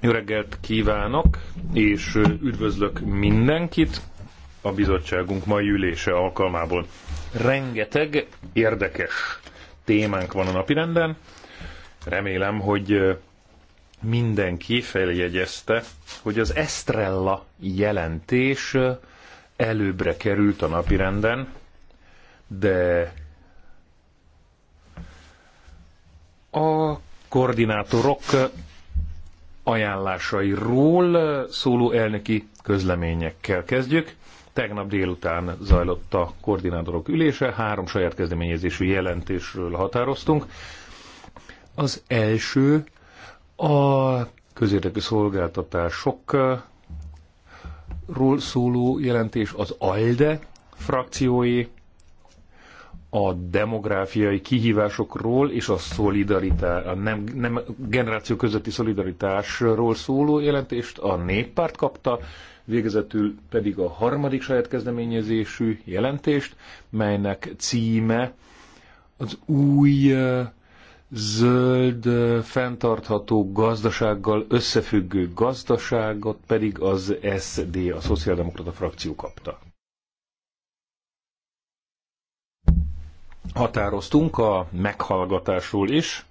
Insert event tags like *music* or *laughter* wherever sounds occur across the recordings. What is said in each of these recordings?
Jó reggelt kívánok, és üdvözlök mindenkit a bizottságunk mai ülése alkalmából. Rengeteg érdekes témánk van a napirenden. Remélem, hogy mindenki feljegyezte, hogy az Estrella jelentés előbbre került a napirenden, de a koordinátorok ajánlásairól szóló elnöki közleményekkel kezdjük. Tegnap délután zajlott a koordinátorok ülése, három saját kezdeményezésű jelentésről határoztunk. Az első a közérdekű szolgáltatásokról szóló jelentés, az ALDE frakciói a demográfiai kihívásokról és a szolidaritás, a nem, nem generáció közötti szolidaritásról szóló jelentést a néppárt kapta, végezetül pedig a harmadik saját kezdeményezésű jelentést, melynek címe az új zöld, fenntartható gazdasággal összefüggő gazdaságot pedig az SD, a Szociáldemokrata frakció kapta. határoztunk a meghallgatásról is,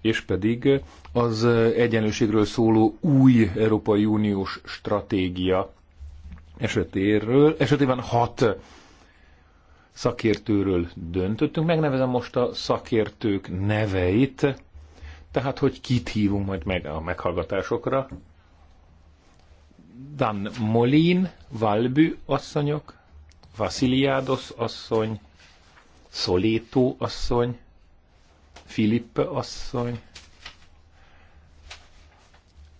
és pedig az egyenlőségről szóló új Európai Uniós stratégia esetéről, esetében hat szakértőről döntöttünk. Megnevezem most a szakértők neveit, tehát hogy kit hívunk majd meg a meghallgatásokra. Dan Molin, Valbű asszonyok, Vasiliádos asszony, Szolétó asszony, Filippe asszony.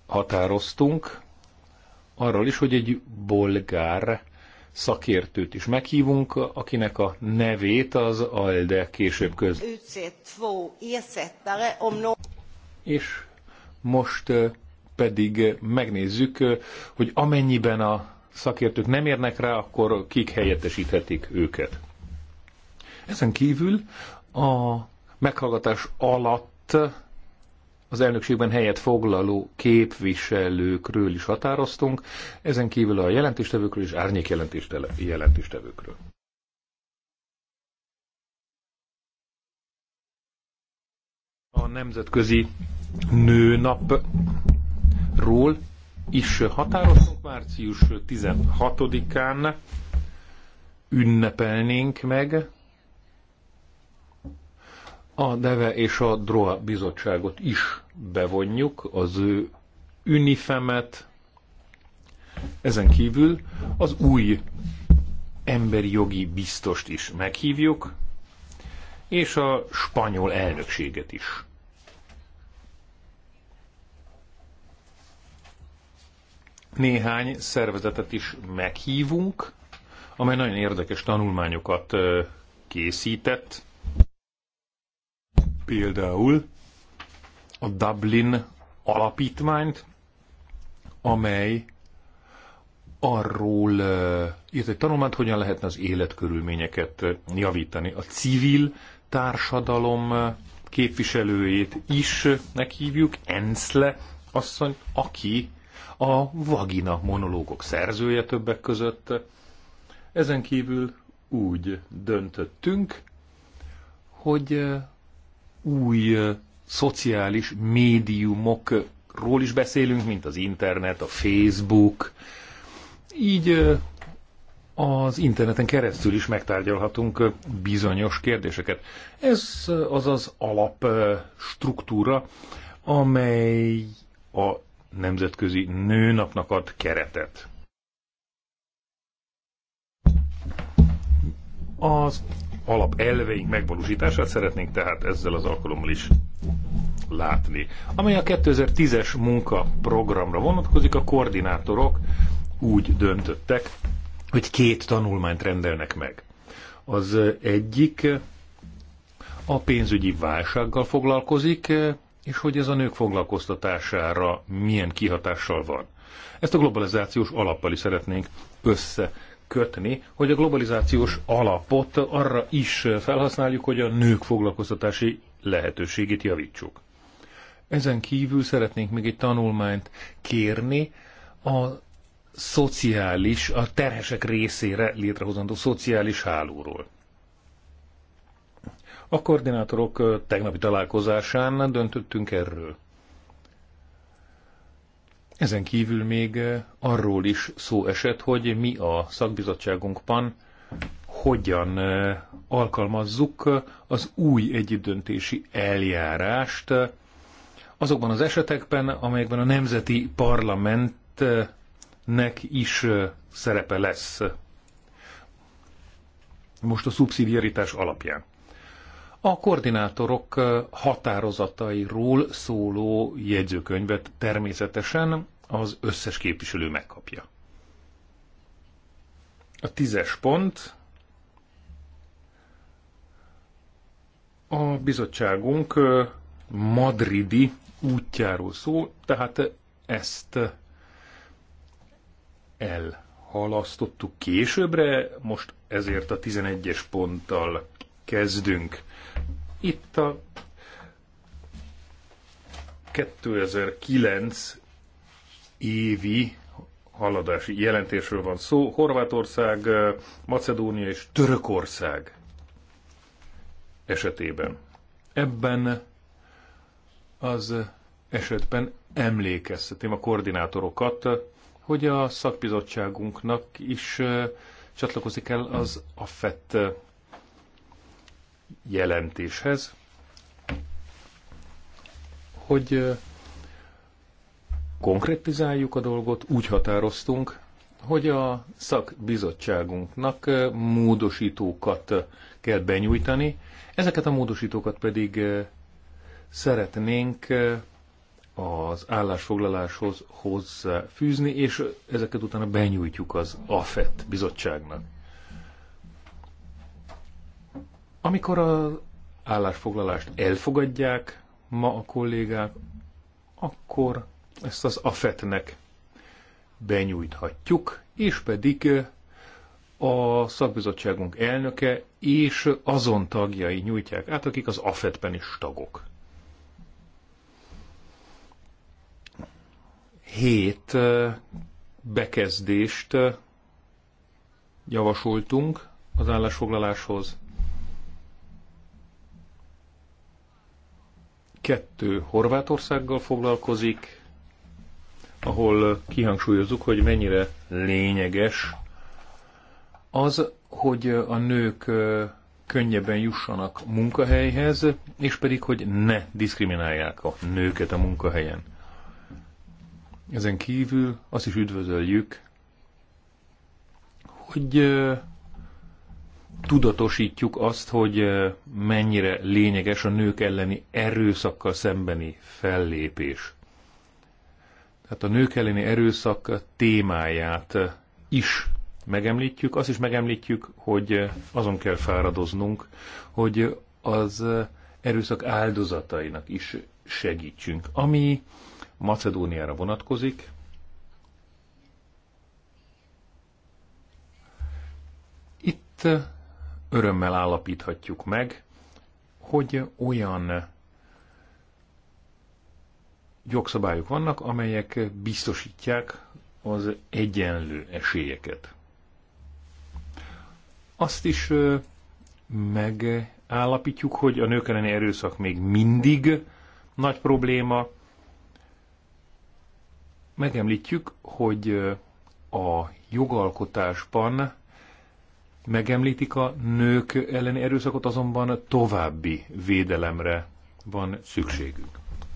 Határoztunk arról is, hogy egy bolgár szakértőt is meghívunk, akinek a nevét az ALDE később köz. És most pedig megnézzük, hogy amennyiben a szakértők nem érnek rá, akkor kik helyettesíthetik őket. Ezen kívül a meghallgatás alatt az elnökségben helyet foglaló képviselőkről is határoztunk, ezen kívül a jelentéstevőkről és árnyék jelentéstevőkről. A Nemzetközi Nőnapról is határoztunk, március 16-án ünnepelnénk meg a DEVE és a DROA bizottságot is bevonjuk, az ő ünifemet ezen kívül az új emberi jogi biztost is meghívjuk, és a spanyol elnökséget is. Néhány szervezetet is meghívunk, amely nagyon érdekes tanulmányokat készített. Például a Dublin alapítmányt, amely arról írt egy tanulmányt, hogyan lehetne az életkörülményeket javítani. A civil társadalom képviselőjét is meghívjuk, Enszle asszony, aki a vagina monológok szerzője többek között. Ezen kívül úgy döntöttünk, hogy új szociális médiumokról is beszélünk, mint az internet, a Facebook. Így az interneten keresztül is megtárgyalhatunk bizonyos kérdéseket. Ez az az alapstruktúra, amely a nemzetközi nőnapnak ad keretet. Az alapelveink megvalósítását szeretnénk tehát ezzel az alkalommal is látni. Amely a 2010-es munkaprogramra vonatkozik, a koordinátorok úgy döntöttek, hogy két tanulmányt rendelnek meg. Az egyik a pénzügyi válsággal foglalkozik, és hogy ez a nők foglalkoztatására milyen kihatással van. Ezt a globalizációs alappal is szeretnénk összekötni, hogy a globalizációs alapot arra is felhasználjuk, hogy a nők foglalkoztatási lehetőségét javítsuk. Ezen kívül szeretnénk még egy tanulmányt kérni a szociális, a terhesek részére létrehozandó szociális hálóról. A koordinátorok tegnapi találkozásán döntöttünk erről. Ezen kívül még arról is szó esett, hogy mi a szakbizottságunkban hogyan alkalmazzuk az új egyidöntési eljárást azokban az esetekben, amelyekben a nemzeti parlamentnek is szerepe lesz. Most a szubszidiaritás alapján a koordinátorok határozatairól szóló jegyzőkönyvet természetesen az összes képviselő megkapja. A tízes pont a bizottságunk madridi útjáról szól, tehát ezt elhalasztottuk későbbre, most ezért a 11-es ponttal kezdünk. Itt a 2009 évi haladási jelentésről van szó. Horvátország, Macedónia és Törökország esetében. Ebben az esetben emlékeztetném a koordinátorokat, hogy a szakbizottságunknak is csatlakozik el az AFET jelentéshez, hogy konkretizáljuk a dolgot, úgy határoztunk, hogy a szakbizottságunknak módosítókat kell benyújtani, ezeket a módosítókat pedig szeretnénk az állásfoglaláshoz hozzáfűzni, és ezeket utána benyújtjuk az AFET bizottságnak. Amikor az állásfoglalást elfogadják ma a kollégák, akkor ezt az afetnek benyújthatjuk, és pedig eh, a szakbizottságunk elnöke és azon tagjai nyújtják át, akik az AFET-ben is tagok. Hét eh, bekezdést eh, javasoltunk az állásfoglaláshoz. Kettő Horvátországgal foglalkozik, ahol kihangsúlyozzuk, hogy mennyire lényeges az, hogy a nők könnyebben jussanak munkahelyhez, és pedig, hogy ne diszkriminálják a nőket a munkahelyen. Ezen kívül azt is üdvözöljük, hogy tudatosítjuk azt, hogy mennyire lényeges a nők elleni erőszakkal szembeni fellépés. Tehát a nők elleni erőszak témáját is megemlítjük, azt is megemlítjük, hogy azon kell fáradoznunk, hogy az erőszak áldozatainak is segítsünk. Ami Macedóniára vonatkozik, itt örömmel állapíthatjuk meg, hogy olyan jogszabályok vannak, amelyek biztosítják az egyenlő esélyeket. Azt is megállapítjuk, hogy a nők elleni erőszak még mindig nagy probléma. Megemlítjük, hogy a jogalkotásban megemlítik a nők elleni erőszakot, azonban további védelemre van szükségünk.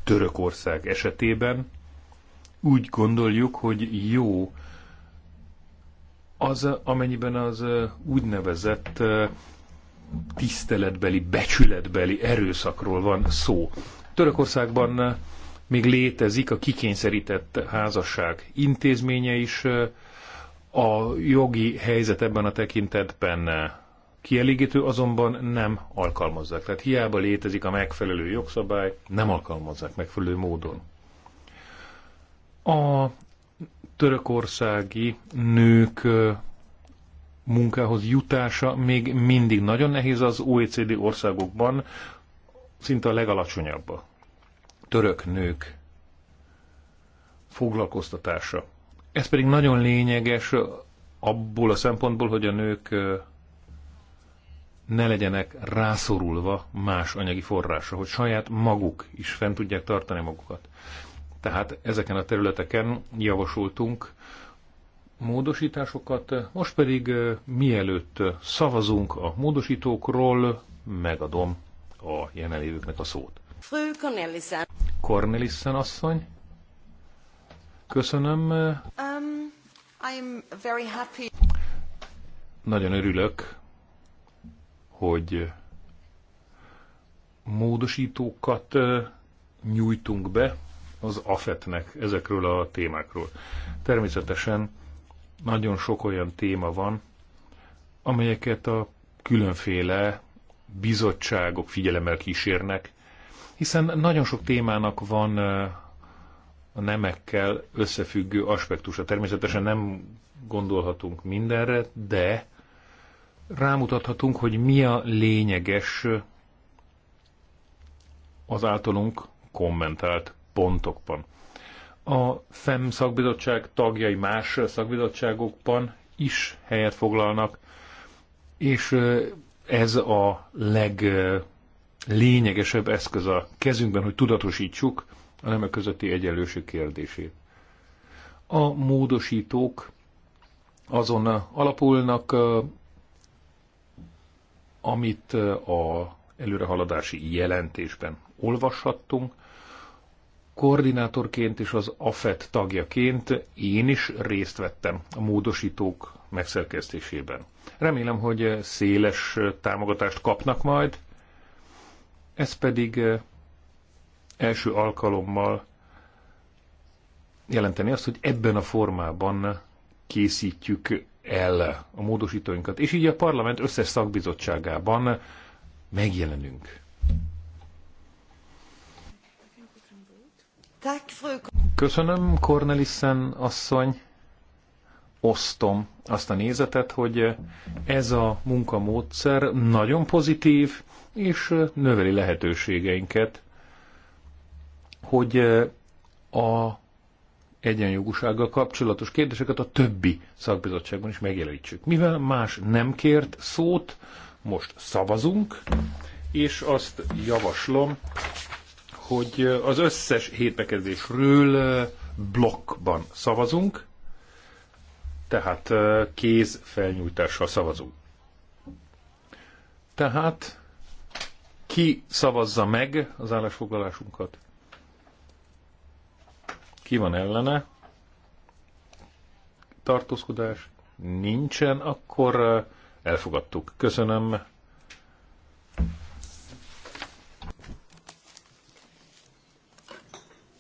Törökország esetében úgy gondoljuk, hogy jó az, amennyiben az úgynevezett tiszteletbeli, becsületbeli erőszakról van szó. Törökországban még létezik a kikényszerített házasság intézménye is, a jogi helyzet ebben a tekintetben kielégítő, azonban nem alkalmazzák. Tehát hiába létezik a megfelelő jogszabály, nem alkalmazzák megfelelő módon. A törökországi nők munkához jutása még mindig nagyon nehéz az OECD országokban, szinte a legalacsonyabb. Török nők foglalkoztatása ez pedig nagyon lényeges abból a szempontból, hogy a nők ne legyenek rászorulva más anyagi forrásra, hogy saját maguk is fent tudják tartani magukat. Tehát ezeken a területeken javasoltunk módosításokat, most pedig mielőtt szavazunk a módosítókról, megadom a jelenlévőknek a szót. Cornelissen asszony. Köszönöm. Um, I'm very happy. Nagyon örülök, hogy módosítókat nyújtunk be az AFET-nek ezekről a témákról. Természetesen nagyon sok olyan téma van, amelyeket a különféle bizottságok figyelemmel kísérnek, hiszen nagyon sok témának van a nemekkel összefüggő aspektusa. Természetesen nem gondolhatunk mindenre, de rámutathatunk, hogy mi a lényeges az általunk kommentált pontokban. A FEM szakbizottság tagjai más szakbizottságokban is helyet foglalnak, és ez a leglényegesebb eszköz a kezünkben, hogy tudatosítsuk a nemek közötti egyenlőség kérdését. A módosítók azon alapulnak, amit a előrehaladási jelentésben olvashattunk, koordinátorként és az AFET tagjaként én is részt vettem a módosítók megszerkesztésében. Remélem, hogy széles támogatást kapnak majd, ez pedig első alkalommal jelenteni azt, hogy ebben a formában készítjük el a módosítóinkat, és így a parlament összes szakbizottságában megjelenünk. Köszönöm, Cornelissen asszony. Osztom azt a nézetet, hogy ez a munkamódszer nagyon pozitív, és növeli lehetőségeinket hogy a egyenjogúsággal kapcsolatos kérdéseket a többi szakbizottságban is megjelenítsük. Mivel más nem kért szót, most szavazunk, és azt javaslom, hogy az összes hétbekezdésről blokkban szavazunk, tehát kéz felnyújtással szavazunk. Tehát ki szavazza meg az állásfoglalásunkat? Ki van ellene? Tartózkodás? Nincsen, akkor elfogadtuk. Köszönöm.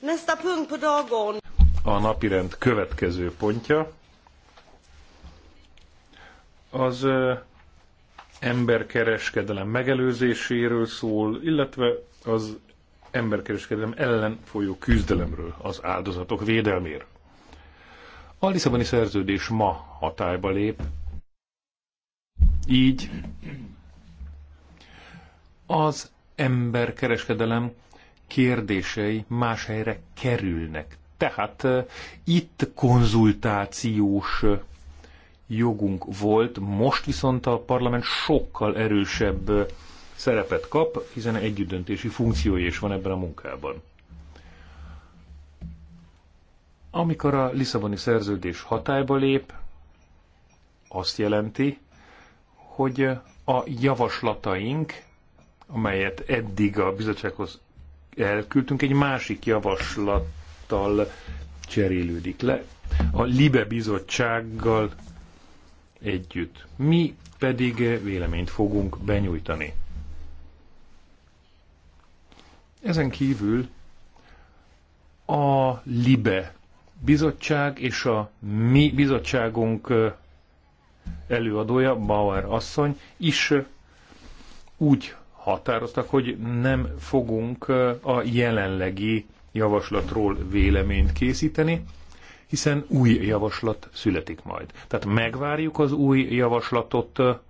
Nästa punkt på A napirend következő pontja az emberkereskedelem megelőzéséről szól, illetve az emberkereskedelem ellen folyó küzdelemről, az áldozatok védelmér. A Lisszaboni szerződés ma hatályba lép, így az emberkereskedelem kérdései más helyre kerülnek. Tehát eh, itt konzultációs jogunk volt, most viszont a parlament sokkal erősebb eh, szerepet kap, hiszen együttdöntési funkciója is van ebben a munkában. Amikor a Lisszaboni szerződés hatályba lép, azt jelenti, hogy a javaslataink, amelyet eddig a bizottsághoz elküldtünk, egy másik javaslattal cserélődik le, a LIBE bizottsággal együtt. Mi pedig véleményt fogunk benyújtani. Ezen kívül a LIBE bizottság és a mi bizottságunk előadója, Bauer asszony is úgy határoztak, hogy nem fogunk a jelenlegi javaslatról véleményt készíteni, hiszen új javaslat születik majd. Tehát megvárjuk az új javaslatot a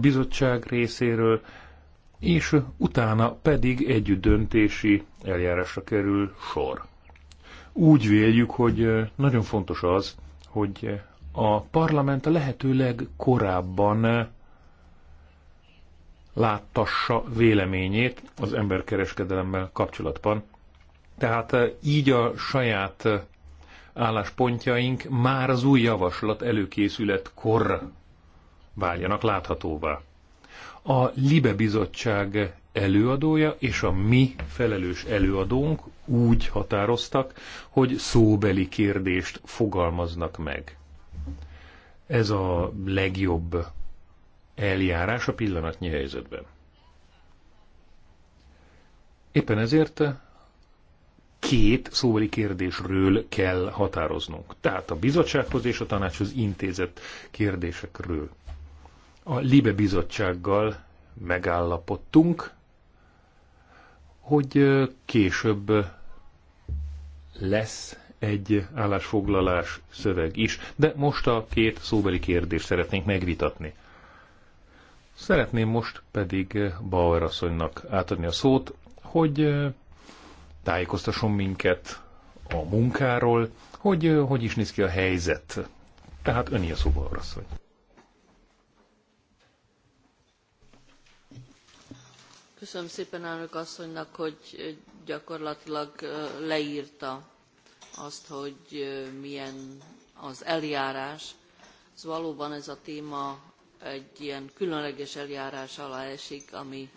bizottság részéről, és utána pedig együtt döntési eljárásra kerül sor. Úgy véljük, hogy nagyon fontos az, hogy a parlament a lehetőleg korábban láttassa véleményét az emberkereskedelemmel kapcsolatban. Tehát így a saját álláspontjaink már az új javaslat előkészület korra váljanak láthatóvá a Libe Bizottság előadója és a mi felelős előadónk úgy határoztak, hogy szóbeli kérdést fogalmaznak meg. Ez a legjobb eljárás a pillanatnyi helyzetben. Éppen ezért két szóbeli kérdésről kell határoznunk. Tehát a bizottsághoz és a tanácshoz intézett kérdésekről a Libe bizottsággal megállapodtunk, hogy később lesz egy állásfoglalás szöveg is, de most a két szóbeli kérdést szeretnénk megvitatni. Szeretném most pedig Bauer asszonynak átadni a szót, hogy tájékoztasson minket a munkáról, hogy hogy is néz ki a helyzet. Tehát öni a szó, Bauer asszony. Köszönöm szépen elnök asszonynak, hogy gyakorlatilag leírta azt, hogy milyen az eljárás. Ez valóban ez a téma egy ilyen különleges eljárás alá esik, ami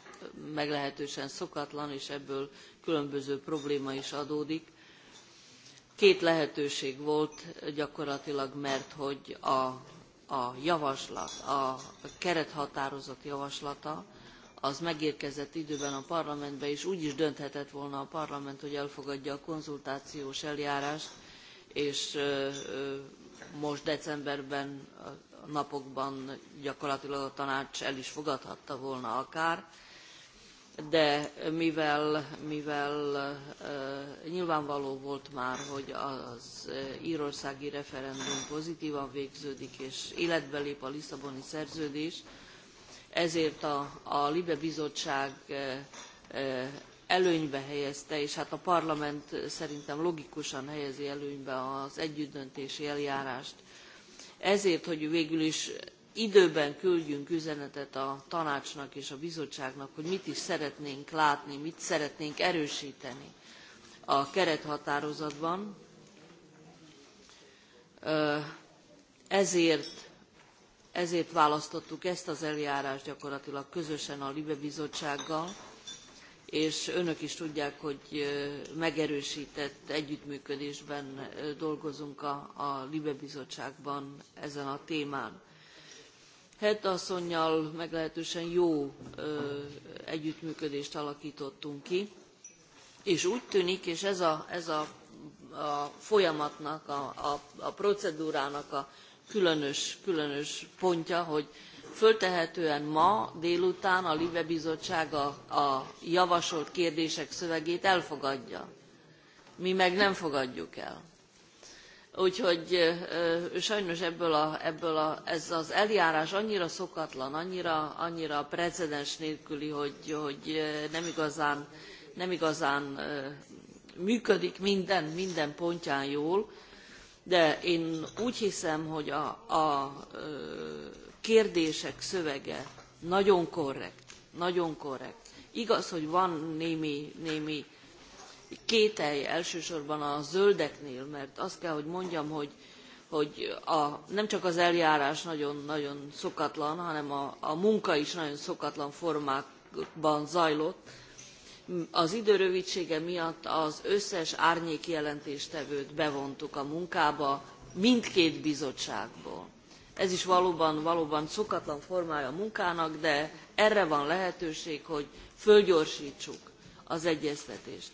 meglehetősen szokatlan, és ebből különböző probléma is adódik. Két lehetőség volt gyakorlatilag, mert hogy a, a javaslat, a kerethatározat javaslata, az megérkezett időben a parlamentbe, és úgy is dönthetett volna a parlament, hogy elfogadja a konzultációs eljárást, és most decemberben, a napokban gyakorlatilag a tanács el is fogadhatta volna akár, de mivel, mivel nyilvánvaló volt már, hogy az írországi referendum pozitívan végződik, és életbe lép a Lisszaboni szerződés, ezért a, a Libe Bizottság eh, eh, előnybe helyezte, és hát a parlament szerintem logikusan helyezi előnybe az együttdöntési eljárást. Ezért, hogy végül is időben küldjünk üzenetet a tanácsnak és a bizottságnak, hogy mit is szeretnénk látni, mit szeretnénk erősíteni a kerethatározatban. Ezért ezért választottuk ezt az eljárást gyakorlatilag közösen a LIBE bizottsággal, és önök is tudják, hogy megerősített együttműködésben dolgozunk a, a LIBE bizottságban ezen a témán. Hett asszonynal meglehetősen jó ö, együttműködést alakítottunk ki, és úgy tűnik, és ez a, ez a, a folyamatnak, a, a, a procedúrának a különös, különös pontja, hogy föltehetően ma délután a Libe Bizottság a, a javasolt kérdések szövegét elfogadja. Mi meg nem fogadjuk el. Úgyhogy sajnos ebből a, ebből a, ez az eljárás annyira szokatlan, annyira, annyira precedens nélküli, hogy, hogy nem igazán, nem igazán működik minden, minden pontján jól, de én úgy hiszem, hogy a, a kérdések szövege nagyon korrekt, nagyon korrekt. Igaz, hogy van némi, némi kételj elsősorban a zöldeknél, mert azt kell, hogy mondjam, hogy, hogy a, nem csak az eljárás nagyon-nagyon szokatlan, hanem a, a munka is nagyon szokatlan formákban zajlott, az idő rövidsége miatt az összes árnyék jelentéstevőt bevontuk a munkába mindkét bizottságból. Ez is valóban, valóban szokatlan formája a munkának, de erre van lehetőség, hogy fölgyorsítsuk az egyeztetést.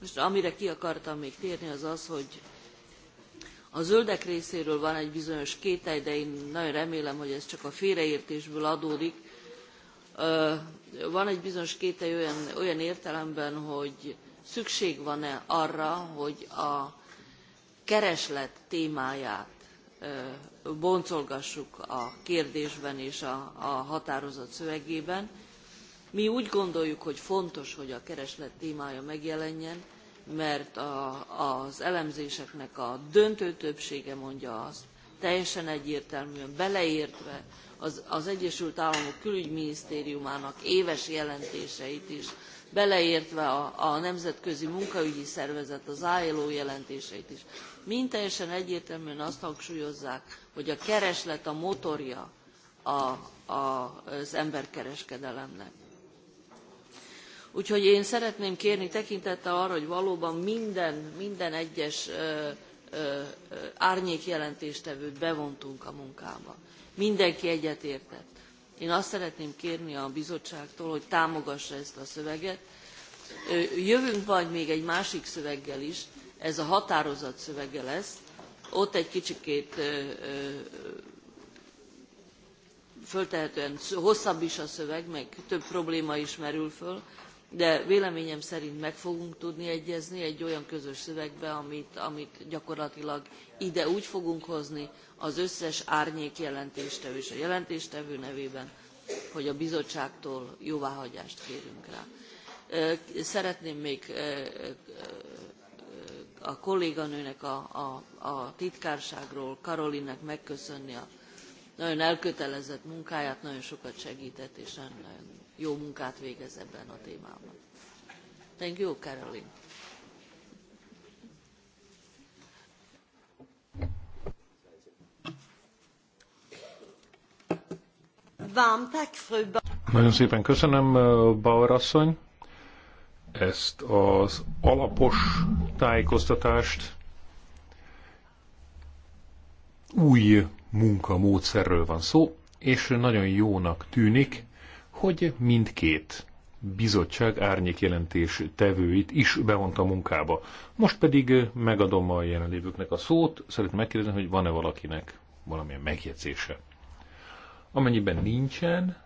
Most amire ki akartam még térni, az az, hogy a zöldek részéről van egy bizonyos kételj, de én nagyon remélem, hogy ez csak a félreértésből adódik van egy bizonyos kételj olyan, olyan értelemben, hogy szükség van-e arra, hogy a kereslet témáját boncolgassuk a kérdésben és a, a határozat szövegében. Mi úgy gondoljuk, hogy fontos, hogy a kereslet témája megjelenjen, mert a, az elemzéseknek a döntő többsége mondja azt, teljesen egyértelműen beleértve az, az Egyesült Államok külügyminisztériumának éves jelentéseit is, beleértve a, a Nemzetközi Munkaügyi Szervezet, az ILO jelentéseit is, mind teljesen egyértelműen azt hangsúlyozzák, hogy a kereslet a motorja a, a, az emberkereskedelemnek. Úgyhogy én szeretném kérni tekintettel arra, hogy valóban minden, minden egyes ö, ö, árnyékjelentéstevőt bevontunk a munkába mindenki egyetértett. Én azt szeretném kérni a bizottságtól, hogy támogassa ezt a szöveget. Jövünk majd még egy másik szöveggel is, ez a határozat szövege lesz. Ott egy kicsikét föltehetően hosszabb is a szöveg, meg több probléma is merül föl, de véleményem szerint meg fogunk tudni egyezni egy olyan közös szövegbe, amit, amit gyakorlatilag ide úgy fogunk hozni az összes árnyék jelentéstevő és a jelentéstevő nevében, hogy a bizottságtól jóváhagyást kérünk rá. Szeretném még a kolléganőnek, a, a, a titkárságról, Karolinnek megköszönni a nagyon elkötelezett munkáját, nagyon sokat segített, és nagyon jó munkát végez ebben a témában. Thank you, Caroline. Nagyon szépen köszönöm, Bauer asszony, ezt az alapos tájékoztatást új munkamódszerről van szó, és nagyon jónak tűnik, hogy mindkét bizottság árnyékjelentés tevőit is bevonta a munkába. Most pedig megadom a jelenlévőknek a szót, szeretném megkérdezni, hogy van-e valakinek valamilyen megjegyzése. Amennyiben nincsen,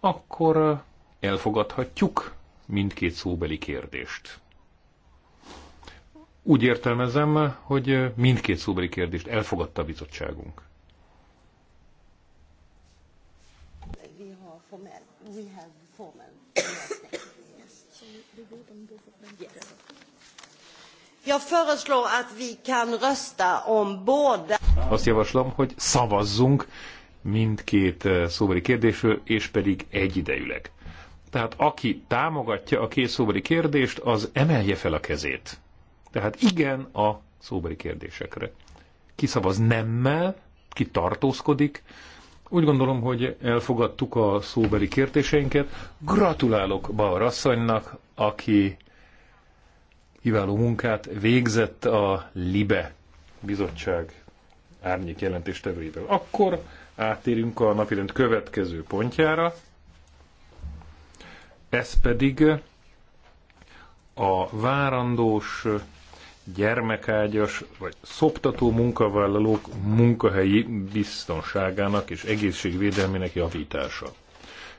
akkor elfogadhatjuk mindkét szóbeli kérdést. Úgy értelmezem, hogy mindkét szóbeli kérdést elfogadta a bizottságunk. Jag föreslår att vi kan rösta om båda. Azt javaslom, hogy szavazzunk mindkét eh, szóbeli kérdésről, és pedig egyidejűleg. Tehát aki támogatja a két szóbeli kérdést, az emelje fel a kezét. Tehát igen a szóbeli kérdésekre. Ki szavaz nemmel, ki tartózkodik. Úgy gondolom, hogy elfogadtuk a szóbeli kérdéseinket. Gratulálok Bauer asszonynak, aki kiváló munkát végzett a LIBE bizottság árnyék jelentéstevőjével. Akkor átérünk a napirend következő pontjára, ez pedig a várandós, gyermekágyas vagy szoptató munkavállalók munkahelyi biztonságának és egészségvédelmének javítása.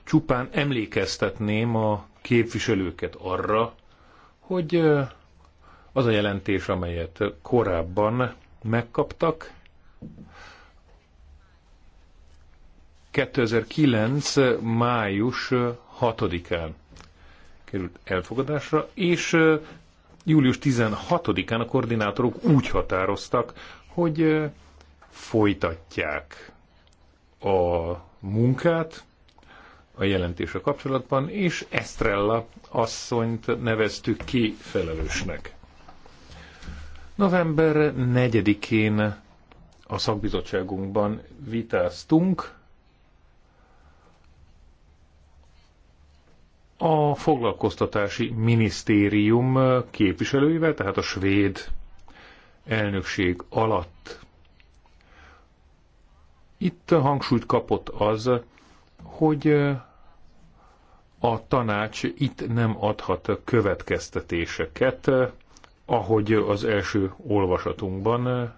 Csupán emlékeztetném a képviselőket arra, hogy az a jelentés, amelyet korábban megkaptak, 2009. május 6-án került elfogadásra, és július 16-án a koordinátorok úgy határoztak, hogy folytatják a munkát a jelentése kapcsolatban, és Estrella asszonyt neveztük ki felelősnek. November 4-én a szakbizottságunkban vitáztunk a foglalkoztatási minisztérium képviselőivel, tehát a svéd elnökség alatt. Itt hangsúlyt kapott az, hogy a tanács itt nem adhat következtetéseket, ahogy az első olvasatunkban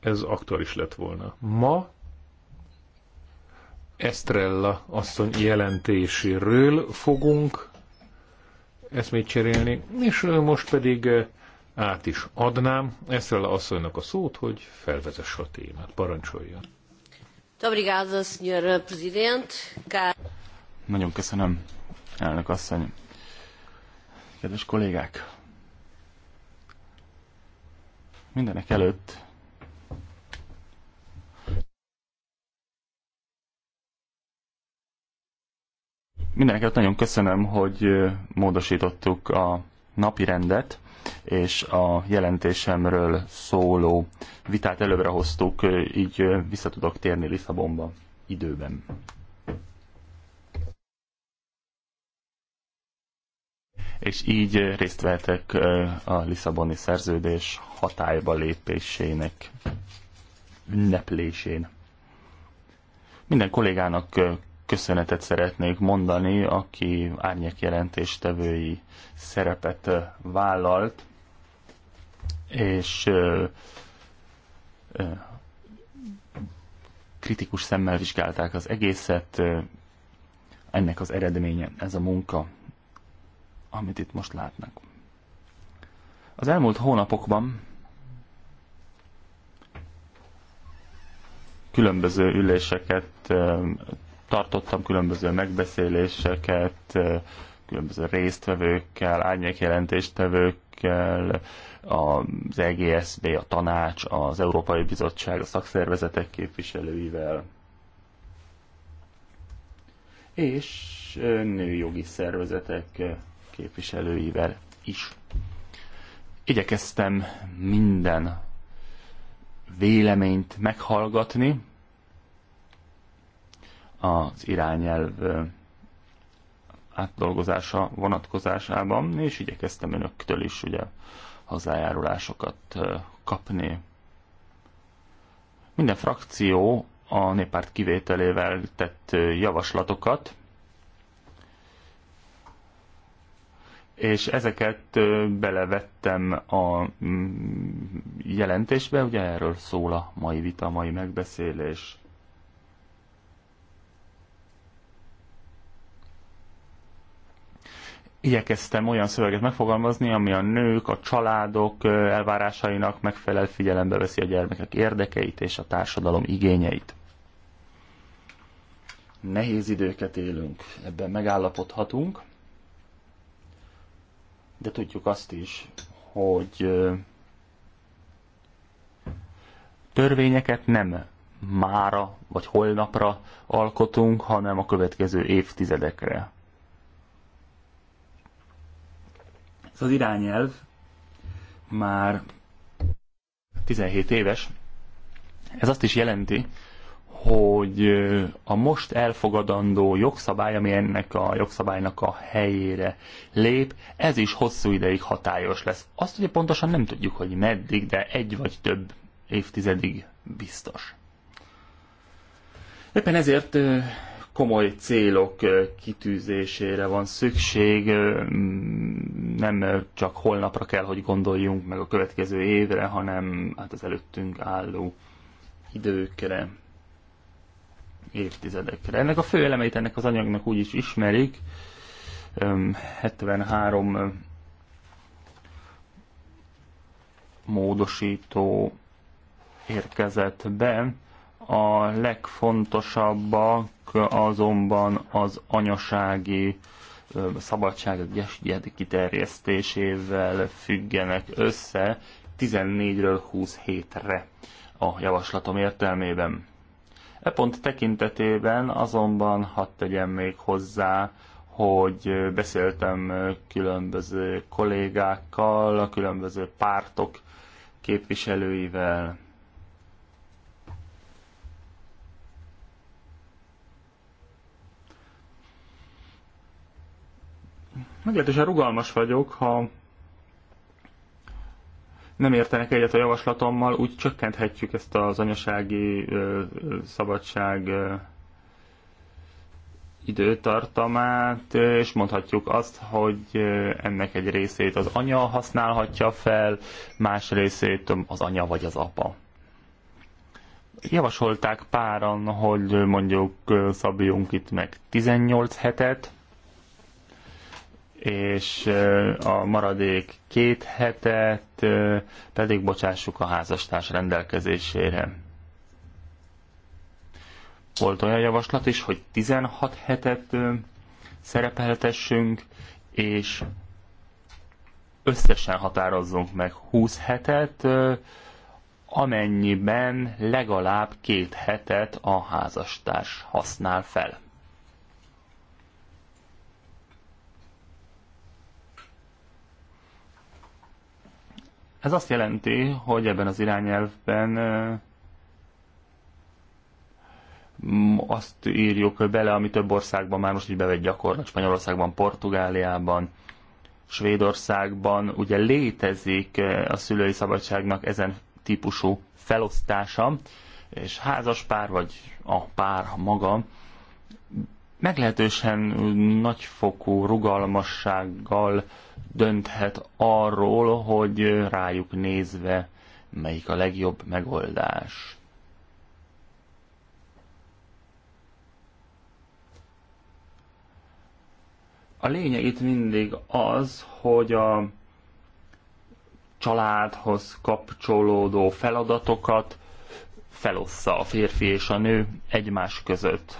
ez aktuális lett volna. Ma Estrella asszony jelentéséről fogunk eszmét cserélni, és most pedig át is adnám Estrella asszonynak a szót, hogy felvezesse a témát. Parancsoljon! Nagyon köszönöm, elnök asszony. Kedves kollégák, Mindenek előtt Mindeneket nagyon köszönöm, hogy módosítottuk a napi rendet, és a jelentésemről szóló vitát előre hoztuk, így visszatudok térni Lisszabonba időben. és így részt vehetek a Lisszaboni szerződés hatályba lépésének ünneplésén. Minden kollégának köszönetet szeretnék mondani, aki árnyek jelentéstevői szerepet vállalt, és kritikus szemmel vizsgálták az egészet, ennek az eredménye ez a munka amit itt most látnak. Az elmúlt hónapokban különböző üléseket tartottam, különböző megbeszéléseket, különböző résztvevőkkel, árnyékjelentéstevőkkel, az EGSB, a tanács, az Európai Bizottság, a szakszervezetek képviselőivel, és jogi szervezetek képviselőivel is. Igyekeztem minden véleményt meghallgatni az irányelv átdolgozása vonatkozásában, és igyekeztem önöktől is ugye hozzájárulásokat kapni. Minden frakció a néppárt kivételével tett javaslatokat, és ezeket belevettem a mm, jelentésbe, ugye erről szól a mai vita, a mai megbeszélés. Igyekeztem olyan szöveget megfogalmazni, ami a nők, a családok elvárásainak megfelel, figyelembe veszi a gyermekek érdekeit és a társadalom igényeit. Nehéz időket élünk, ebben megállapodhatunk de tudjuk azt is, hogy törvényeket nem mára vagy holnapra alkotunk, hanem a következő évtizedekre. Ez az irányelv már 17 éves. Ez azt is jelenti, hogy a most elfogadandó jogszabály, ami ennek a jogszabálynak a helyére lép, ez is hosszú ideig hatályos lesz. Azt ugye pontosan nem tudjuk, hogy meddig, de egy vagy több évtizedig biztos. Éppen ezért komoly célok kitűzésére van szükség, nem csak holnapra kell, hogy gondoljunk meg a következő évre, hanem hát az előttünk álló időkre évtizedekre. Ennek a fő elemeit ennek az anyagnak úgy is ismerik, 73 módosító érkezett be, a legfontosabbak azonban az anyasági szabadságok kiterjesztésével függenek össze 14-ről 27-re a javaslatom értelmében. E pont tekintetében azonban hadd tegyem még hozzá, hogy beszéltem különböző kollégákkal, a különböző pártok képviselőivel, meglehetősen rugalmas vagyok, ha nem értenek egyet a javaslatommal, úgy csökkenthetjük ezt az anyasági szabadság időtartamát, és mondhatjuk azt, hogy ennek egy részét az anya használhatja fel, más részét az anya vagy az apa. Javasolták páran, hogy mondjuk szabjunk itt meg 18 hetet, és a maradék két hetet pedig bocsássuk a házastárs rendelkezésére. Volt olyan javaslat is, hogy 16 hetet szerepelhetessünk, és összesen határozzunk meg 20 hetet, amennyiben legalább két hetet a házastárs használ fel. Ez azt jelenti, hogy ebben az irányelvben azt írjuk bele, ami több országban már most így bevett gyakorlat, Spanyolországban, Portugáliában, Svédországban ugye létezik a szülői szabadságnak ezen típusú felosztása, és házas pár, vagy a pár maga meglehetősen nagyfokú rugalmassággal dönthet arról, hogy rájuk nézve melyik a legjobb megoldás. A lényeg itt mindig az, hogy a családhoz kapcsolódó feladatokat felossza a férfi és a nő egymás között.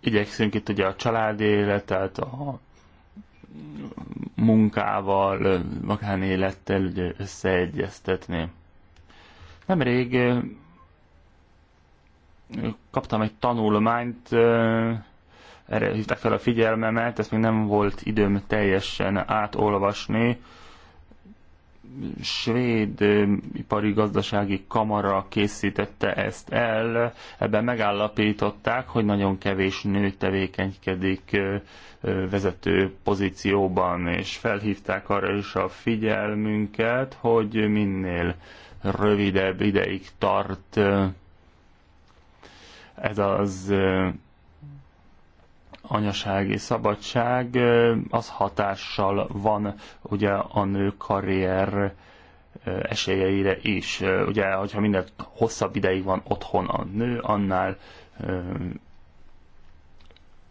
igyekszünk itt ugye a család életet, a munkával, magánélettel ugye összeegyeztetni. Nemrég kaptam egy tanulmányt, erre hívták fel a figyelmemet, ezt még nem volt időm teljesen átolvasni, svéd ipari gazdasági kamara készítette ezt el, ebben megállapították, hogy nagyon kevés nő tevékenykedik vezető pozícióban, és felhívták arra is a figyelmünket, hogy minél rövidebb ideig tart ez az és szabadság az hatással van ugye a nő karrier esélyeire is. Ugye, hogyha minden hosszabb ideig van otthon a nő, annál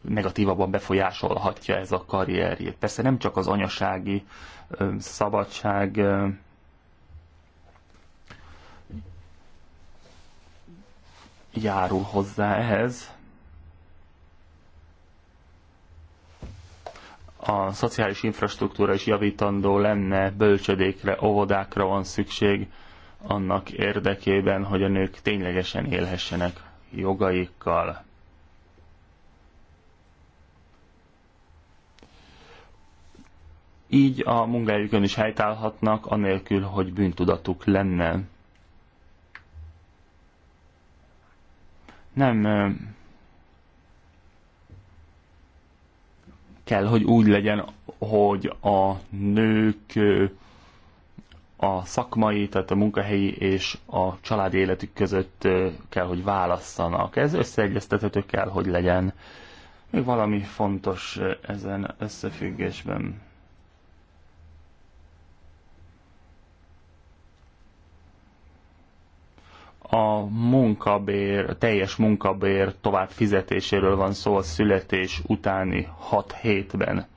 negatívabban befolyásolhatja ez a karrierjét. Persze nem csak az anyasági szabadság járul hozzá ehhez, a szociális infrastruktúra is javítandó lenne, bölcsödékre, óvodákra van szükség annak érdekében, hogy a nők ténylegesen élhessenek jogaikkal. Így a munkájukon is helytállhatnak, anélkül, hogy bűntudatuk lenne. Nem kell, hogy úgy legyen, hogy a nők a szakmai, tehát a munkahelyi és a családi életük között kell, hogy válasszanak. Ez összeegyeztethető kell, hogy legyen. Még valami fontos ezen összefüggésben. a munkabér, a teljes munkabér tovább fizetéséről van szó a születés utáni 6 hétben.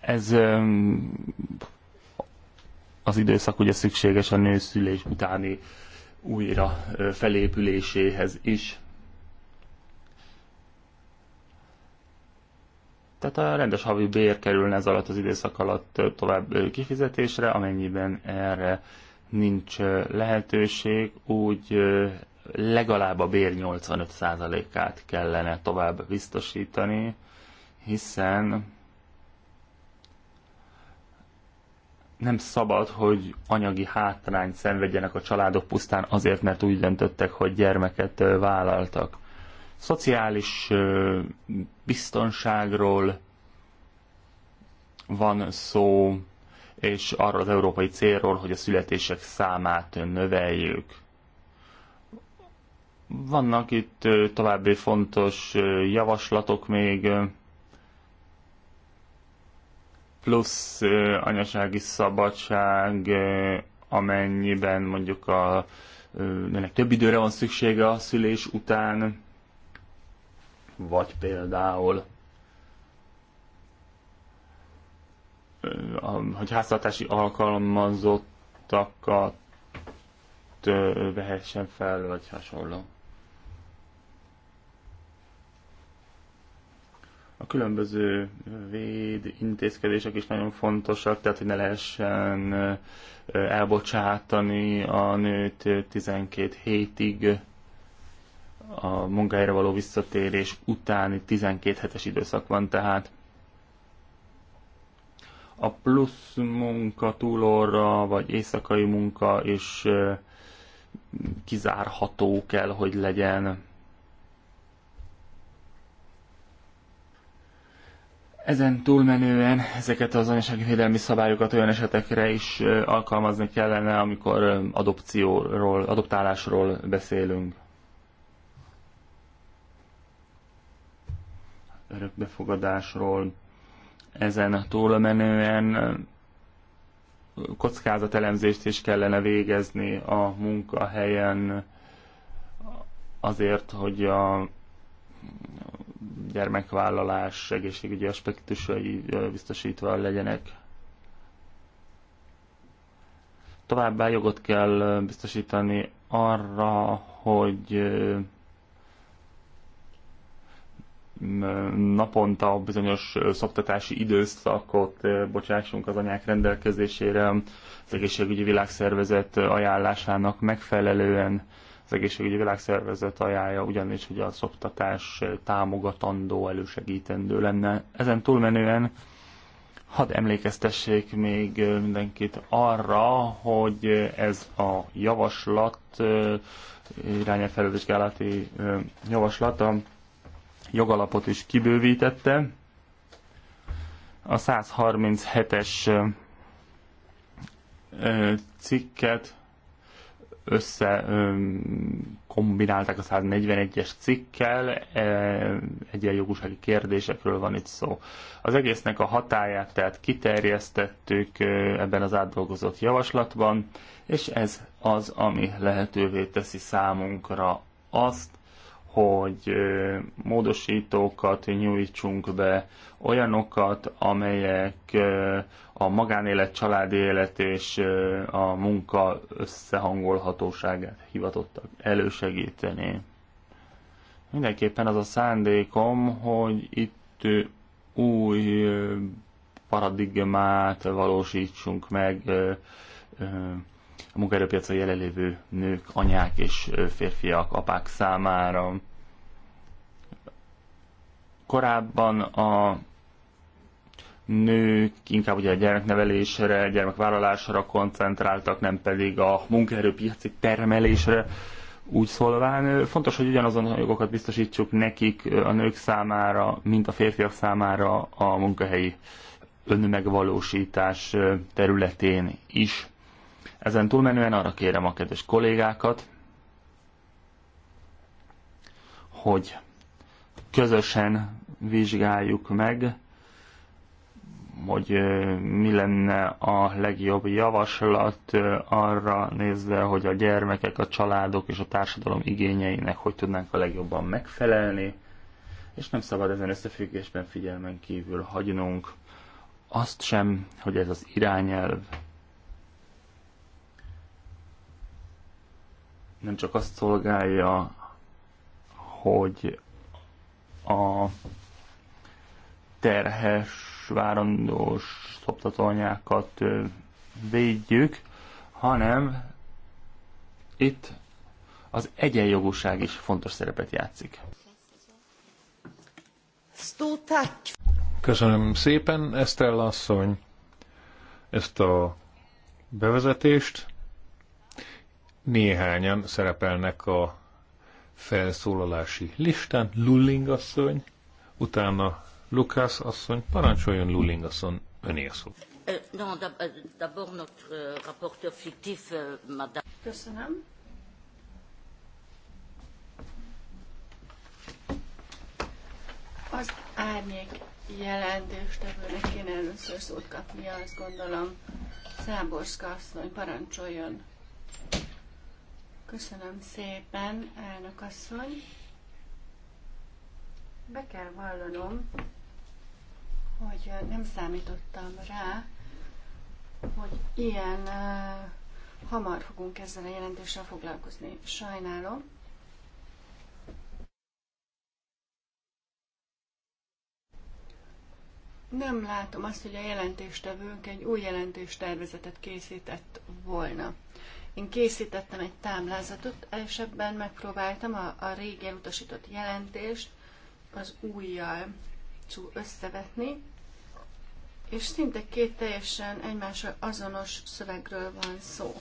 Ez az időszak ugye szükséges a nőszülés utáni újra felépüléséhez is. Tehát a rendes havi bér kerülne ez alatt az időszak alatt tovább kifizetésre, amennyiben erre nincs lehetőség, úgy legalább a bér 85%-át kellene tovább biztosítani, hiszen nem szabad, hogy anyagi hátrányt szenvedjenek a családok pusztán azért, mert úgy döntöttek, hogy gyermeket vállaltak. Szociális biztonságról van szó, és arról az európai célról, hogy a születések számát növeljük. Vannak itt további fontos javaslatok még, plusz anyasági szabadság, amennyiben mondjuk a ennek több időre van szüksége a szülés után vagy például hogy háztartási alkalmazottakat vehessen fel, vagy hasonló. A különböző véd intézkedések is nagyon fontosak, tehát hogy ne lehessen elbocsátani a nőt 12 hétig a munkahelyre való visszatérés utáni 12 hetes időszak van tehát. A plusz munka túlorra, vagy éjszakai munka is kizárható kell, hogy legyen. Ezen túlmenően ezeket az anyasági védelmi szabályokat olyan esetekre is alkalmazni kellene, amikor adopcióról, adoptálásról beszélünk. örökbefogadásról. Ezen túlmenően kockázatelemzést is kellene végezni a munkahelyen azért, hogy a gyermekvállalás egészségügyi aspektusai biztosítva legyenek. Továbbá jogot kell biztosítani arra, hogy naponta bizonyos szoptatási időszakot bocsássunk az anyák rendelkezésére az egészségügyi világszervezet ajánlásának megfelelően. Az egészségügyi világszervezet ajánlja ugyanis, hogy a szoptatás támogatandó, elősegítendő lenne. Ezen túlmenően hadd emlékeztessék még mindenkit arra, hogy ez a javaslat, irányelvfelvizsgálati javaslat a jogalapot is kibővítette. A 137-es cikket összekombinálták a 141-es cikkel, e, egyenjogúsági kérdésekről van itt szó. Az egésznek a hatáját tehát kiterjesztettük ebben az átdolgozott javaslatban, és ez az, ami lehetővé teszi számunkra azt, hogy módosítókat nyújtsunk be, olyanokat, amelyek a magánélet, családi élet és a munka összehangolhatóságát hivatottak elősegíteni. Mindenképpen az a szándékom, hogy itt új paradigmát valósítsunk meg, a munkaerőpiacon jelenlévő nők, anyák és férfiak, apák számára. Korábban a nők inkább ugye a gyermeknevelésre, gyermekvállalásra koncentráltak, nem pedig a munkaerőpiaci termelésre. Úgy szólván fontos, hogy ugyanazon a jogokat biztosítsuk nekik a nők számára, mint a férfiak számára a munkahelyi önmegvalósítás területén is. Ezen túlmenően arra kérem a kedves kollégákat, hogy közösen vizsgáljuk meg, hogy mi lenne a legjobb javaslat arra nézve, hogy a gyermekek, a családok és a társadalom igényeinek hogy tudnánk a legjobban megfelelni, és nem szabad ezen összefüggésben figyelmen kívül hagynunk azt sem, hogy ez az irányelv nem csak azt szolgálja, hogy a terhes, várandós szoptatóanyákat védjük, hanem itt az egyenjogúság is fontos szerepet játszik. Köszönöm szépen, Eszter asszony, ezt a bevezetést. Néhányan szerepelnek a felszólalási listán. Lulling asszony, utána Lukász asszony, parancsoljon Lulling asszony, öné a szó. Euh, euh, euh, Köszönöm. Az árnyék jelentéstevőnek kéne először szót kapnia, azt gondolom. Száborszka asszony, parancsoljon. Köszönöm szépen, elnök asszony. Be kell vallanom, hogy nem számítottam rá, hogy ilyen uh, hamar fogunk ezzel a jelentéssel foglalkozni. Sajnálom. Nem látom azt, hogy a jelentéstevőnk egy új jelentéstervezetet készített volna. Én készítettem egy táblázatot, és ebben megpróbáltam a, a régi elutasított jelentést az újjal összevetni, és szinte két teljesen egymással azonos szövegről van szó.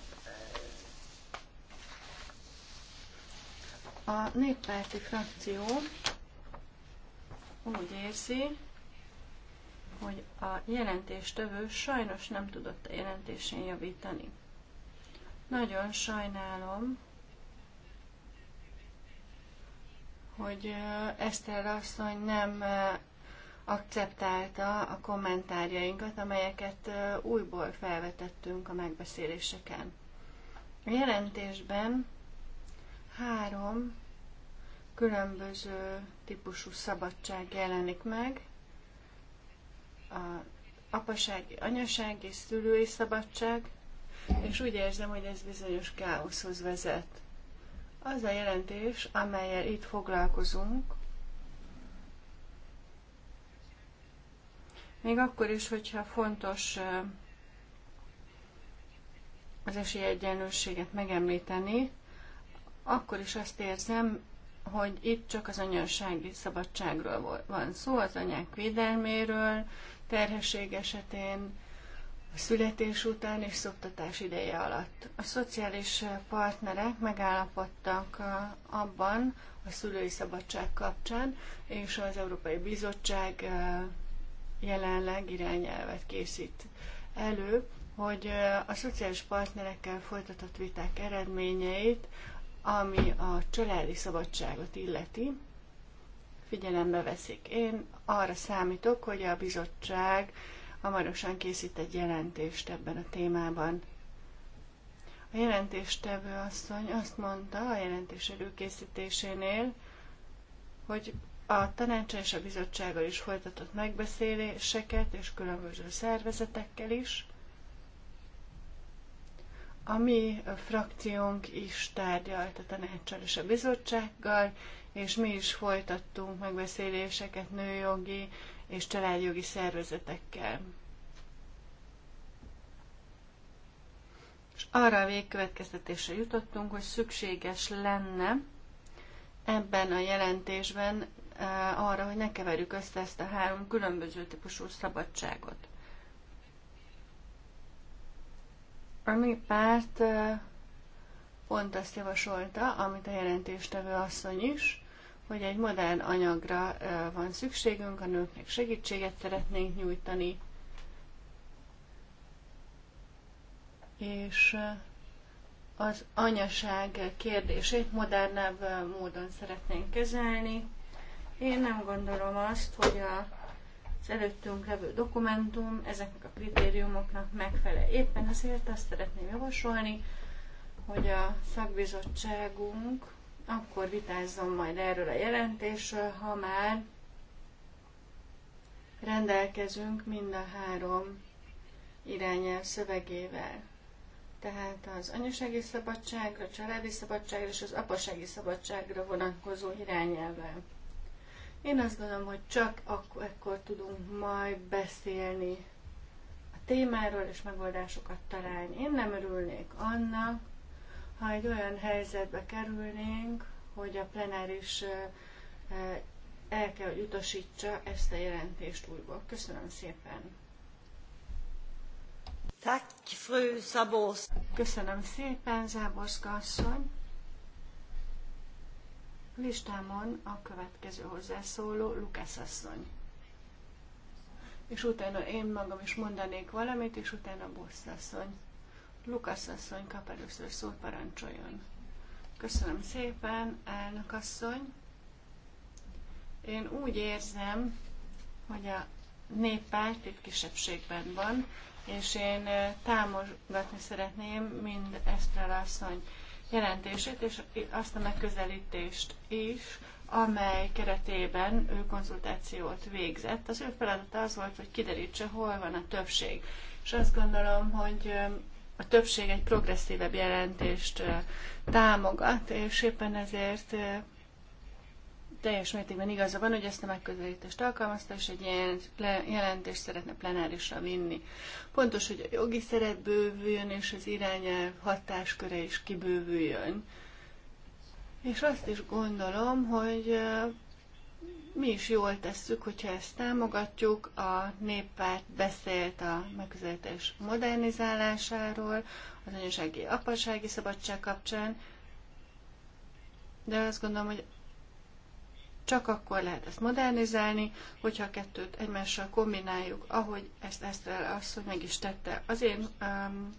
A néppárti frakció úgy érzi, hogy a jelentéstövő sajnos nem tudott a jelentésén javítani. Nagyon sajnálom, hogy Eszter asszony nem akceptálta a kommentárjainkat, amelyeket újból felvetettünk a megbeszéléseken. A jelentésben három különböző típusú szabadság jelenik meg. A apasági, anyasági, szülői szabadság, és úgy érzem, hogy ez bizonyos káoszhoz vezet. Az a jelentés, amelyel itt foglalkozunk, még akkor is, hogyha fontos az esélyegyenlőséget megemlíteni, akkor is azt érzem, hogy itt csak az anyasági szabadságról van szó, az anyák védelméről, terhesség esetén, a születés után és szoktatás ideje alatt. A szociális partnerek megállapodtak abban a szülői szabadság kapcsán, és az Európai Bizottság jelenleg irányelvet készít elő, hogy a szociális partnerekkel folytatott viták eredményeit, ami a családi szabadságot illeti, figyelembe veszik. Én arra számítok, hogy a bizottság hamarosan készít egy jelentést ebben a témában. A jelentéstevő asszony azt mondta a jelentés előkészítésénél, hogy a tanácsa és a bizottsággal is folytatott megbeszéléseket, és különböző szervezetekkel is. A mi frakciónk is tárgyalt a tanácsal és a bizottsággal, és mi is folytattunk megbeszéléseket nőjogi, és családjogi szervezetekkel. És arra a végkövetkeztetésre jutottunk, hogy szükséges lenne ebben a jelentésben arra, hogy ne keverjük össze ezt a három különböző típusú szabadságot. A mi párt pont azt javasolta, amit a jelentéstevő asszony is, hogy egy modern anyagra van szükségünk, a nőknek segítséget szeretnénk nyújtani, és az anyaság kérdését modernebb módon szeretnénk kezelni. Én nem gondolom azt, hogy a, az előttünk levő dokumentum ezeknek a kritériumoknak megfelel. Éppen azért azt szeretném javasolni, hogy a szakbizottságunk akkor vitázzon majd erről a jelentésről, ha már rendelkezünk mind a három irányel szövegével. Tehát az anyasági szabadságra, családi szabadságra és az apasági szabadságra vonatkozó irányelvel. Én azt gondolom, hogy csak akkor, akkor tudunk majd beszélni a témáról és megoldásokat találni. Én nem örülnék annak, ha egy olyan helyzetbe kerülnénk, hogy a plenáris el kell, hogy utasítsa ezt a jelentést újból. Köszönöm szépen! Tak, Szabósz. Köszönöm szépen, Záborszka asszony. Listámon a következő hozzászóló Lukász asszony. És utána én magam is mondanék valamit, és utána Bosz asszony. Lukasz asszony kap először szót, parancsoljon. Köszönöm szépen, elnök asszony. Én úgy érzem, hogy a néppárt itt kisebbségben van, és én eh, támogatni szeretném mind Esztrel asszony jelentését, és azt a megközelítést is, amely keretében ő konzultációt végzett. Az ő feladata az volt, hogy kiderítse, hol van a többség. És azt gondolom, hogy eh, a többség egy progresszívebb jelentést támogat, és éppen ezért teljes mértékben igaza van, hogy ezt a megközelítést alkalmazta, és egy ilyen jelentést szeretne plenárisra vinni. Pontos, hogy a jogi szeret bővüljön, és az irányelv hatásköre is kibővüljön. És azt is gondolom, hogy mi is jól tesszük, hogyha ezt támogatjuk. A néppárt beszélt a megközelítés modernizálásáról, az anyasági apasági szabadság kapcsán, de azt gondolom, hogy csak akkor lehet ezt modernizálni, hogyha a kettőt egymással kombináljuk, ahogy ezt az, hogy meg is tette. Az én um,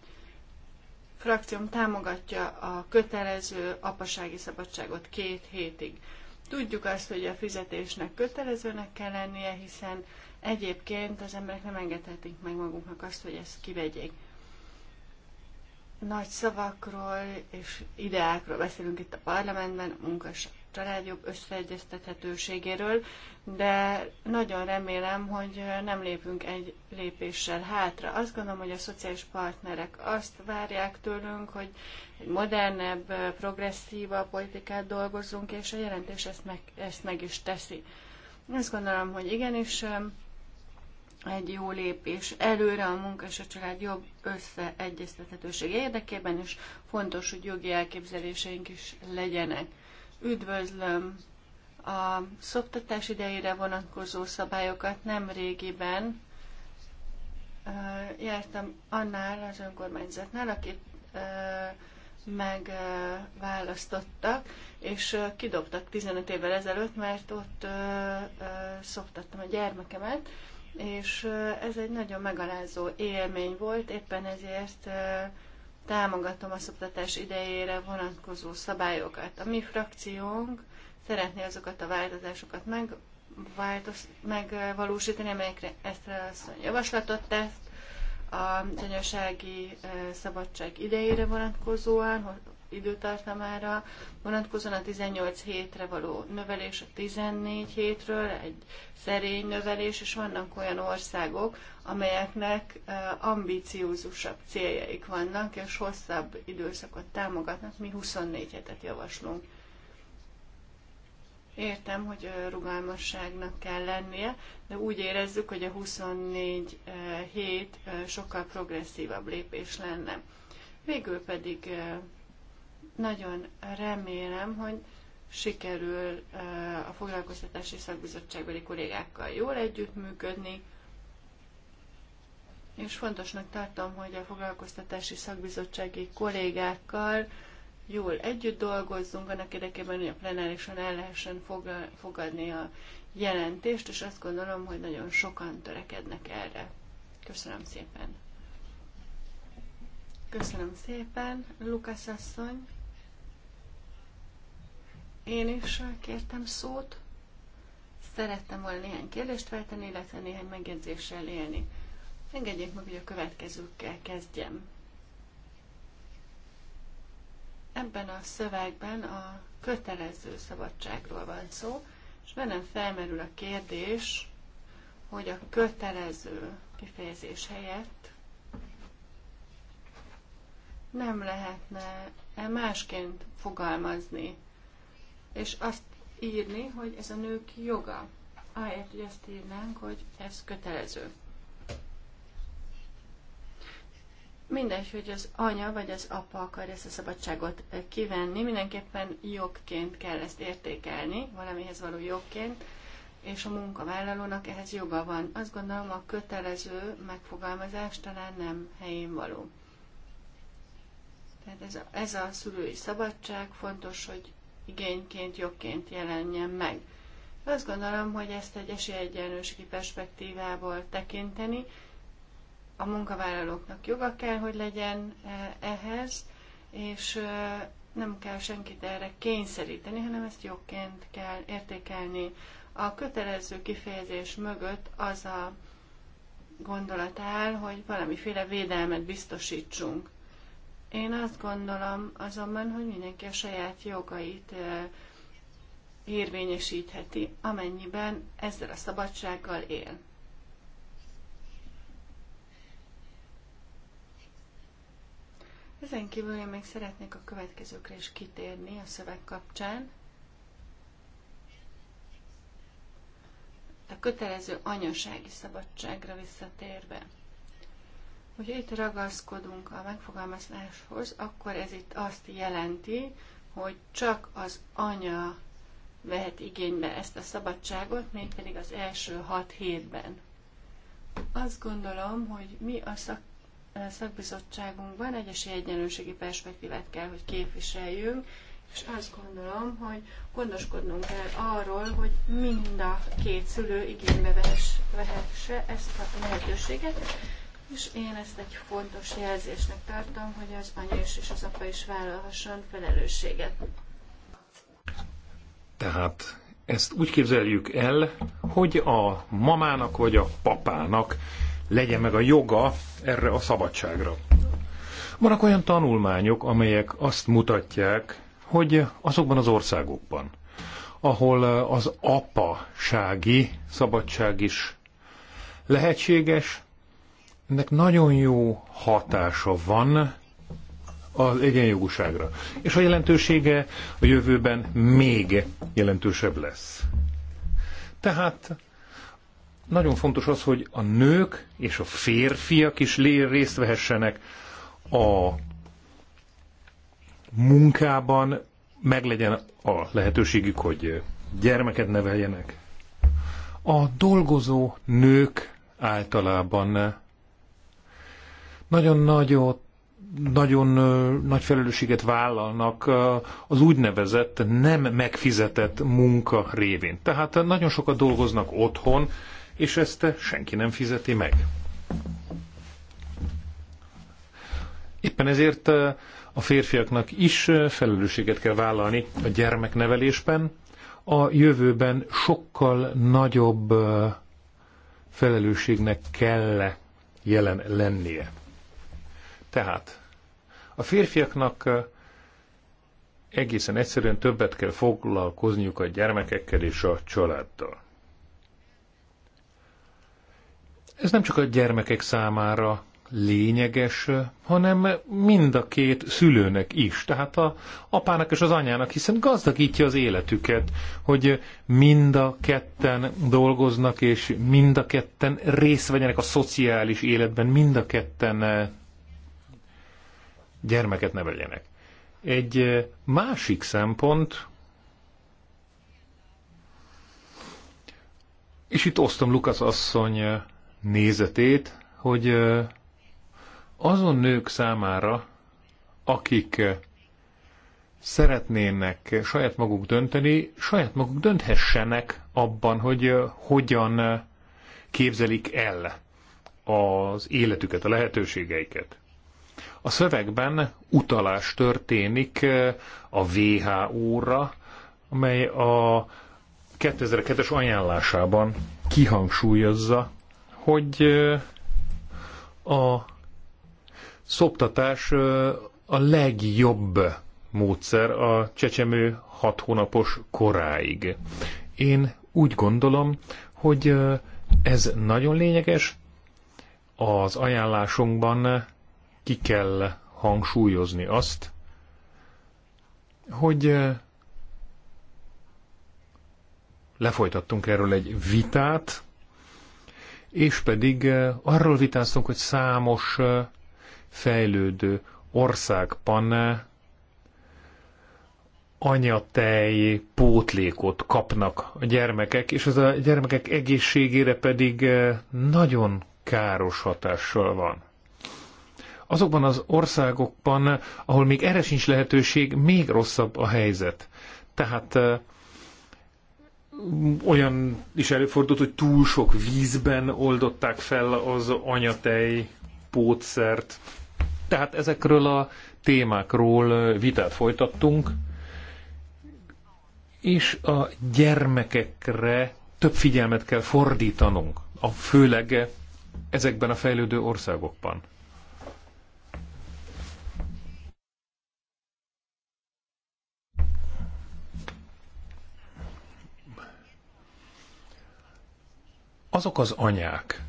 frakcióm támogatja a kötelező apasági szabadságot két hétig. Tudjuk azt, hogy a fizetésnek kötelezőnek kell lennie, hiszen egyébként az emberek nem engedhetik meg maguknak azt, hogy ezt kivegyék. Nagy szavakról és ideákról beszélünk itt a parlamentben, munkasak család jobb összeegyeztethetőségéről, de nagyon remélem, hogy nem lépünk egy lépéssel hátra. Azt gondolom, hogy a szociális partnerek azt várják tőlünk, hogy egy modernebb, progresszívabb politikát dolgozzunk, és a jelentés ezt meg, ezt meg is teszi. Azt gondolom, hogy igenis egy jó lépés előre a munka és a család jobb összeegyeztethetőség érdekében, és fontos, hogy jogi elképzeléseink is legyenek. Üdvözlöm a szoptatás idejére vonatkozó szabályokat nem régiben jártam annál az önkormányzatnál, akit megválasztottak, és kidobtak 15 évvel ezelőtt, mert ott szoptattam a gyermekemet, és ez egy nagyon megalázó élmény volt, éppen ezért támogatom a szoptatás idejére vonatkozó szabályokat. A mi frakciónk szeretné azokat a változásokat meg, változ, megvalósítani, amelyekre ezt a javaslatot tesz, a anyasági szabadság idejére vonatkozóan, időtartamára vonatkozóan a 18 hétre való növelés a 14 hétről, egy szerény növelés, és vannak olyan országok, amelyeknek ambiciózusabb céljaik vannak, és hosszabb időszakot támogatnak, mi 24 hetet javaslunk. Értem, hogy rugalmasságnak kell lennie, de úgy érezzük, hogy a 24 hét sokkal progresszívabb lépés lenne. Végül pedig nagyon remélem, hogy sikerül a foglalkoztatási szakbizottságbeli kollégákkal jól együttműködni, és fontosnak tartom, hogy a foglalkoztatási szakbizottsági kollégákkal jól együtt dolgozzunk, annak érdekében, hogy a plenárisan el lehessen fogadni a jelentést, és azt gondolom, hogy nagyon sokan törekednek erre. Köszönöm szépen. Köszönöm szépen, Lukasz asszony. Én is kértem szót. Szerettem volna néhány kérdést feltenni, illetve néhány megjegyzéssel élni. Engedjék meg, hogy a következőkkel kezdjem. Ebben a szövegben a kötelező szabadságról van szó, és bennem felmerül a kérdés, hogy a kötelező kifejezés helyett nem lehetne -e másként fogalmazni és azt írni, hogy ez a nők joga. Ahelyett, hogy azt írnánk, hogy ez kötelező. Mindegy, hogy az anya vagy az apa akar ezt a szabadságot kivenni, mindenképpen jogként kell ezt értékelni, valamihez való jogként, és a munkavállalónak ehhez joga van. Azt gondolom, a kötelező megfogalmazás talán nem helyén való. Tehát ez a, ez a szülői szabadság, fontos, hogy igényként, jogként jelenjen meg. Azt gondolom, hogy ezt egy esélyegyenlőségi perspektívából tekinteni, a munkavállalóknak joga kell, hogy legyen eh, ehhez, és eh, nem kell senkit erre kényszeríteni, hanem ezt jogként kell értékelni. A kötelező kifejezés mögött az a gondolat áll, hogy valamiféle védelmet biztosítsunk. Én azt gondolom azonban, hogy mindenki a saját jogait érvényesítheti, amennyiben ezzel a szabadsággal él. Ezen kívül én még szeretnék a következőkre is kitérni a szöveg kapcsán. A kötelező anyasági szabadságra visszatérve. Hogy itt ragaszkodunk a megfogalmazáshoz, akkor ez itt azt jelenti, hogy csak az anya vehet igénybe ezt a szabadságot, mégpedig az első hat hétben. Azt gondolom, hogy mi a szak, a szakbizottságunkban egyesi egyenlőségi perspektívát kell, hogy képviseljünk, és azt gondolom, hogy gondoskodnunk kell arról, hogy mind a két szülő igénybe vehesse ezt a lehetőséget, és én ezt egy fontos jelzésnek tartom, hogy az anya is és az apa is vállalhasson felelősséget. Tehát ezt úgy képzeljük el, hogy a mamának vagy a papának legyen meg a joga erre a szabadságra. Vannak olyan tanulmányok, amelyek azt mutatják, hogy azokban az országokban, ahol az apasági szabadság is lehetséges, ennek nagyon jó hatása van az egyenjogúságra. És a jelentősége a jövőben még jelentősebb lesz. Tehát nagyon fontos az, hogy a nők és a férfiak is részt vehessenek a munkában, meglegyen a lehetőségük, hogy gyermeket neveljenek. A dolgozó nők általában nagyon nagyot nagyon nagy felelősséget vállalnak az úgynevezett nem megfizetett munka révén. Tehát nagyon sokat dolgoznak otthon, és ezt senki nem fizeti meg. Éppen ezért a férfiaknak is felelősséget kell vállalni a gyermeknevelésben, a jövőben sokkal nagyobb felelősségnek kell jelen lennie. Tehát a férfiaknak egészen egyszerűen többet kell foglalkozniuk a gyermekekkel és a családdal. Ez nem csak a gyermekek számára lényeges, hanem mind a két szülőnek is, tehát a apának és az anyának, hiszen gazdagítja az életüket, hogy mind a ketten dolgoznak, és mind a ketten részt vegyenek a szociális életben, mind a ketten gyermeket neveljenek. Egy másik szempont, és itt osztom Lukasz asszony nézetét, hogy azon nők számára, akik szeretnének saját maguk dönteni, saját maguk dönthessenek abban, hogy hogyan képzelik el az életüket, a lehetőségeiket. A szövegben utalás történik eh, a WHO-ra, amely a 2002-es ajánlásában kihangsúlyozza, hogy eh, a szoptatás eh, a legjobb módszer a csecsemő hat hónapos koráig. Én úgy gondolom, hogy ez nagyon lényeges. Az ajánlásunkban ki kell hangsúlyozni azt, hogy eh, lefolytattunk erről egy vitát, és pedig eh, arról vitáztunk, hogy számos eh, fejlődő országban anyatej pótlékot kapnak a gyermekek, és ez a gyermekek egészségére pedig nagyon káros hatással van azokban az országokban, ahol még erre sincs lehetőség, még rosszabb a helyzet. Tehát olyan is előfordult, hogy túl sok vízben oldották fel az anyatej pótszert. Tehát ezekről a témákról vitát folytattunk, és a gyermekekre több figyelmet kell fordítanunk, a főleg ezekben a fejlődő országokban. azok az anyák,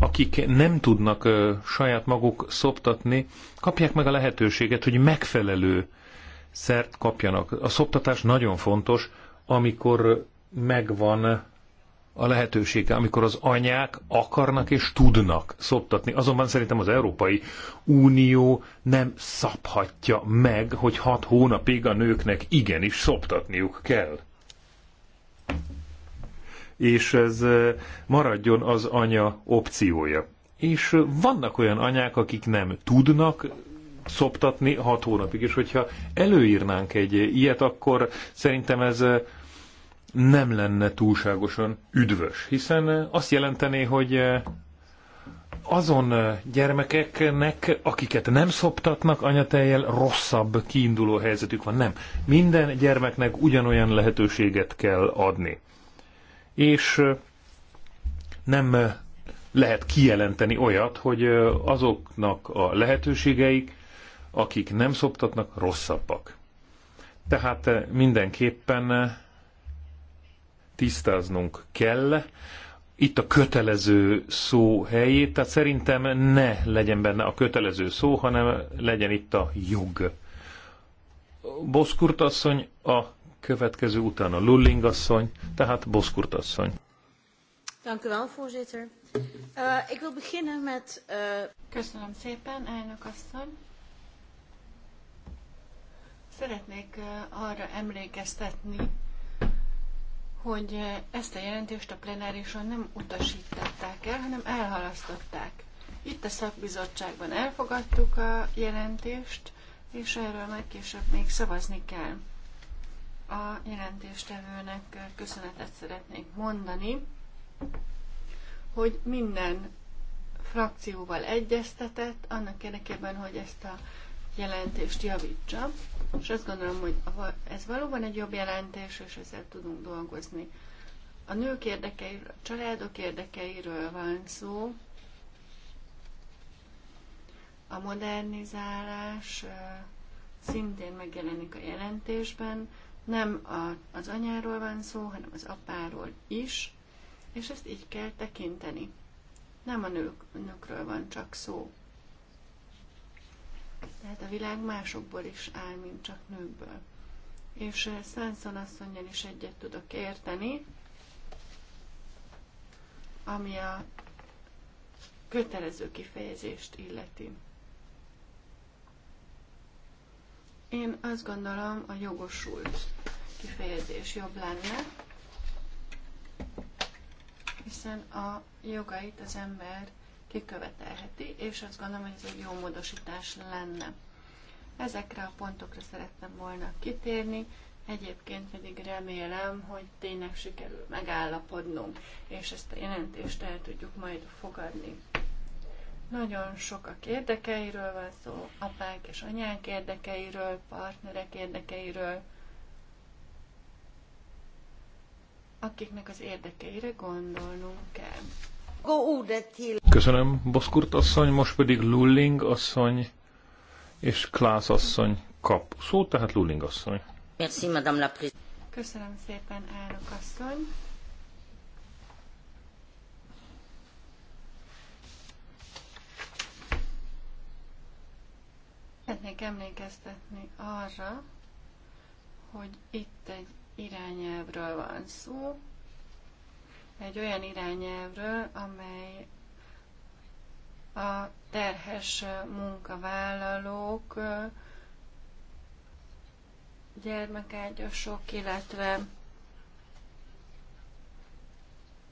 akik nem tudnak saját maguk szoptatni, kapják meg a lehetőséget, hogy megfelelő szert kapjanak. A szoptatás nagyon fontos, amikor megvan a lehetősége, amikor az anyák akarnak és tudnak szoptatni. Azonban szerintem az Európai Unió nem szabhatja meg, hogy hat hónapig a nőknek igenis szoptatniuk kell és ez maradjon az anya opciója. És vannak olyan anyák, akik nem tudnak szoptatni hat hónapig, és hogyha előírnánk egy ilyet, akkor szerintem ez nem lenne túlságosan üdvös, hiszen azt jelentené, hogy azon gyermekeknek, akiket nem szoptatnak anyatejjel, rosszabb kiinduló helyzetük van. Nem. Minden gyermeknek ugyanolyan lehetőséget kell adni és nem lehet kijelenteni olyat, hogy azoknak a lehetőségeik, akik nem szoptatnak, rosszabbak. Tehát mindenképpen tisztáznunk kell itt a kötelező szó helyét, tehát szerintem ne legyen benne a kötelező szó, hanem legyen itt a jog. Boszkurt asszony a következő, utána Lulling asszony, tehát Boszkurt asszony. Eh, eh, Köszönöm szépen, elnök asszony. Szeretnék eh, arra emlékeztetni, hogy ezt a jelentést a plenárison nem utasították el, hanem elhalasztották. Itt a szakbizottságban elfogadtuk a jelentést, és erről majd később még szavazni kell. A jelentéstevőnek köszönetet szeretnék mondani, hogy minden frakcióval egyeztetett annak érdekében, hogy ezt a jelentést javítsa. És azt gondolom, hogy ez valóban egy jobb jelentés, és ezzel tudunk dolgozni. A nők érdekeiről, a családok érdekeiről van szó, a modernizálás szintén megjelenik a jelentésben, nem a, az anyáról van szó, hanem az apáról is, és ezt így kell tekinteni. Nem a nők, nőkről van csak szó. Tehát a világ másokból is áll, mint csak nőkből. És eh, Szánszon asszonyon is egyet tudok érteni, ami a kötelező kifejezést illeti. Én azt gondolom, a jogosult kifejezés jobb lenne, hiszen a jogait az ember kikövetelheti, és azt gondolom, hogy ez egy jó módosítás lenne. Ezekre a pontokra szerettem volna kitérni, egyébként pedig remélem, hogy tényleg sikerül megállapodnunk, és ezt a jelentést el tudjuk majd fogadni. Nagyon sokak érdekeiről van szó, apák és anyák érdekeiről, partnerek érdekeiről, akiknek az érdekeire gondolnunk kell. Köszönöm, Boszkurt asszony, most pedig Lulling asszony és Klász asszony kap Szó, tehát Lulling asszony. Köszönöm szépen, elnök asszony. Szeretnék emlékeztetni arra, hogy itt egy irányelvről van szó, egy olyan irányelvről, amely a terhes munkavállalók, gyermekágyasok, illetve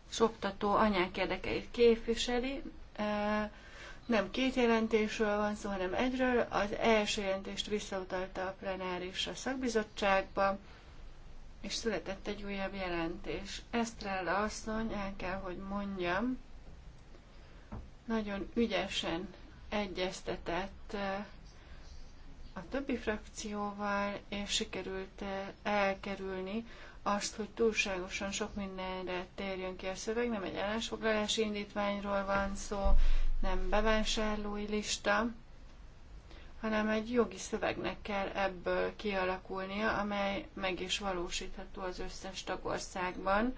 soktató anyák érdekeit képviseli, nem két jelentésről van szó, hanem egyről. Az első jelentést visszautalta a plenárisra szakbizottságba, és született egy újabb jelentés. Esztrella asszony, el kell, hogy mondjam, nagyon ügyesen egyeztetett eh, a többi frakcióval, és sikerült eh, elkerülni azt, hogy túlságosan sok mindenre térjön ki a szöveg, nem egy állásfoglalási indítványról van szó, nem bevásárlói lista, hanem egy jogi szövegnek kell ebből kialakulnia, amely meg is valósítható az összes tagországban,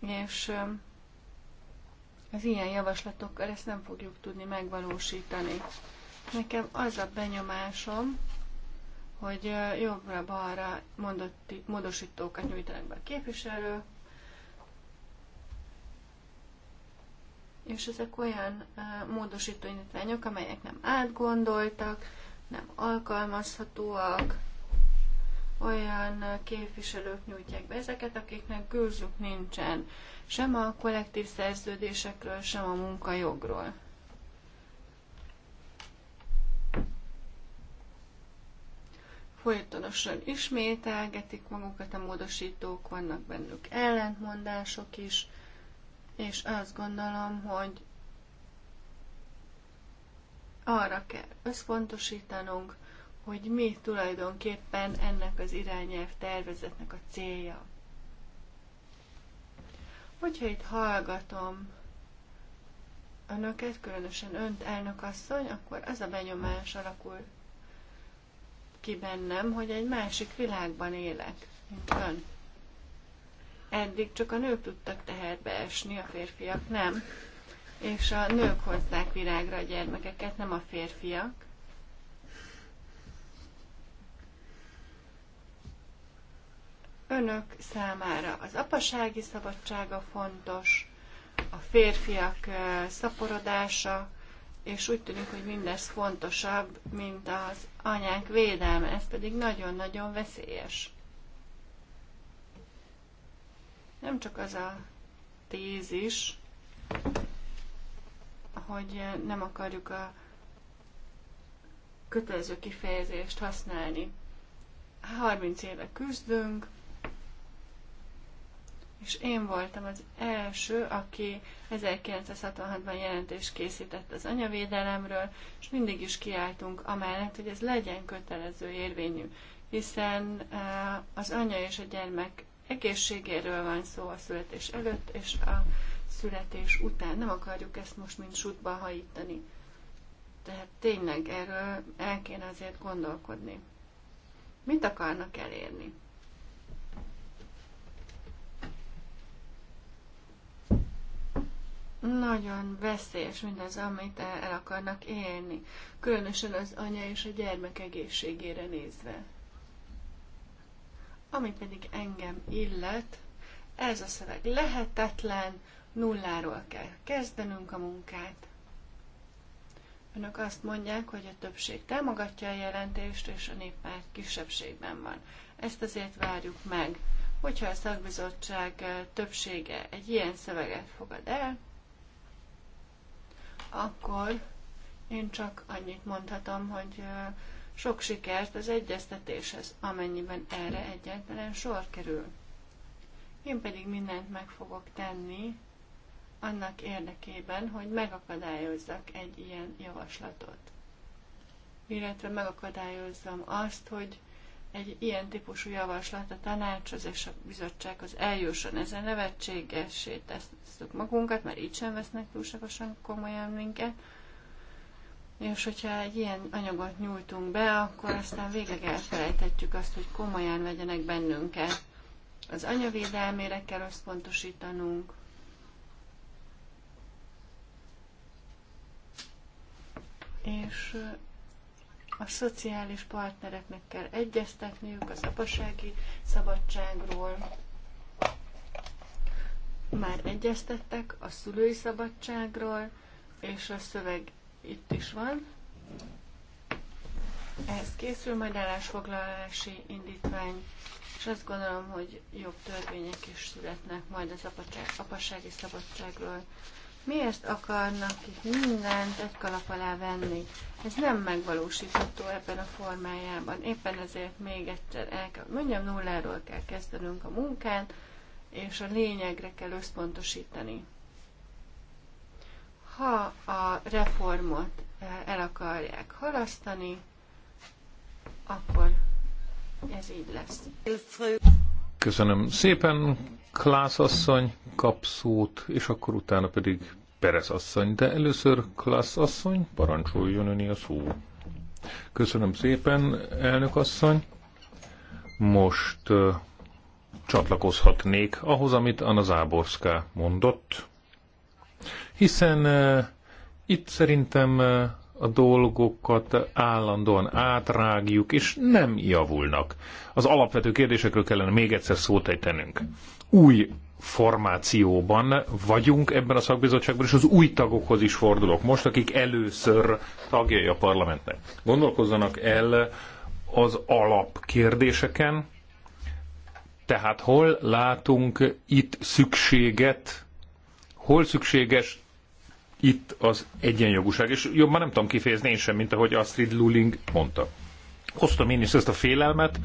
és az ilyen javaslatokkal ezt nem fogjuk tudni megvalósítani. Nekem az a benyomásom, hogy jobbra-balra módosítókat nyújtanak be a képviselők, és ezek olyan módosító indítványok, amelyek nem átgondoltak, nem alkalmazhatóak, olyan képviselők nyújtják be ezeket, akiknek gőzük nincsen sem a kollektív szerződésekről, sem a munkajogról. Folytonosan ismételgetik magukat a módosítók, vannak bennük ellentmondások is, és azt gondolom, hogy arra kell összpontosítanunk, hogy mi tulajdonképpen ennek az irányelv tervezetnek a célja. Hogyha itt hallgatom önöket, különösen önt, elnökasszony, akkor ez a benyomás alakul ki bennem, hogy egy másik világban élek, mint ön eddig csak a nők tudtak teherbe esni, a férfiak nem. És a nők hozzák virágra a gyermekeket, nem a férfiak. Önök számára az apasági szabadsága fontos, a férfiak szaporodása, és úgy tűnik, hogy mindez fontosabb, mint az anyák védelme, ez pedig nagyon-nagyon veszélyes. Nem csak az a tézis, hogy nem akarjuk a kötelező kifejezést használni. 30 éve küzdünk, és én voltam az első, aki 1966-ban jelentést készített az anyavédelemről, és mindig is kiálltunk amellett, hogy ez legyen kötelező érvényű, hiszen eh, az anya és a gyermek egészségéről van szó a születés előtt és a születés után. Nem akarjuk ezt most mind sútba hajítani. Tehát tényleg erről el kéne azért gondolkodni. Mit akarnak elérni? Nagyon veszélyes mindaz, amit el akarnak élni, különösen az anya és a gyermek egészségére nézve. Ami pedig engem illet, ez a szöveg lehetetlen, nulláról kell kezdenünk a munkát. Önök azt mondják, hogy a többség támogatja a jelentést, és a már kisebbségben van. Ezt azért várjuk meg. Hogyha a szakbizottság többsége egy ilyen szöveget fogad el, akkor én csak annyit mondhatom, hogy sok sikert az egyeztetéshez, amennyiben erre egyáltalán sor kerül. Én pedig mindent meg fogok tenni annak érdekében, hogy megakadályozzak egy ilyen javaslatot. Illetve megakadályozzam azt, hogy egy ilyen típusú javaslat a tanácshoz és a bizottsághoz eljusson. Ezen nevetségessé tesszük magunkat, mert így sem vesznek túlságosan komolyan minket. És hogyha egy ilyen anyagot nyújtunk be, akkor aztán végleg elfelejthetjük azt, hogy komolyan vegyenek bennünket. Az anyavédelmére kell összpontosítanunk. És a szociális partnereknek kell egyeztetniük az apasági szabadságról. Már egyeztettek a szülői szabadságról, és a szöveg itt is van. Ehhez készül majd állásfoglalási indítvány, és azt gondolom, hogy jobb törvények is születnek majd az apassági szabadságról. Miért akarnak itt mindent egy kalap alá venni? Ez nem megvalósítható ebben a formájában. Éppen ezért még egyszer el kell, mondjam, nulláról kell kezdenünk a munkán, és a lényegre kell összpontosítani ha a reformot e, el akarják halasztani, akkor ez így lesz. Köszönöm szépen, Klász asszony kap szót, és akkor utána pedig Perez asszony, de először Klász asszony, parancsoljon öni a szó. Köszönöm szépen, elnök asszony. Most uh, csatlakozhatnék ahhoz, amit Anna Záborská mondott hiszen itt szerintem a dolgokat állandóan átrágjuk, és nem javulnak. Az alapvető kérdésekről kellene még egyszer szót ejtenünk. Új formációban vagyunk ebben a szakbizottságban, és az új tagokhoz is fordulok most, akik először tagjai a parlamentnek. Gondolkozzanak el az alapkérdéseken, tehát hol látunk itt szükséget, hol szükséges itt az egyenjogúság, és jobban nem tudom kifejezni én sem, mint ahogy Astrid Luling mondta. Hoztam én is ezt a félelmet,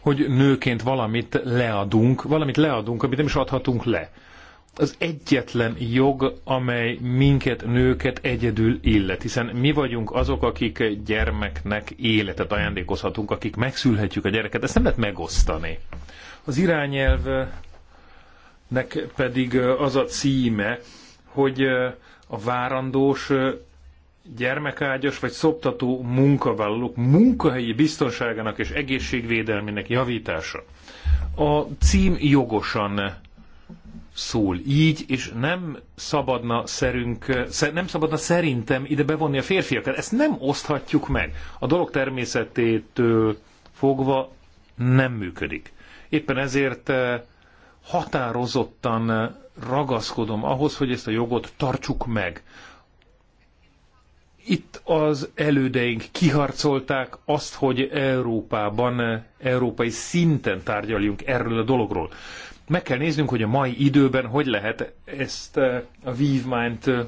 hogy nőként valamit leadunk, valamit leadunk, amit nem is adhatunk le. Az egyetlen jog, amely minket, nőket egyedül illet, hiszen mi vagyunk azok, akik gyermeknek életet ajándékozhatunk, akik megszülhetjük a gyereket, ezt nem lehet megosztani. Az irányelvnek pedig az a címe, hogy a várandós gyermekágyas vagy szoptató munkavállalók munkahelyi biztonságának és egészségvédelmének javítása. A cím jogosan szól így, és nem szabadna, szerünk, nem szabadna szerintem ide bevonni a férfiakat. Ezt nem oszthatjuk meg. A dolog természetétől fogva nem működik. Éppen ezért határozottan ragaszkodom ahhoz, hogy ezt a jogot tartsuk meg. Itt az elődeink kiharcolták azt, hogy Európában, európai szinten tárgyaljunk erről a dologról. Meg kell néznünk, hogy a mai időben hogy lehet ezt eh, a vívmányt eh,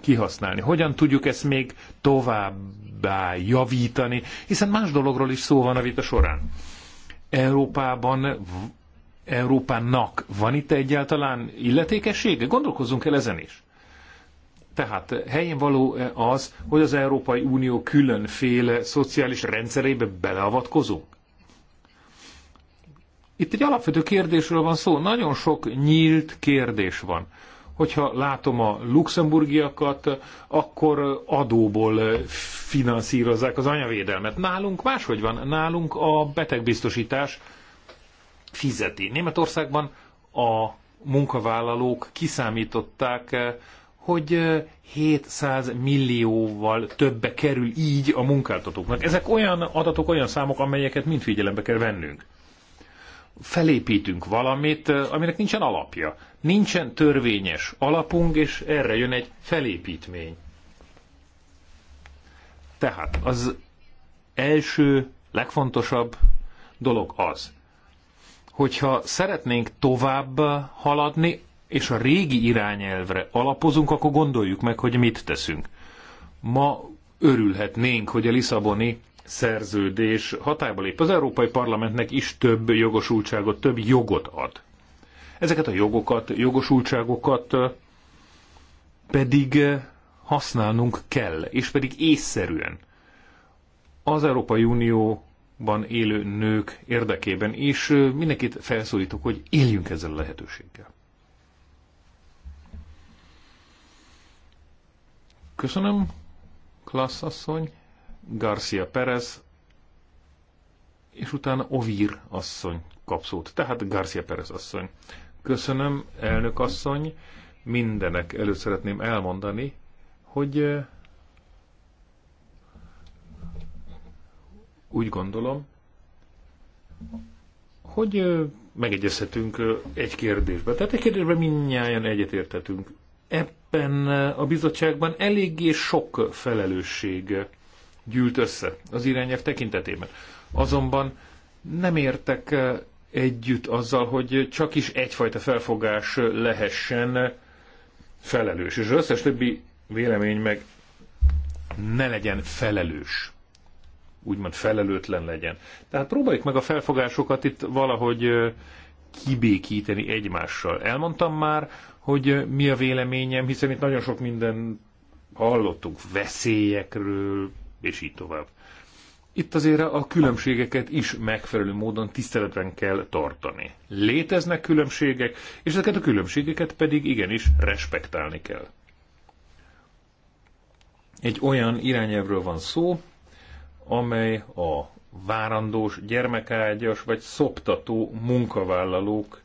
kihasználni. Hogyan tudjuk ezt még továbbá javítani, hiszen más dologról is szó van a vita során. Európában Európának van itt egyáltalán illetékessége? Gondolkozzunk el ezen is. Tehát helyén való -e az, hogy az Európai Unió különféle szociális rendszerébe beleavatkozunk? Itt egy alapvető kérdésről van szó, nagyon sok nyílt kérdés van. Hogyha látom a luxemburgiakat, akkor adóból finanszírozzák az anyavédelmet. Nálunk máshogy van, nálunk a betegbiztosítás fizeti. Németországban a munkavállalók kiszámították, eh, hogy 700 eh, millióval többe kerül így a munkáltatóknak. Ezek olyan adatok, olyan számok, amelyeket mind figyelembe kell vennünk. Felépítünk valamit, eh, aminek nincsen alapja. Nincsen törvényes alapunk, és erre jön egy felépítmény. Tehát az első, legfontosabb dolog az, hogyha szeretnénk tovább haladni, és a régi irányelvre alapozunk, akkor gondoljuk meg, hogy mit teszünk. Ma örülhetnénk, hogy a Lisszaboni szerződés hatályba lép. Az Európai Parlamentnek is több jogosultságot, több jogot ad. Ezeket a jogokat, jogosultságokat pedig használnunk kell, és pedig észszerűen. Az Európai Unió ban élő nők érdekében, és mindenkit felszólítok, hogy éljünk ezzel a lehetőséggel. Köszönöm, klasszasszony, Garcia Perez, és utána Ovir asszony kap szót, tehát Garcia Perez asszony. Köszönöm, elnök asszony, mindenek előtt szeretném elmondani, hogy úgy gondolom, hogy megegyezhetünk egy kérdésbe. Tehát egy kérdésben mindnyáján egyetérthetünk. Ebben a bizottságban eléggé sok felelősség gyűlt össze az irányelv tekintetében. Azonban nem értek együtt azzal, hogy csak is egyfajta felfogás lehessen felelős, és az összes többi vélemény meg ne legyen felelős úgymond felelőtlen legyen. Tehát próbáljuk meg a felfogásokat itt valahogy kibékíteni egymással. Elmondtam már, hogy mi a véleményem, hiszen itt nagyon sok minden hallottunk veszélyekről, és így tovább. Itt azért a különbségeket is megfelelő módon tiszteletben kell tartani. Léteznek különbségek, és ezeket a különbségeket pedig igenis respektálni kell. Egy olyan irányelvről van szó, amely a várandós, gyermekágyas vagy szoptató munkavállalók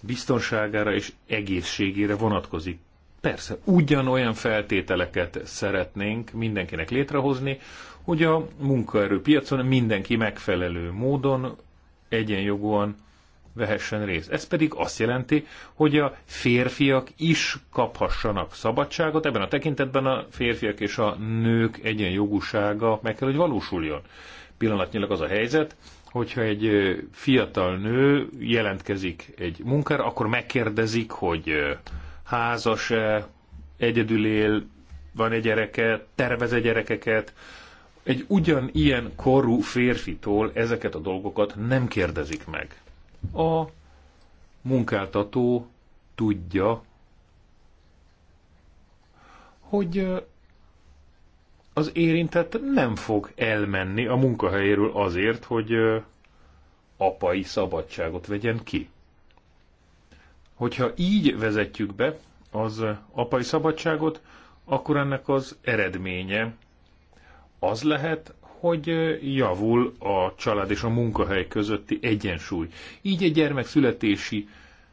biztonságára és egészségére vonatkozik. Persze, ugyanolyan feltételeket szeretnénk mindenkinek létrehozni, hogy a munkaerőpiacon mindenki megfelelő módon egyenjogúan vehessen részt. Ez pedig azt jelenti, hogy a férfiak is kaphassanak szabadságot, ebben a tekintetben a férfiak és a nők egyenjogúsága meg kell, hogy valósuljon. Pillanatnyilag az a helyzet, hogyha egy fiatal nő jelentkezik egy munkára, akkor megkérdezik, hogy házas-e, egyedül él, van egy gyereke, tervez-e gyerekeket, egy ugyanilyen korú férfitól ezeket a dolgokat nem kérdezik meg a munkáltató tudja, hogy az érintett nem fog elmenni a munkahelyéről azért, hogy apai szabadságot vegyen ki. Hogyha így vezetjük be az apai szabadságot, akkor ennek az eredménye az lehet, hogy javul a család és a munkahely közötti egyensúly. Így egy gyermek születési,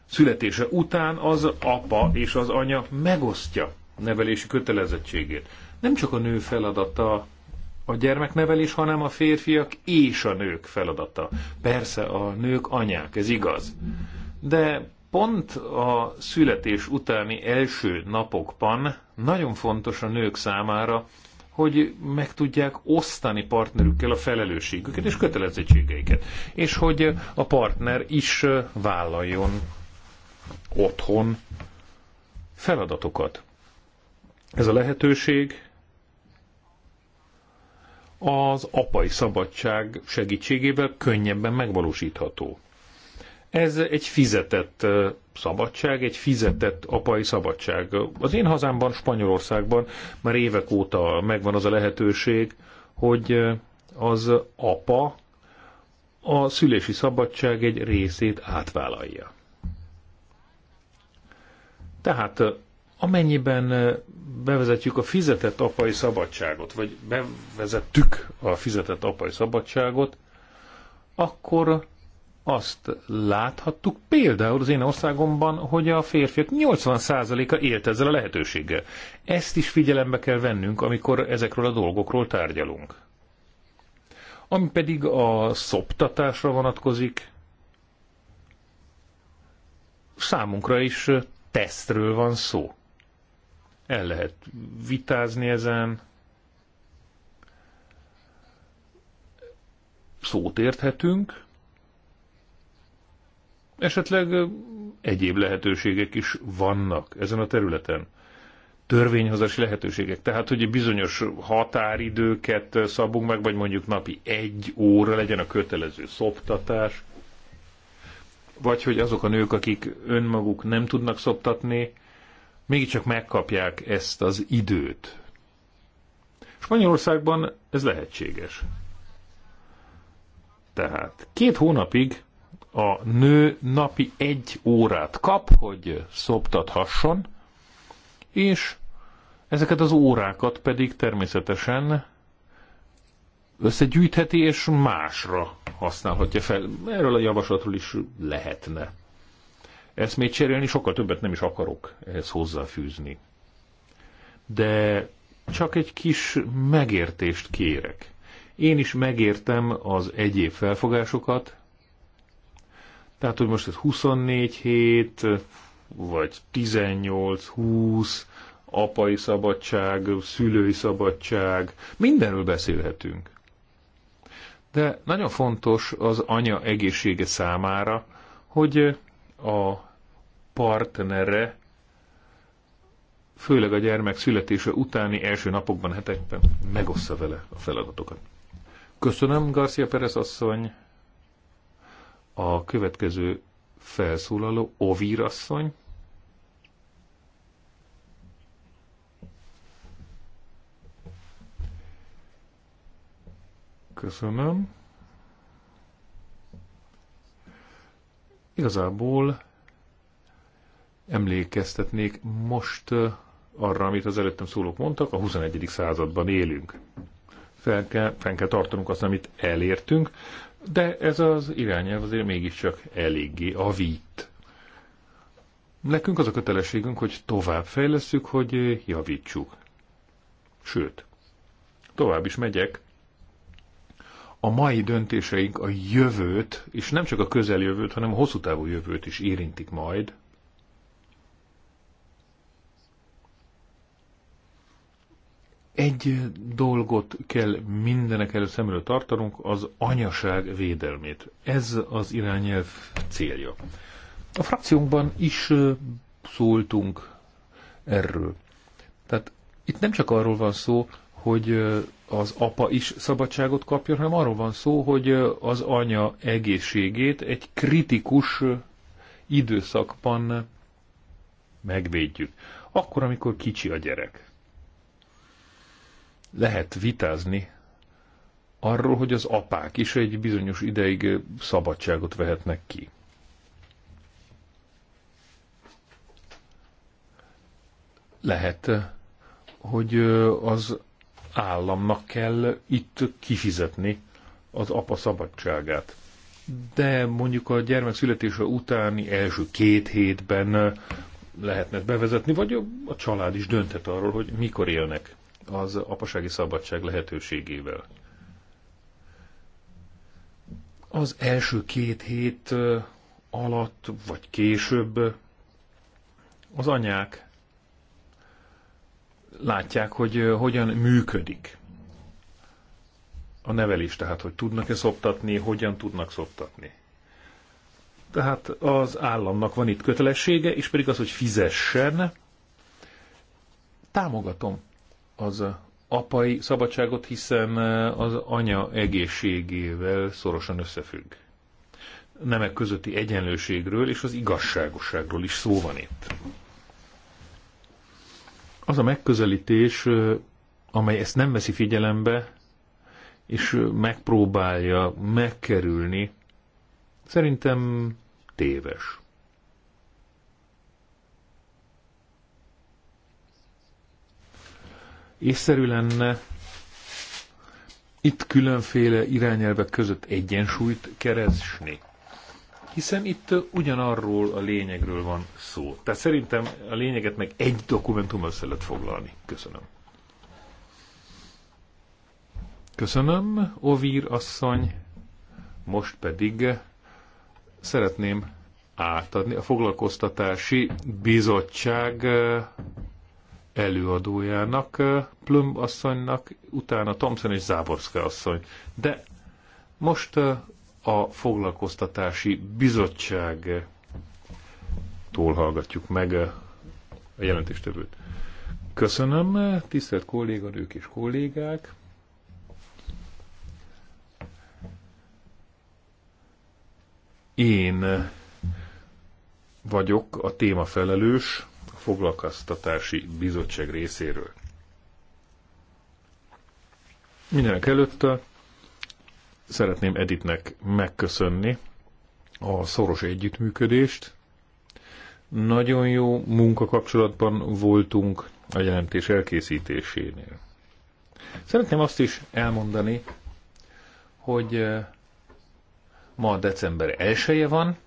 születése után az apa és az anya megosztja nevelési kötelezettségét. Nem csak a nő feladata a gyermeknevelés, hanem a férfiak és a nők feladata. Persze a nők anyák, ez igaz. De pont a születés utáni első napokban nagyon fontos a nők számára, hogy meg tudják osztani partnerükkel a felelősségüket és kötelezettségeiket, és hogy a partner is vállaljon otthon feladatokat. Ez a lehetőség az apai szabadság segítségével könnyebben megvalósítható. Ez egy fizetett szabadság, egy fizetett apai szabadság. Az én hazámban, Spanyolországban már évek óta megvan az a lehetőség, hogy az apa a szülési szabadság egy részét átvállalja. Tehát amennyiben bevezetjük a fizetett apai szabadságot, vagy bevezettük a fizetett apai szabadságot, akkor azt láthattuk például az én országomban, hogy a férfiak 80%-a élt ezzel a lehetőséggel. Ezt is figyelembe kell vennünk, amikor ezekről a dolgokról tárgyalunk. Ami pedig a szoptatásra vonatkozik, számunkra is tesztről van szó. El lehet vitázni ezen, szót érthetünk, Esetleg egyéb lehetőségek is vannak ezen a területen. Törvényhozási lehetőségek. Tehát, hogy bizonyos határidőket szabunk meg, vagy mondjuk napi egy óra legyen a kötelező szoptatás, vagy hogy azok a nők, akik önmaguk nem tudnak szoptatni, mégiscsak megkapják ezt az időt. Spanyolországban ez lehetséges. Tehát két hónapig a nő napi egy órát kap, hogy szoptathasson, és ezeket az órákat pedig természetesen összegyűjtheti és másra használhatja fel. Erről a javaslatról is lehetne. Ezt még cserélni sokkal többet nem is akarok ehhez hozzáfűzni. De csak egy kis megértést kérek. Én is megértem az egyéb felfogásokat, tehát, hogy most ez 24 hét, vagy 18-20, apai szabadság, szülői szabadság, mindenről beszélhetünk. De nagyon fontos az anya egészsége számára, hogy a partnere, főleg a gyermek születése utáni első napokban, hetekben megossza vele a feladatokat. Köszönöm, Garcia Perez asszony. A következő felszólaló Ovirasszony. Köszönöm. Igazából emlékeztetnék most uh, arra, amit az előttem szólók mondtak, a 21. században élünk. Fel kell, fel kell tartanunk azt, amit elértünk, de ez az irányelv azért mégiscsak eléggé avít. Nekünk az a kötelességünk, hogy tovább fejleszünk, hogy javítsuk. Sőt, tovább is megyek, a mai döntéseink a jövőt, és nem csak a közeljövőt, hanem a hosszú távú jövőt is érintik majd, egy dolgot kell mindenek előtt szemről tartanunk, az anyaság védelmét. Ez az irányelv célja. A frakciónkban is szóltunk erről. Tehát itt nem csak arról van szó, hogy az apa is szabadságot kapjon, hanem arról van szó, hogy az anya egészségét egy kritikus időszakban megvédjük. Akkor, amikor kicsi a gyerek lehet vitázni arról, hogy az apák is egy bizonyos ideig szabadságot vehetnek ki. Lehet, hogy az államnak kell itt kifizetni az apa szabadságát. De mondjuk a gyermek születése utáni első két hétben lehetne bevezetni, vagy a család is dönthet arról, hogy mikor élnek az apasági szabadság lehetőségével. Az első két hét alatt, vagy később az anyák látják, hogy hogyan működik a nevelés, tehát hogy tudnak-e szoptatni, hogyan tudnak szoptatni. Tehát az államnak van itt kötelessége, és pedig az, hogy fizessen. Támogatom az apai szabadságot, hiszen az anya egészségével szorosan összefügg. Nemek közötti egyenlőségről és az igazságosságról is szó van itt. Az a megközelítés, amely ezt nem veszi figyelembe, és megpróbálja megkerülni, szerintem téves. észszerű lenne itt különféle irányelvek között egyensúlyt keresni. Hiszen itt ugyanarról a lényegről van szó. Tehát szerintem a lényeget meg egy dokumentum össze lehet foglalni. Köszönöm. Köszönöm, Ovír asszony. Most pedig szeretném átadni a foglalkoztatási bizottság előadójának, Plum asszonynak, utána Thompson és Záborszka asszony. De most a foglalkoztatási bizottság tól hallgatjuk meg a jelentéstevőt. Köszönöm, tisztelt kolléganők és kollégák! Én vagyok a témafelelős foglalkoztatási bizottság részéről. Mindenek előtt uh, szeretném Editnek megköszönni a szoros együttműködést. Nagyon jó munkakapcsolatban voltunk a jelentés elkészítésénél. Szeretném azt is elmondani, hogy uh, ma december 1 -e van,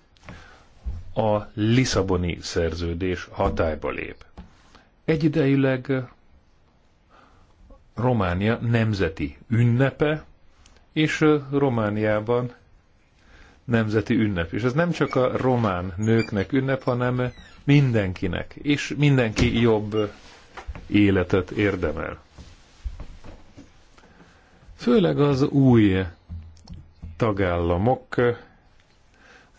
a Lisszaboni szerződés hatályba lép. Egyidejileg Románia nemzeti ünnepe, és Romániában nemzeti ünnep. És ez nem csak a román nőknek ünnep, hanem mindenkinek. És mindenki jobb életet érdemel. Főleg az új tagállamok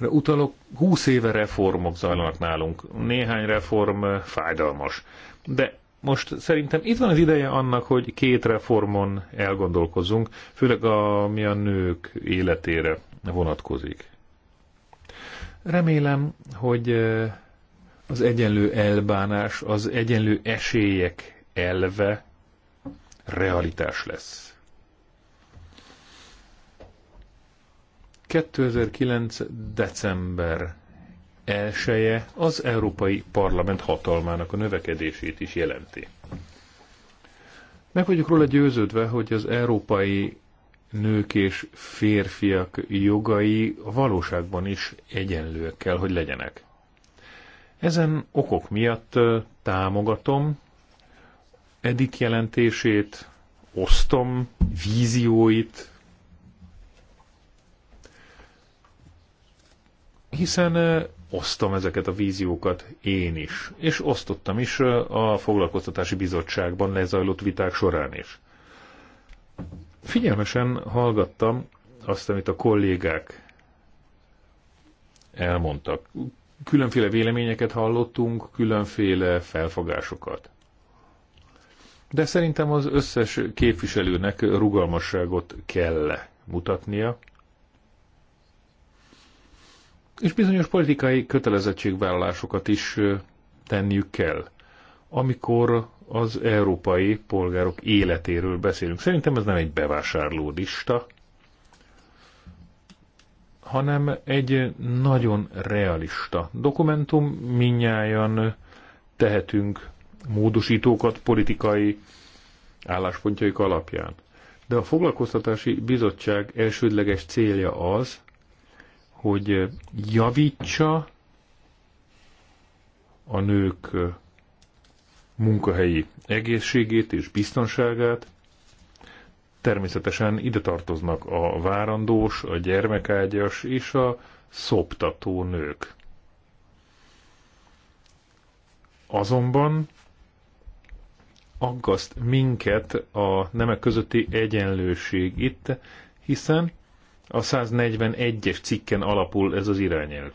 utalok, 20 éve reformok zajlanak nálunk. Néhány reform eh, fájdalmas. De most szerintem itt van az ideje annak, hogy két reformon elgondolkozunk, főleg ami a nők életére vonatkozik. Remélem, hogy eh, az egyenlő elbánás, az egyenlő esélyek elve realitás lesz. 2009. december elseje az Európai Parlament hatalmának a növekedését is jelenti. Meg vagyok róla győződve, hogy az európai nők és férfiak jogai a valóságban is egyenlőek kell, hogy legyenek. Ezen okok miatt támogatom edik jelentését, osztom vízióit, hiszen osztom ezeket a víziókat én is, és osztottam is a foglalkoztatási bizottságban lezajlott viták során is. Figyelmesen hallgattam azt, amit a kollégák elmondtak. Különféle véleményeket hallottunk, különféle felfogásokat. De szerintem az összes képviselőnek rugalmasságot kell mutatnia, és bizonyos politikai kötelezettségvállalásokat is tenniük kell, amikor az európai polgárok életéről beszélünk. Szerintem ez nem egy bevásárló lista, hanem egy nagyon realista dokumentum, minnyáján tehetünk módosítókat politikai álláspontjaik alapján. De a foglalkoztatási bizottság elsődleges célja az, hogy javítsa a nők munkahelyi egészségét és biztonságát. Természetesen ide tartoznak a várandós, a gyermekágyas és a szoptató nők. Azonban aggaszt minket a nemek közötti egyenlőség itt, hiszen a 141-es cikken alapul ez az irányelv.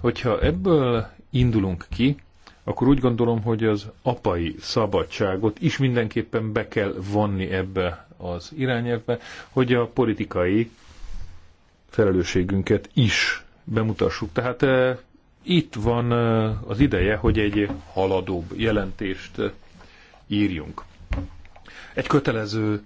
Hogyha ebből indulunk ki, akkor úgy gondolom, hogy az apai szabadságot is mindenképpen be kell vonni ebbe az irányelvbe, hogy a politikai felelősségünket is bemutassuk. Tehát e, itt van e, az ideje, hogy egy haladóbb jelentést eh, írjunk. Egy kötelező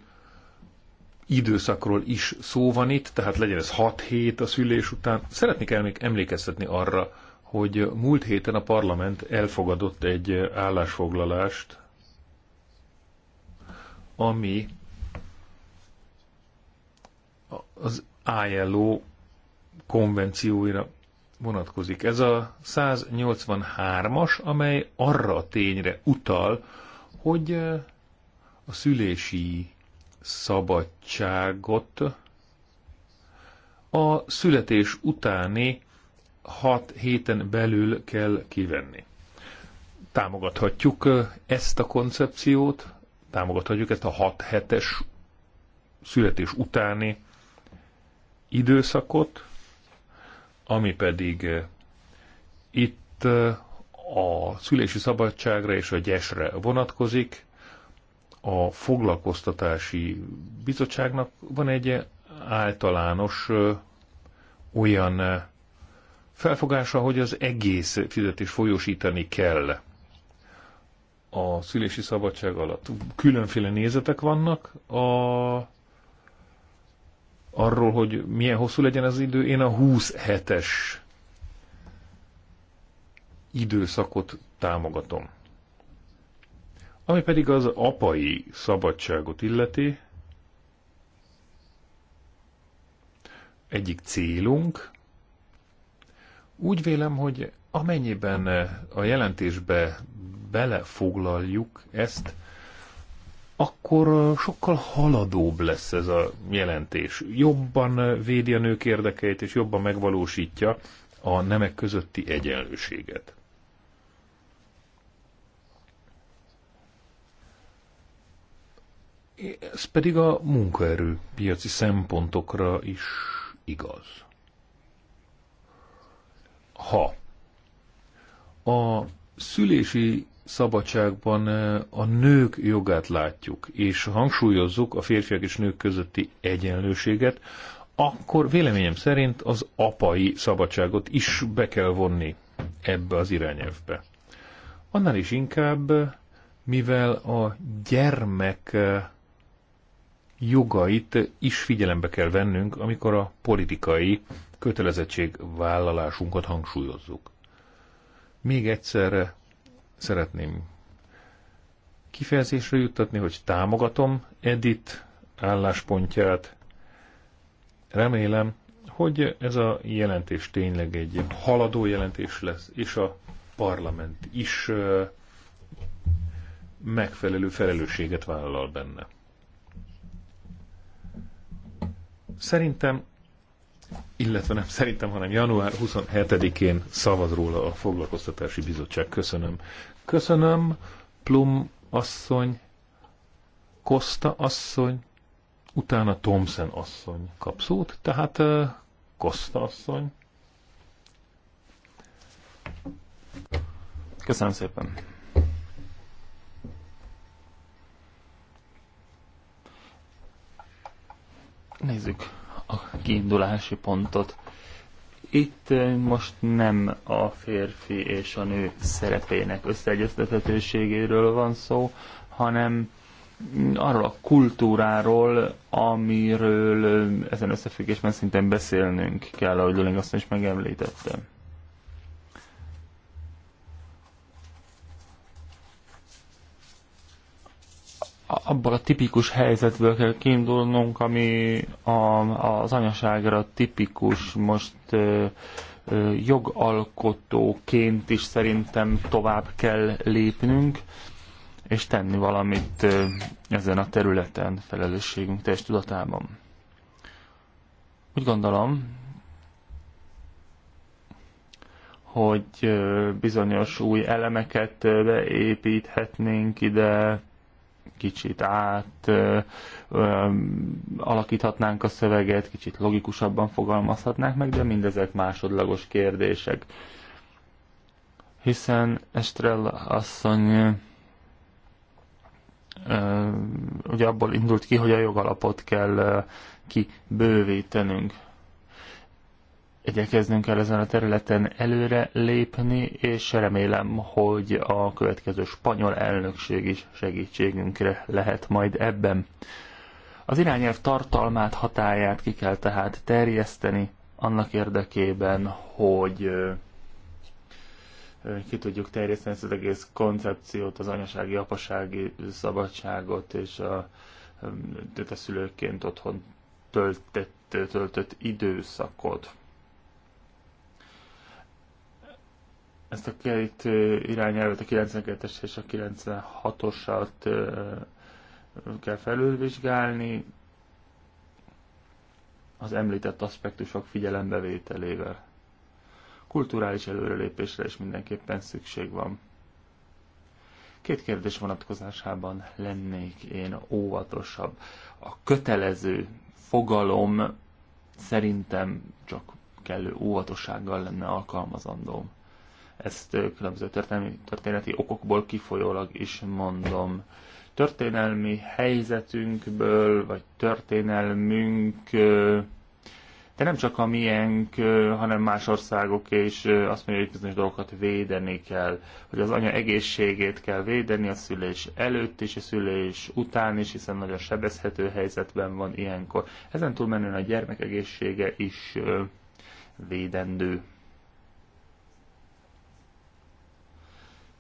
időszakról is szó van itt, tehát legyen ez 6 hét a szülés után. Szeretnék emlékeztetni arra, hogy múlt héten a parlament elfogadott egy állásfoglalást, ami az ILO konvencióira vonatkozik. Ez a 183-as, amely arra a tényre utal, hogy a szülési szabadságot a születés utáni hat héten belül kell kivenni. Támogathatjuk ezt a koncepciót, támogathatjuk ezt a hat hetes születés utáni időszakot, ami pedig itt a szülési szabadságra és a gyesre vonatkozik, a foglalkoztatási bizottságnak van egy általános olyan felfogása, hogy az egész fizetés folyósítani kell a szülési szabadság alatt. Különféle nézetek vannak a, arról, hogy milyen hosszú legyen az idő. Én a 20 hetes időszakot támogatom. Ami pedig az apai szabadságot illeti, egyik célunk, úgy vélem, hogy amennyiben a jelentésbe belefoglaljuk ezt, akkor sokkal haladóbb lesz ez a jelentés. Jobban védi a nők érdekeit, és jobban megvalósítja a nemek közötti egyenlőséget. Ez pedig a munkaerő piaci szempontokra is igaz. Ha a szülési szabadságban eh, a nők jogát látjuk, és hangsúlyozzuk a férfiak és nők közötti egyenlőséget, akkor véleményem szerint az apai szabadságot is be kell vonni ebbe az irányelvbe. Annál is inkább, mivel a gyermek eh, jogait is figyelembe kell vennünk, amikor a politikai kötelezettségvállalásunkat hangsúlyozzuk. Még egyszer szeretném kifejezésre juttatni, hogy támogatom Edit álláspontját. Remélem, hogy ez a jelentés tényleg egy haladó jelentés lesz, és a parlament is megfelelő felelősséget vállal benne. Szerintem, illetve nem szerintem, hanem január 27-én szavaz róla a Foglalkoztatási Bizottság. Köszönöm. Köszönöm, Plum asszony, Kosta asszony, utána Thomson asszony kap szót, tehát Kosta asszony. Köszönöm szépen. Nézzük a kiindulási pontot. Itt eh, most nem a férfi és a nő szerepének összeegyeztethetőségéről van szó, hanem arról a kultúráról, amiről eh, ezen összefüggésben szintén beszélnünk kell, ahogy Luling azt is megemlítette. abból a tipikus helyzetből kell kiindulnunk, ami a, az anyaságra tipikus most ö, ö, jogalkotóként is szerintem tovább kell lépnünk, és tenni valamit ö, ezen a területen felelősségünk teljes tudatában. Úgy gondolom, hogy bizonyos új elemeket beépíthetnénk ide, kicsit át ö, ö, alakíthatnánk a szöveget, kicsit logikusabban fogalmazhatnánk meg, de mindezek másodlagos kérdések. Hiszen Estrell asszony ö, ugye abból indult ki, hogy a jogalapot kell ö, kibővítenünk igyekeznünk kell ezen a területen előre lépni, és remélem, hogy a következő spanyol elnökség is segítségünkre lehet majd ebben. Az irányelv tartalmát, hatáját ki kell tehát terjeszteni annak érdekében, hogy ki tudjuk terjeszteni ezt az egész koncepciót, az anyasági, apasági szabadságot és a, a szülőként otthon töltett, töltött időszakot. ezt a két irányelvet, a 92-es és a 96-osat kell felülvizsgálni az említett aspektusok figyelembevételével. Kulturális előrelépésre is mindenképpen szükség van. Két kérdés vonatkozásában lennék én óvatosabb. A kötelező fogalom szerintem csak kellő óvatossággal lenne alkalmazandó. Ezt különböző történelmi, történeti okokból kifolyólag is mondom. Történelmi helyzetünkből, vagy történelmünk, de nem csak a miénk, hanem más országok, és azt mondja, hogy bizonyos dolgokat védeni kell, hogy az anya egészségét kell védeni a szülés előtt és a szülés után is, hiszen nagyon sebezhető helyzetben van ilyenkor. Ezen túlmenően a gyermek egészsége is védendő.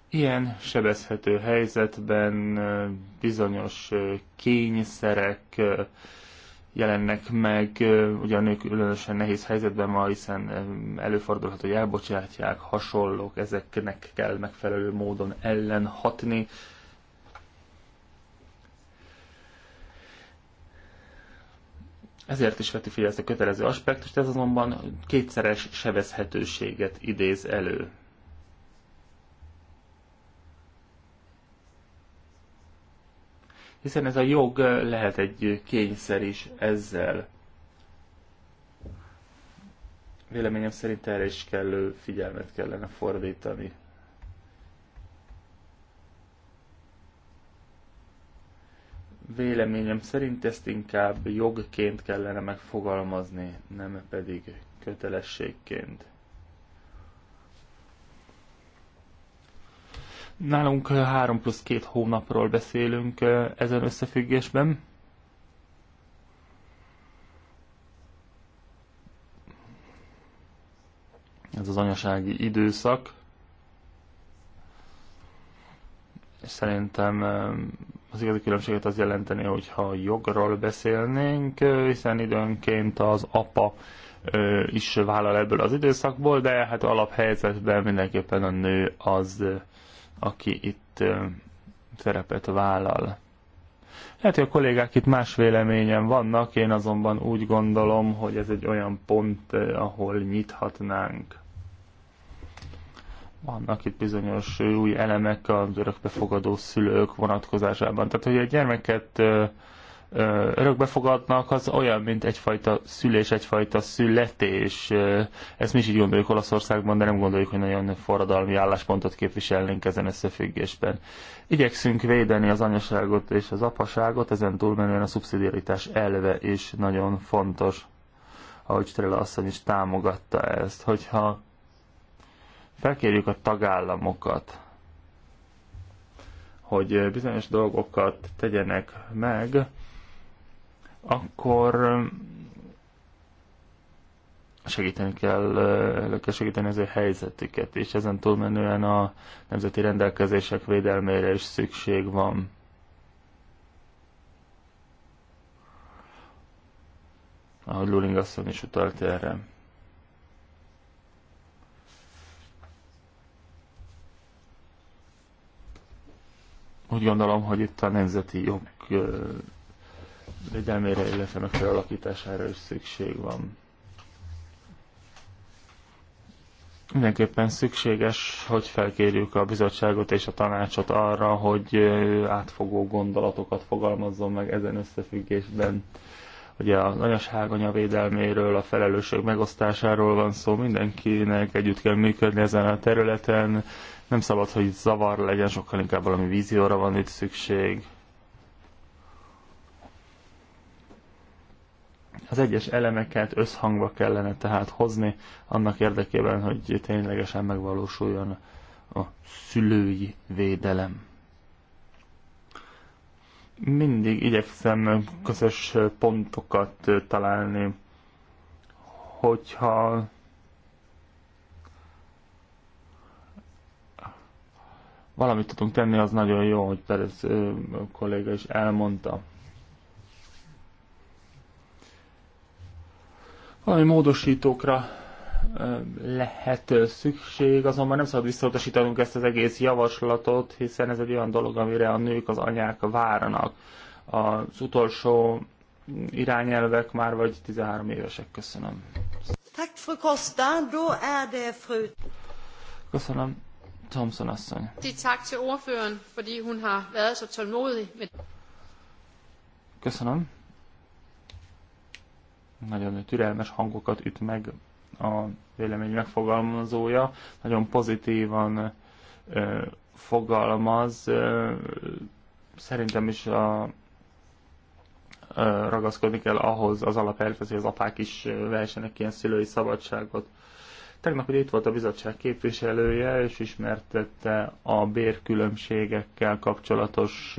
Ilyen sebezhető helyzetben bizonyos kényszerek jelennek meg, ugye a nők különösen nehéz helyzetben ma, hiszen előfordulhat, hogy elbocsátják, hasonlók, ezeknek kell megfelelő módon ellenhatni. Ezért is veti fel ezt a kötelező aspektust, ez azonban kétszeres sebezhetőséget idéz elő. hiszen ez a jog lehet egy kényszer is ezzel. Véleményem szerint erre is kellő figyelmet kellene fordítani. Véleményem szerint ezt inkább jogként kellene megfogalmazni, nem pedig kötelességként. Nálunk 3 plusz 2 hónapról beszélünk ezen összefüggésben. Ez az anyasági időszak. És szerintem az igazi különbséget az jelenteni, hogyha jogról beszélnénk, hiszen időnként az apa is vállal ebből az időszakból, de hát alaphelyzetben mindenképpen a nő az aki itt szerepet vállal. Lehet, hogy a kollégák itt más véleményen vannak, én azonban úgy gondolom, hogy ez egy olyan pont, ahol nyithatnánk. Vannak itt bizonyos új elemek az örökbefogadó szülők vonatkozásában. Tehát, hogy a gyermeket örökbefogadnak, az olyan, mint egyfajta szülés, egyfajta születés. Ezt mi is így gondoljuk Olaszországban, de nem gondoljuk, hogy nagyon forradalmi álláspontot képviselnénk ezen összefüggésben. Igyekszünk védeni az anyaságot és az apaságot, ezen túlmenően a szubszidiaritás elve is nagyon fontos, ahogy Strela asszony is támogatta ezt, hogyha felkérjük a tagállamokat, hogy bizonyos dolgokat tegyenek meg, akkor um, segíteni kell, uh, elő kell segíteni az ő helyzetüket, és ezen túlmenően a nemzeti rendelkezések védelmére is szükség van. Ahogy Luling asszony is utalt erre. Úgy gondolom, hogy itt a nemzeti jog uh, védelmére, illetve meg felalakítására is szükség van. Mindenképpen szükséges, hogy felkérjük a bizottságot és a tanácsot arra, hogy átfogó gondolatokat fogalmazzon meg ezen összefüggésben. Ugye az anyaság védelméről, a felelősség megosztásáról van szó, mindenkinek együtt kell működni ezen a területen, nem szabad, hogy zavar legyen, sokkal inkább valami vízióra van itt szükség Az egyes elemeket összhangba kellene tehát hozni annak érdekében, hogy ténylegesen megvalósuljon a szülői védelem. Mindig igyekszem közös pontokat találni, hogyha valamit tudunk tenni, az nagyon jó, hogy Perez kolléga is elmondta. Valami módosítókra lehet szükség, azonban nem szabad visszautasítanunk ezt az egész javaslatot, hiszen ez egy olyan dolog, amire a nők, az anyák várnak. Az utolsó irányelvek már vagy 13 évesek. Köszönöm. Köszönöm. Thomson asszony. Köszönöm nagyon türelmes hangokat üt meg a vélemény megfogalmazója, nagyon pozitívan ö, fogalmaz, ö, szerintem is a, ö, ragaszkodni kell ahhoz az alapelvhez, hogy az apák is versenek ilyen szülői szabadságot. Tegnap ugye itt volt a bizottság képviselője, és ismertette a bérkülönbségekkel kapcsolatos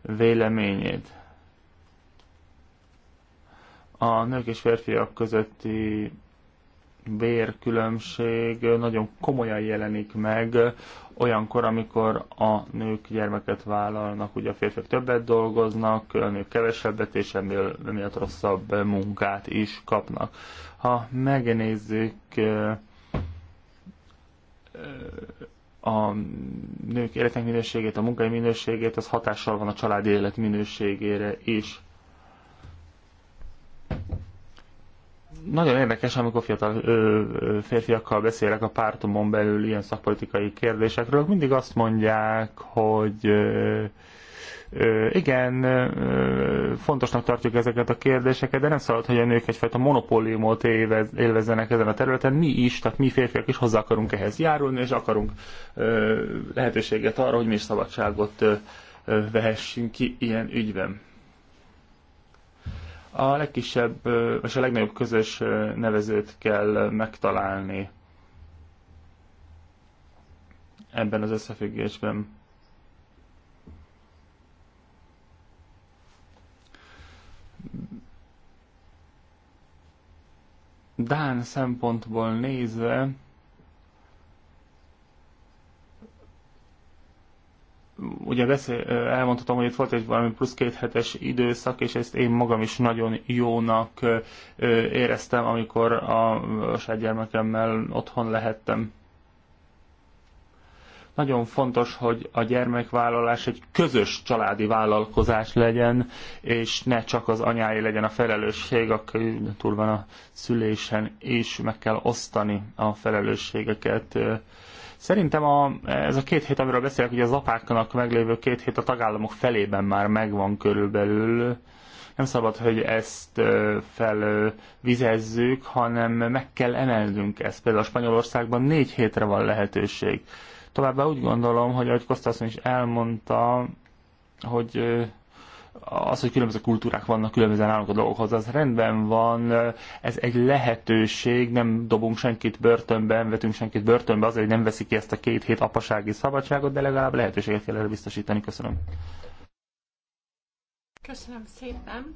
véleményét. A nők és férfiak közötti bérkülönbség nagyon komolyan jelenik meg olyankor, amikor a nők gyermeket vállalnak, ugye a férfiak többet dolgoznak, a nők kevesebbet, és emiatt rosszabb munkát is kapnak. Ha megnézzük a nők életek minőségét, a munkai minőségét, az hatással van a családi élet minőségére is. nagyon érdekes, amikor fiatal ö, ö, férfiakkal beszélek a pártomon belül ilyen szakpolitikai kérdésekről, mindig azt mondják, hogy ö, ö, igen, ö, fontosnak tartjuk ezeket a kérdéseket, de nem szabad, hogy a nők egyfajta monopóliumot élvez, élvezzenek ezen a területen. Mi is, tehát mi férfiak is hozzá akarunk ehhez járulni, és akarunk ö, lehetőséget arra, hogy mi is szabadságot ö, ö, vehessünk ki ilyen ügyben. A legkisebb és a legnagyobb közös nevezőt kell megtalálni ebben az összefüggésben. Dán szempontból nézve ugye beszél, elmondhatom, hogy itt volt egy valami plusz két hetes időszak, és ezt én magam is nagyon jónak éreztem, amikor a saját gyermekemmel otthon lehettem. Nagyon fontos, hogy a gyermekvállalás egy közös családi vállalkozás legyen, és ne csak az anyái legyen a felelősség, aki túl van a szülésen, és meg kell osztani a felelősségeket Szerintem a, ez a két hét, amiről beszélek, hogy az apáknak meglévő két hét a tagállamok felében már megvan körülbelül. Nem szabad, hogy ezt felvizezzük, hanem meg kell emelnünk ezt. Például a Spanyolországban négy hétre van lehetőség. Továbbá úgy gondolom, hogy ahogy Kostaszon is elmondta, hogy az, hogy különböző kultúrák vannak, különbözően állunk a dolgokhoz, az rendben van, ez egy lehetőség, nem dobunk senkit börtönbe, nem vetünk senkit börtönbe azért, hogy nem veszik ki ezt a két hét apasági szabadságot, de legalább lehetőséget kell erre biztosítani. Köszönöm. Köszönöm szépen.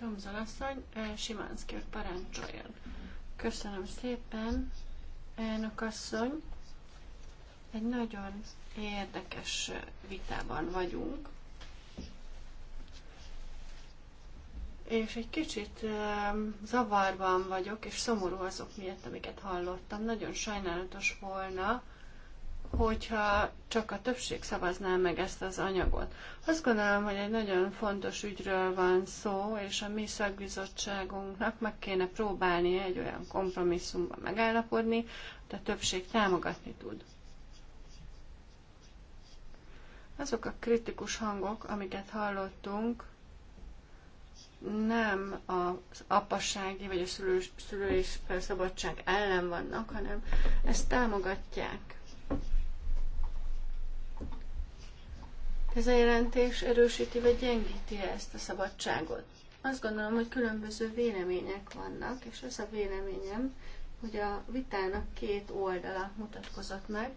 Tomzon asszony, eh, Simánszki parancsoljon. Köszönöm szépen, elnök asszony. Egy nagyon érdekes vitában vagyunk és egy kicsit zavarban vagyok, és szomorú azok miatt, amiket hallottam. Nagyon sajnálatos volna, hogyha csak a többség szavazná meg ezt az anyagot. Azt gondolom, hogy egy nagyon fontos ügyről van szó, és a mi szakbizottságunknak meg kéne próbálni egy olyan kompromisszumban megállapodni, de a többség támogatni tud. Azok a kritikus hangok, amiket hallottunk, nem az apassági vagy a szülő, szülői szabadság ellen vannak, hanem ezt támogatják. Ez a jelentés erősíti vagy gyengíti ezt a szabadságot? Azt gondolom, hogy különböző vélemények vannak, és az a véleményem, hogy a vitának két oldala mutatkozott meg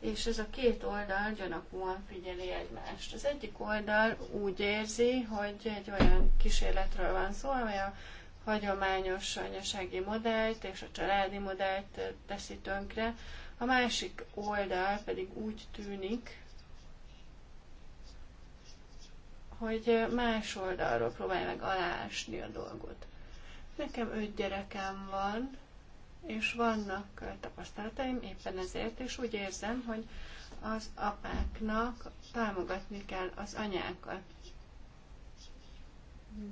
és ez a két oldal gyanakúan figyeli egymást. Az egyik oldal úgy érzi, hogy egy olyan kísérletről van szó, amely a hagyományos anyasági modellt és a családi modellt teszi tönkre, a másik oldal pedig úgy tűnik, hogy más oldalról próbálja meg alásni a dolgot. Nekem öt gyerekem van, és vannak eh, tapasztalataim éppen ezért, és úgy érzem, hogy az apáknak támogatni kell az anyákat.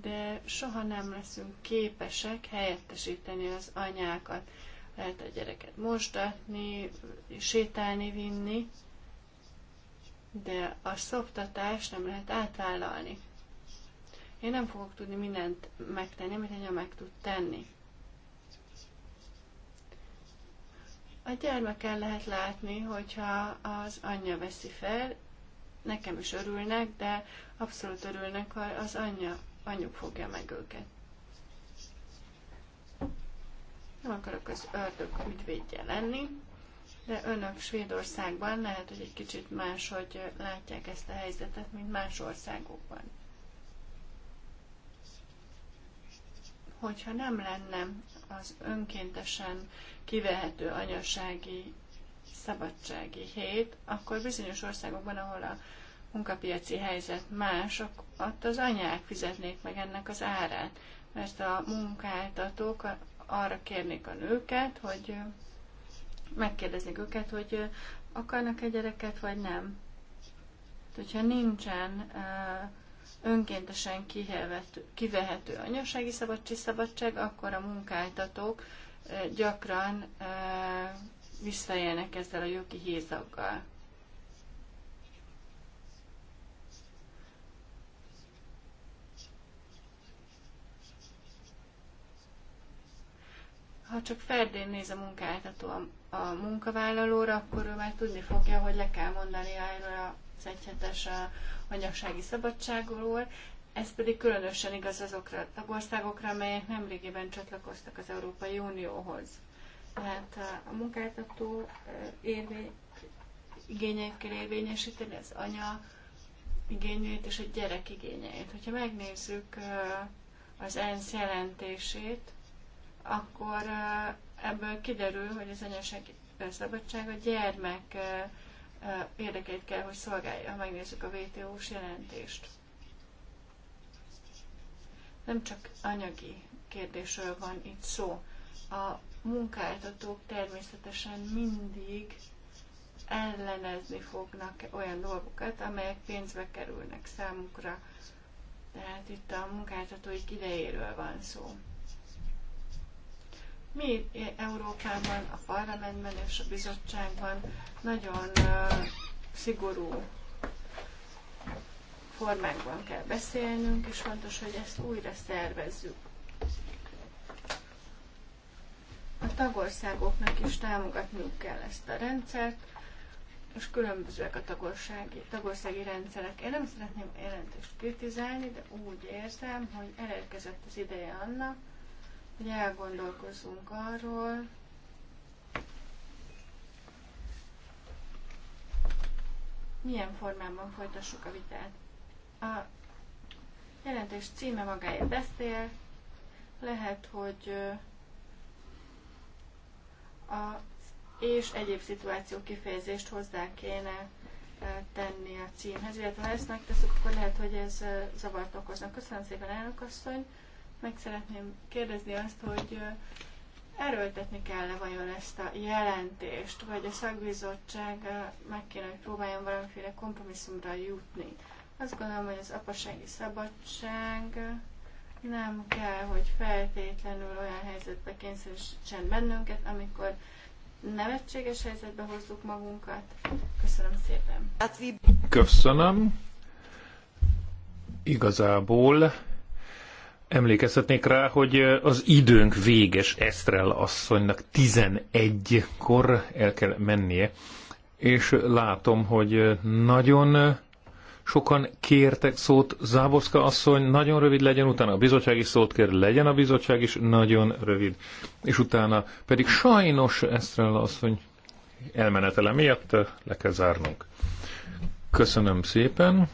De soha nem leszünk képesek helyettesíteni az anyákat. Lehet a gyereket mostatni, sétálni, vinni, de a szoptatást nem lehet átvállalni. Én nem fogok tudni mindent megtenni, amit anya meg tud tenni A gyermeken lehet látni, hogyha az anyja veszi fel, nekem is örülnek, de abszolút örülnek, ha az anyja, anyjuk fogja meg őket. Nem akarok az ördög ügyvédje lenni, de önök Svédországban lehet, hogy egy kicsit máshogy látják ezt a helyzetet, mint más országokban. Hogyha nem lenne az önkéntesen kivehető anyasági szabadsági hét, akkor bizonyos országokban, ahol a munkapiaci helyzet más, ott az anyák fizetnék meg ennek az árát, mert a munkáltatók arra kérnék a nőket, hogy megkérdeznék őket, hogy akarnak egy gyereket, vagy nem. hogyha nincsen uh, önkéntesen kivehető anyasági szabadság, szabadság, akkor a munkáltatók gyakran visszaélnek ezzel a jogi hézaggal. ha csak ferdén néz a munkáltató a, a munkavállalóra, akkor ő már tudni fogja, hogy le kell mondani erről az egyhetes anyagsági szabadságról, ez pedig különösen igaz azokra a tagországokra, amelyek nemrégiben csatlakoztak az Európai Unióhoz. Tehát a munkáltató érvény, igényekkel érvényesíteni az anya igényét és a gyerek igényeit. Hogyha megnézzük az ENSZ jelentését, akkor ebből kiderül, hogy az anyaság szabadság a gyermek érdekeit kell, hogy szolgálja, ha megnézzük a WTO-s jelentést. Nem csak anyagi kérdésről van itt szó. A munkáltatók természetesen mindig ellenezni fognak olyan dolgokat, amelyek pénzbe kerülnek számukra. Tehát itt a munkáltatóik idejéről van szó. Mi Európában, a parlamentben és a bizottságban nagyon szigorú formákban kell beszélnünk, és fontos, hogy ezt újra szervezzük. A tagországoknak is támogatniuk kell ezt a rendszert, és különbözőek a tagországi, tagországi rendszerek. Én nem szeretném jelentést kritizálni, de úgy érzem, hogy elérkezett az ideje annak, hogy elgondolkozzunk arról, milyen formában folytassuk a vitát. A jelentés címe magáért beszél, lehet, hogy a és egyéb szituáció kifejezést hozzá kéne tenni a címhez, illetve ha ezt megteszünk, akkor lehet, hogy ez zavart okozna. Köszönöm szépen, elnök asszony! Meg szeretném kérdezni azt, hogy erőltetni kell-e vajon ezt a jelentést, vagy a szakbizottság meg kéne, hogy próbáljon valamiféle kompromisszumra jutni. Azt gondolom, hogy az apasági szabadság nem kell, hogy feltétlenül olyan helyzetbe kényszerítsen bennünket, amikor nevetséges helyzetbe hozzuk magunkat. Köszönöm szépen. Köszönöm. Igazából Emlékezhetnék rá, hogy az időnk véges Esztrel asszonynak 11-kor el kell mennie, és látom, hogy nagyon sokan kértek szót. Záborszka asszony, nagyon rövid legyen, utána a bizottság is szót kér, legyen a bizottság is, nagyon rövid. És utána pedig sajnos Esztrel asszony elmenetele miatt le kell zárnunk. Köszönöm szépen.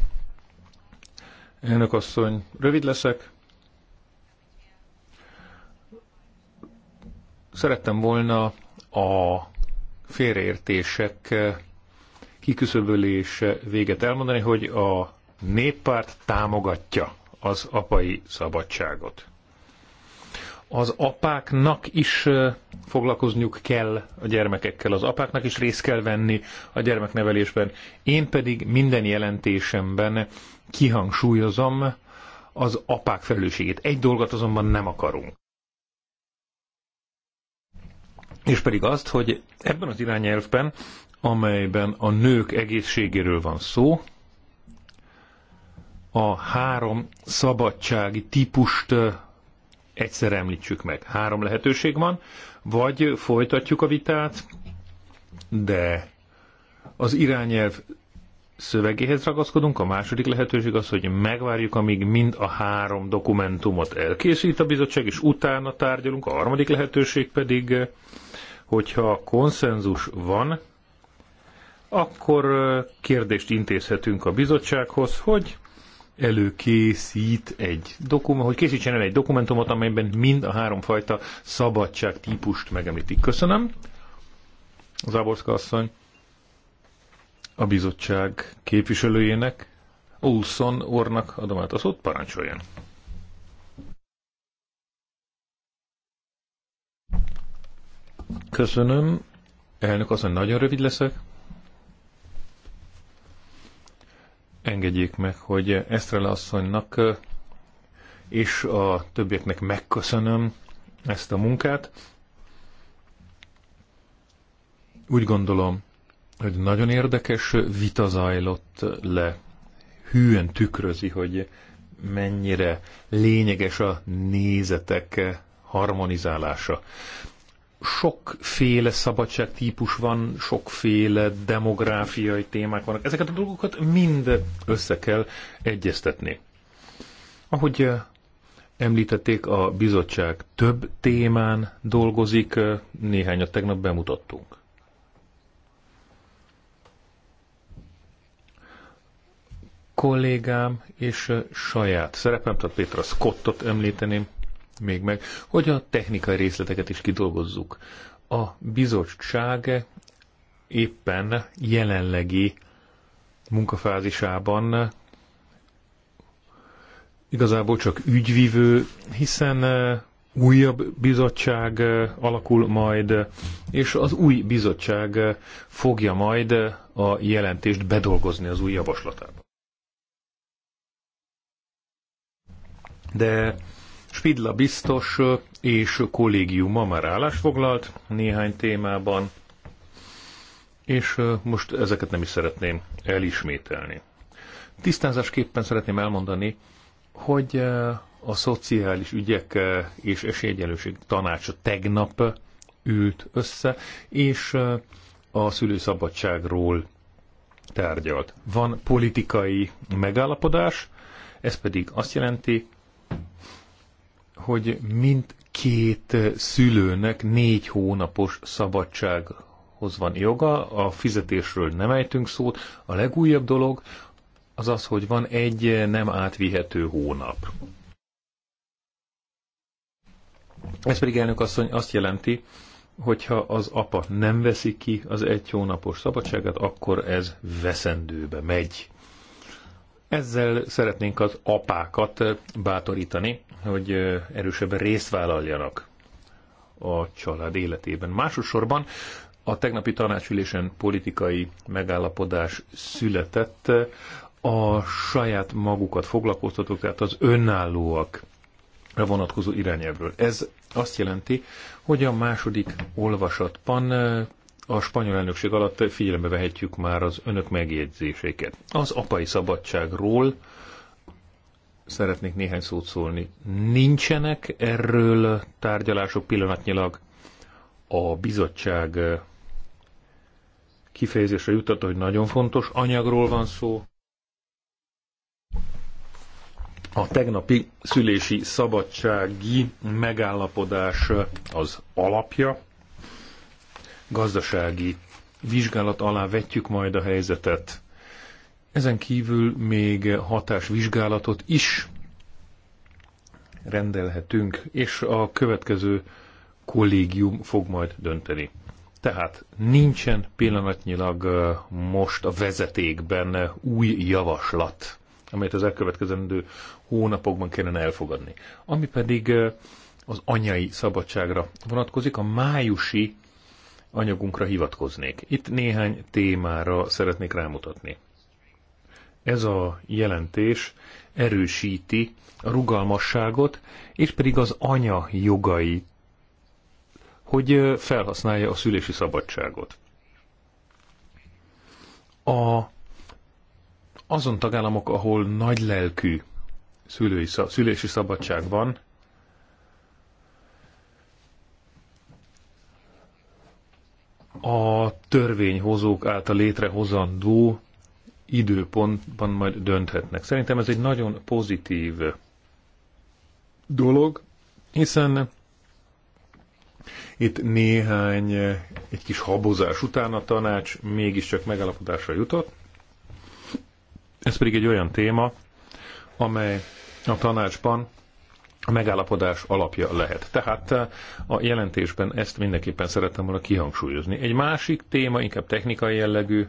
Elnök asszony, rövid leszek. Szerettem volna a félreértések kiküszöbölése véget elmondani, hogy a néppárt támogatja az apai szabadságot. Az apáknak is foglalkozniuk kell a gyermekekkel, az apáknak is részt kell venni a gyermeknevelésben. Én pedig minden jelentésemben kihangsúlyozom az apák felelősségét. Egy dolgot azonban nem akarunk és pedig azt, hogy ebben az irányelvben, amelyben a nők egészségéről van szó, a három szabadsági típust egyszer említsük meg. Három lehetőség van, vagy folytatjuk a vitát, de az irányelv szövegéhez ragaszkodunk, a második lehetőség az, hogy megvárjuk, amíg mind a három dokumentumot elkészít a bizottság, és utána tárgyalunk, a harmadik lehetőség pedig hogyha konszenzus van, akkor kérdést intézhetünk a bizottsághoz, hogy előkészít egy dokumentumot, hogy készítsen el egy dokumentumot, amelyben mind a háromfajta szabadság típust megemlítik. Köszönöm. Záborszka asszony a bizottság képviselőjének, Olson ornak adom át az szót, parancsoljon. Köszönöm. Elnök azt mondja, nagyon rövid leszek. Engedjék meg, hogy Esztrele asszonynak eh, és a többieknek megköszönöm ezt a munkát. Úgy gondolom, hogy nagyon érdekes vita zajlott le. Hűen tükrözi, hogy mennyire lényeges a nézetek harmonizálása sokféle szabadságtípus van, sokféle demográfiai témák vannak. Ezeket a dolgokat mind össze kell egyeztetni. Ahogy eh, említették, a bizottság több témán dolgozik, eh, néhányat tegnap bemutattunk. kollégám és eh, saját szerepem, tehát Pétra Scottot említeném, még meg, hogy a technikai részleteket is kidolgozzuk. A bizottság éppen jelenlegi munkafázisában igazából csak ügyvivő, hiszen újabb bizottság alakul majd, és az új bizottság fogja majd a jelentést bedolgozni az új javaslatába. De Fidla biztos és kollégiuma már állást foglalt néhány témában, és most ezeket nem is szeretném elismételni. Tisztázásképpen szeretném elmondani, hogy a Szociális Ügyek és Esélyegyenlőség Tanácsa tegnap ült össze, és a szülőszabadságról tárgyalt. Van politikai megállapodás, ez pedig azt jelenti, hogy mint két szülőnek négy hónapos szabadsághoz van joga, a fizetésről nem ejtünk szót. A legújabb dolog az az, hogy van egy nem átvihető hónap. Ez pedig elnök asszony azt jelenti, hogyha az apa nem veszi ki az egy hónapos szabadságát, akkor ez veszendőbe megy. Ezzel szeretnénk az apákat bátorítani, hogy erősebben részt vállaljanak a család életében. Másodszorban a tegnapi tanácsülésen politikai megállapodás született a saját magukat foglalkoztatók, tehát az önállóak vonatkozó irányelvről. Ez azt jelenti, hogy a második olvasatban a spanyol elnökség alatt figyelembe vehetjük már az önök megjegyzéseket. Az apai szabadságról szeretnék néhány szót szólni. Nincsenek erről tárgyalások pillanatnyilag. A bizottság kifejezésre jutott, hogy nagyon fontos anyagról van szó. A tegnapi szülési szabadsági megállapodás az alapja gazdasági vizsgálat alá vetjük majd a helyzetet. Ezen kívül még hatásvizsgálatot is rendelhetünk, és a következő kollégium fog majd dönteni. Tehát nincsen pillanatnyilag most a vezetékben új javaslat, amelyet az elkövetkezendő hónapokban kellene elfogadni. Ami pedig az anyai szabadságra vonatkozik, a májusi anyagunkra hivatkoznék. Itt néhány témára szeretnék rámutatni. Ez a jelentés erősíti a rugalmasságot, és pedig az anya jogai, hogy felhasználja a szülési szabadságot. A, azon tagállamok, ahol nagylelkű szülői, szülési szabadság van, a törvényhozók által létrehozandó időpontban majd dönthetnek. Szerintem ez egy nagyon pozitív dolog, hiszen itt néhány egy kis habozás után a tanács mégiscsak megállapodásra jutott. Ez pedig egy olyan téma, amely a tanácsban a megállapodás alapja lehet. Tehát eh, a jelentésben ezt mindenképpen szerettem volna kihangsúlyozni. Egy másik téma, inkább technikai jellegű,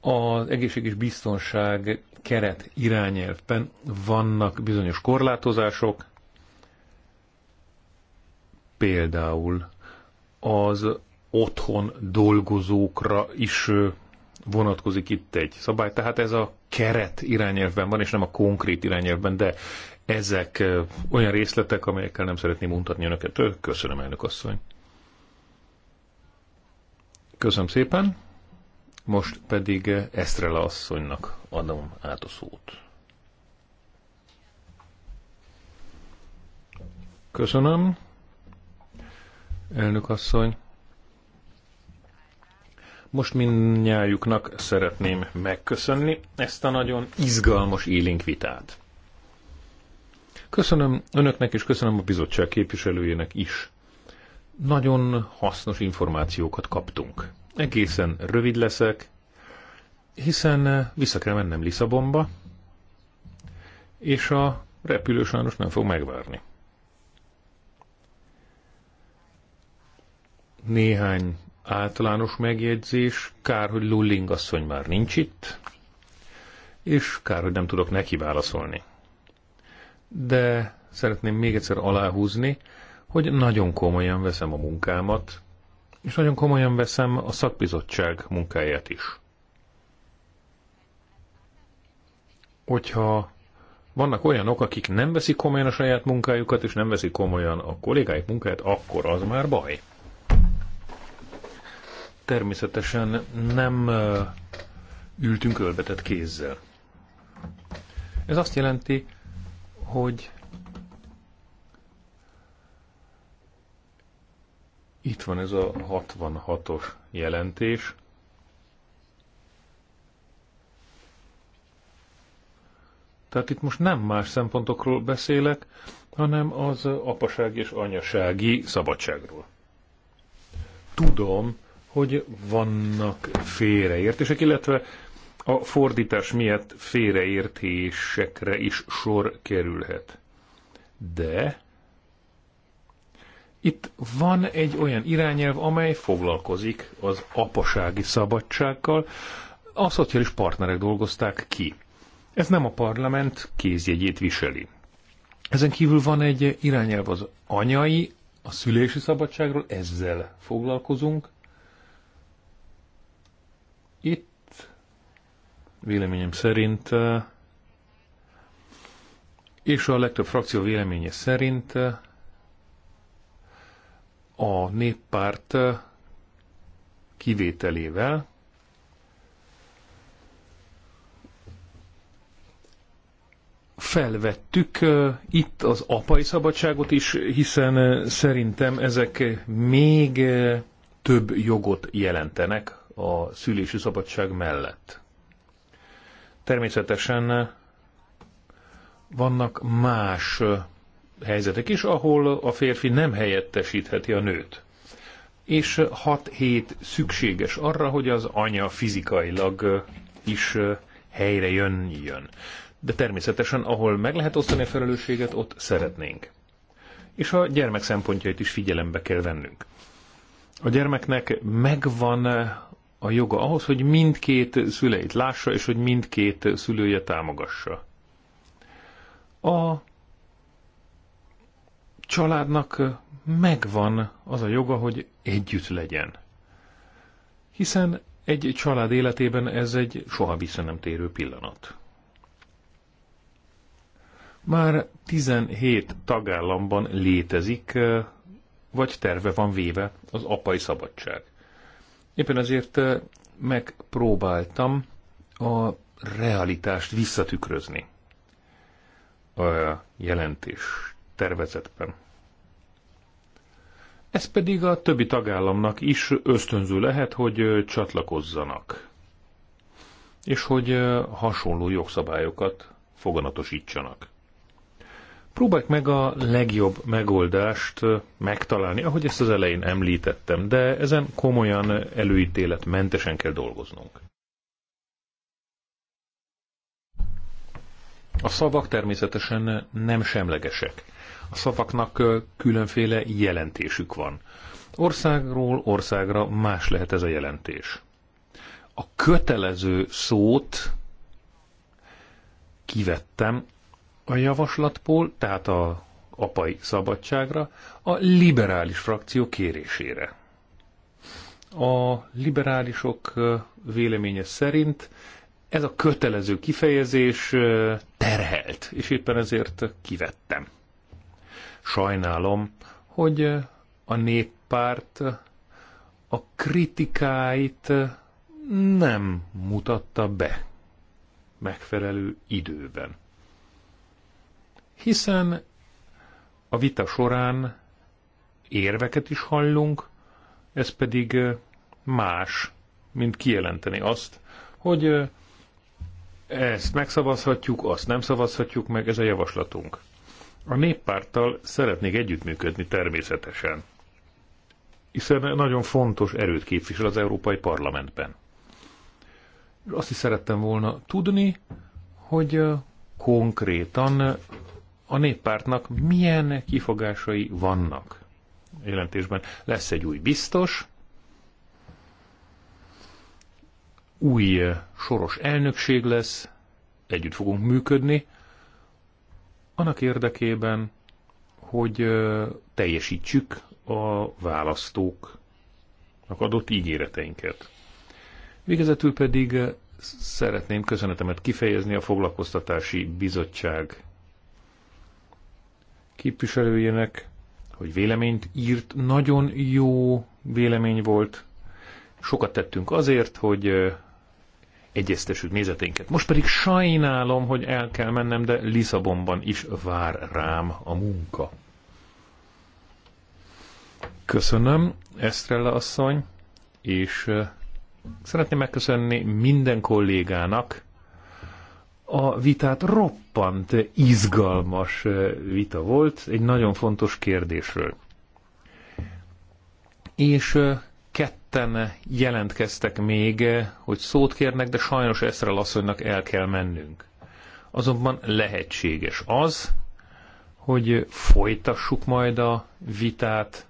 az egészség és biztonság keret irányelvben vannak bizonyos korlátozások, például az otthon dolgozókra is eh, vonatkozik itt egy szabály, tehát ez a keret irányelvben van, és nem a konkrét irányelvben, de ezek olyan részletek, amelyekkel nem szeretném mutatni önöket. Köszönöm, elnök asszony. Köszönöm szépen. Most pedig Esztrela asszonynak adom át a szót. Köszönöm. Elnök asszony. Most mindnyájuknak szeretném megköszönni ezt a nagyon izgalmas élénk vitát. Köszönöm önöknek, és köszönöm a bizottság képviselőjének is. Nagyon hasznos információkat kaptunk. Egészen rövid leszek, hiszen vissza kell mennem Lisszabonba, és a repülő sajnos nem fog megvárni. Néhány általános megjegyzés, kár, hogy Lulling asszony már nincs itt, és kár, hogy nem tudok neki válaszolni. De szeretném még egyszer aláhúzni, hogy nagyon komolyan veszem a munkámat, és nagyon komolyan veszem a szakbizottság munkáját is. Hogyha vannak olyanok, akik nem veszik komolyan a saját munkájukat, és nem veszik komolyan a kollégáik munkáját, akkor az már baj természetesen nem ültünk ölbetett kézzel. Ez azt jelenti, hogy itt van ez a 66-os jelentés, Tehát itt most nem más szempontokról beszélek, hanem az apaság és anyasági szabadságról. Tudom, hogy vannak félreértések, illetve a fordítás miatt félreértésekre is sor kerülhet. De itt van egy olyan irányelv, amely foglalkozik az apasági szabadsággal, a szociális partnerek dolgozták ki. Ez nem a parlament kézjegyét viseli. Ezen kívül van egy irányelv az anyai, a szülési szabadságról, ezzel foglalkozunk, véleményem szerint, eh, és a legtöbb frakció véleménye szerint eh, a néppárt eh, kivételével felvettük itt az apai szabadságot is, hiszen szerintem ezek még több jogot jelentenek a szülési szabadság mellett. Természetesen vannak más helyzetek is, ahol a férfi nem helyettesítheti a nőt. És 6 hét szükséges arra, hogy az anya fizikailag is helyre jönjön. De természetesen, ahol meg lehet osztani a felelősséget, ott szeretnénk. És a gyermek szempontjait is figyelembe kell vennünk. A gyermeknek megvan a joga ahhoz, hogy mindkét szüleit lássa, és hogy mindkét szülője támogassa. A családnak megvan az a joga, hogy együtt legyen. Hiszen egy család életében ez egy soha vissza nem térő pillanat. Már 17 tagállamban létezik, vagy terve van véve az apai szabadság. Éppen azért megpróbáltam a realitást visszatükrözni a jelentés tervezetben. Ez pedig a többi tagállamnak is ösztönző lehet, hogy csatlakozzanak, és hogy hasonló jogszabályokat foganatosítsanak. Próbálj meg a legjobb megoldást megtalálni, ahogy ezt az elején említettem, de ezen komolyan előítélet mentesen kell dolgoznunk. A szavak természetesen nem semlegesek. A szavaknak különféle jelentésük van. Országról országra más lehet ez a jelentés. A kötelező szót kivettem a javaslatból, tehát a apai szabadságra, a liberális frakció kérésére. A liberálisok véleménye szerint ez a kötelező kifejezés terhelt, és éppen ezért kivettem. Sajnálom, hogy a néppárt a kritikáit nem mutatta be megfelelő időben hiszen a vita során érveket is hallunk, ez pedig más, mint kijelenteni azt, hogy ezt megszavazhatjuk, azt nem szavazhatjuk meg, ez a javaslatunk. A néppárttal szeretnék együttműködni természetesen, hiszen nagyon fontos erőt képvisel az Európai Parlamentben. Azt is szerettem volna tudni, hogy konkrétan a néppártnak milyen kifogásai vannak jelentésben. Lesz egy új biztos, új soros elnökség lesz, együtt fogunk működni, annak érdekében, hogy teljesítsük a választóknak adott ígéreteinket. Végezetül pedig szeretném köszönetemet kifejezni a Foglalkoztatási Bizottság képviselőjének, hogy véleményt írt. Nagyon jó vélemény volt. Sokat tettünk azért, hogy egyeztessük nézeténket. Most pedig sajnálom, hogy el kell mennem, de Lisszabonban is vár rám a munka. Köszönöm, Estrella asszony, és szeretném megköszönni minden kollégának, a vitát. Roppant izgalmas eh, vita volt egy nagyon fontos kérdésről. És eh, ketten jelentkeztek még, eh, hogy szót kérnek, de sajnos Eszre Lasszonynak el kell mennünk. Azonban lehetséges az, hogy folytassuk majd a vitát,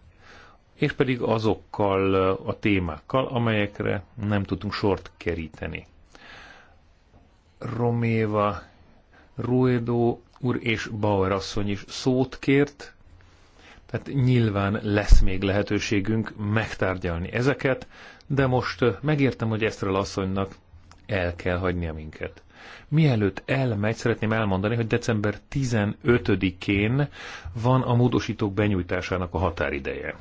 és pedig azokkal a témákkal, amelyekre nem tudtunk sort keríteni. Roméva, Ruedo úr és Bauer asszony is szót kért, tehát nyilván lesz még lehetőségünk megtárgyalni ezeket, de most megértem, hogy Esztrel asszonynak el kell hagynia minket. Mielőtt elmegy, szeretném elmondani, hogy december 15-én van a módosítók benyújtásának a határideje.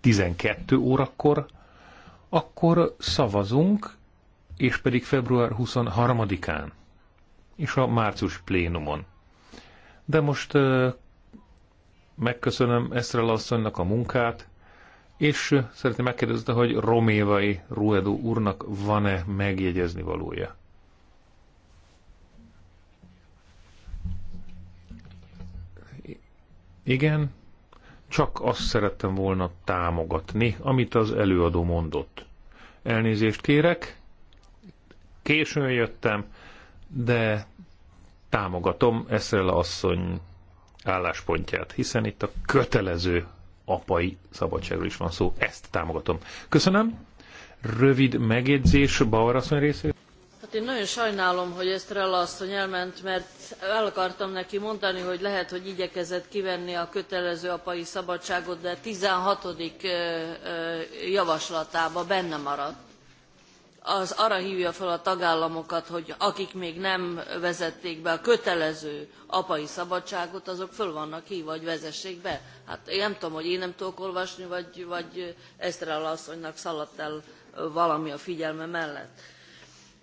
12 órakor, akkor szavazunk, és pedig február 23-án, és a március plénumon. De most megköszönöm Eszrel asszonynak a munkát, és szeretném megkérdezni, hogy Romévai Ruedo úrnak van-e megjegyezni valója? Igen, csak azt szerettem volna támogatni, amit az előadó mondott. Elnézést kérek, későn jöttem, de támogatom Eszel asszony álláspontját, hiszen itt a kötelező apai szabadságról is van szó. Ezt támogatom. Köszönöm. Rövid megjegyzés Bauer asszony részéről. Hát én nagyon sajnálom, hogy ezt asszony elment, mert el akartam neki mondani, hogy lehet, hogy igyekezett kivenni a kötelező apai szabadságot, de 16. javaslatába benne maradt az arra hívja fel a tagállamokat, hogy akik még nem vezették be a kötelező apai szabadságot, azok föl vannak hívva, hogy vezessék be. Hát én nem tudom, hogy én nem tudok olvasni, vagy, vagy Eszterel asszonynak szaladt el valami a figyelme mellett.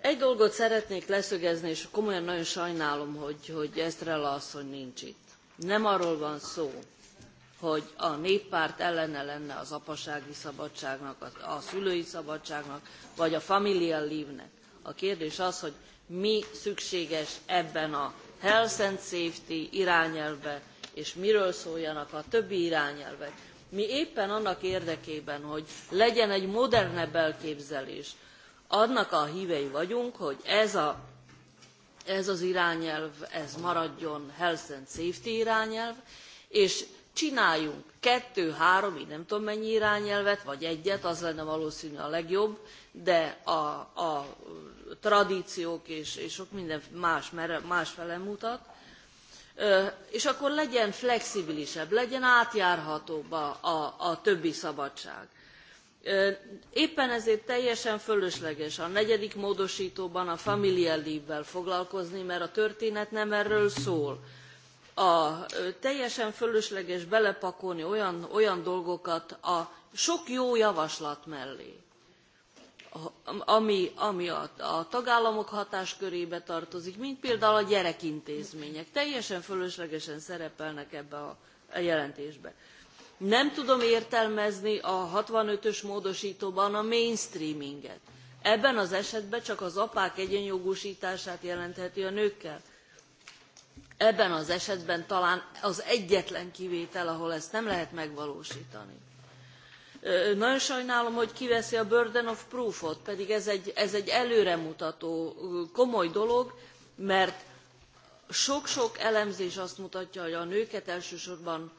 Egy dolgot szeretnék leszögezni, és komolyan nagyon sajnálom, hogy, hogy Eszterel asszony nincs itt. Nem arról van szó, hogy a néppárt ellene lenne az apasági szabadságnak, a szülői szabadságnak, vagy a familial leave-nek. A kérdés az, hogy mi szükséges ebben a health and safety irányelvben, és miről szóljanak a többi irányelvek. Mi éppen annak érdekében, hogy legyen egy modernebb elképzelés, annak a hívei vagyunk, hogy ez, a, ez az irányelv, ez maradjon health and safety irányelv, és csináljunk kettő, három, én nem tudom mennyi irányelvet, vagy egyet, az lenne valószínű a legjobb, de a, a tradíciók és, és sok minden más, másfele mutat, és akkor legyen flexibilisebb, legyen átjárhatóbb a, a, a többi szabadság. Éppen ezért teljesen fölösleges a negyedik módosítóban a familia leave-vel foglalkozni, mert a történet nem erről szól a teljesen fölösleges belepakolni olyan, olyan dolgokat a sok jó javaslat mellé, ami, ami a, a tagállamok hatáskörébe tartozik, mint például a gyerekintézmények. Teljesen fölöslegesen szerepelnek ebbe a, a jelentésbe. Nem tudom értelmezni a 65-ös módosítóban a mainstreaminget. Ebben az esetben csak az apák egyenjogúsítását jelentheti a nőkkel ebben az esetben talán az egyetlen kivétel ahol ezt nem lehet megvalóstani. nagyon sajnálom hogy kiveszi a burden of proof ot pedig ez egy, ez egy előremutató komoly dolog mert sok sok elemzés azt mutatja hogy a nőket elsősorban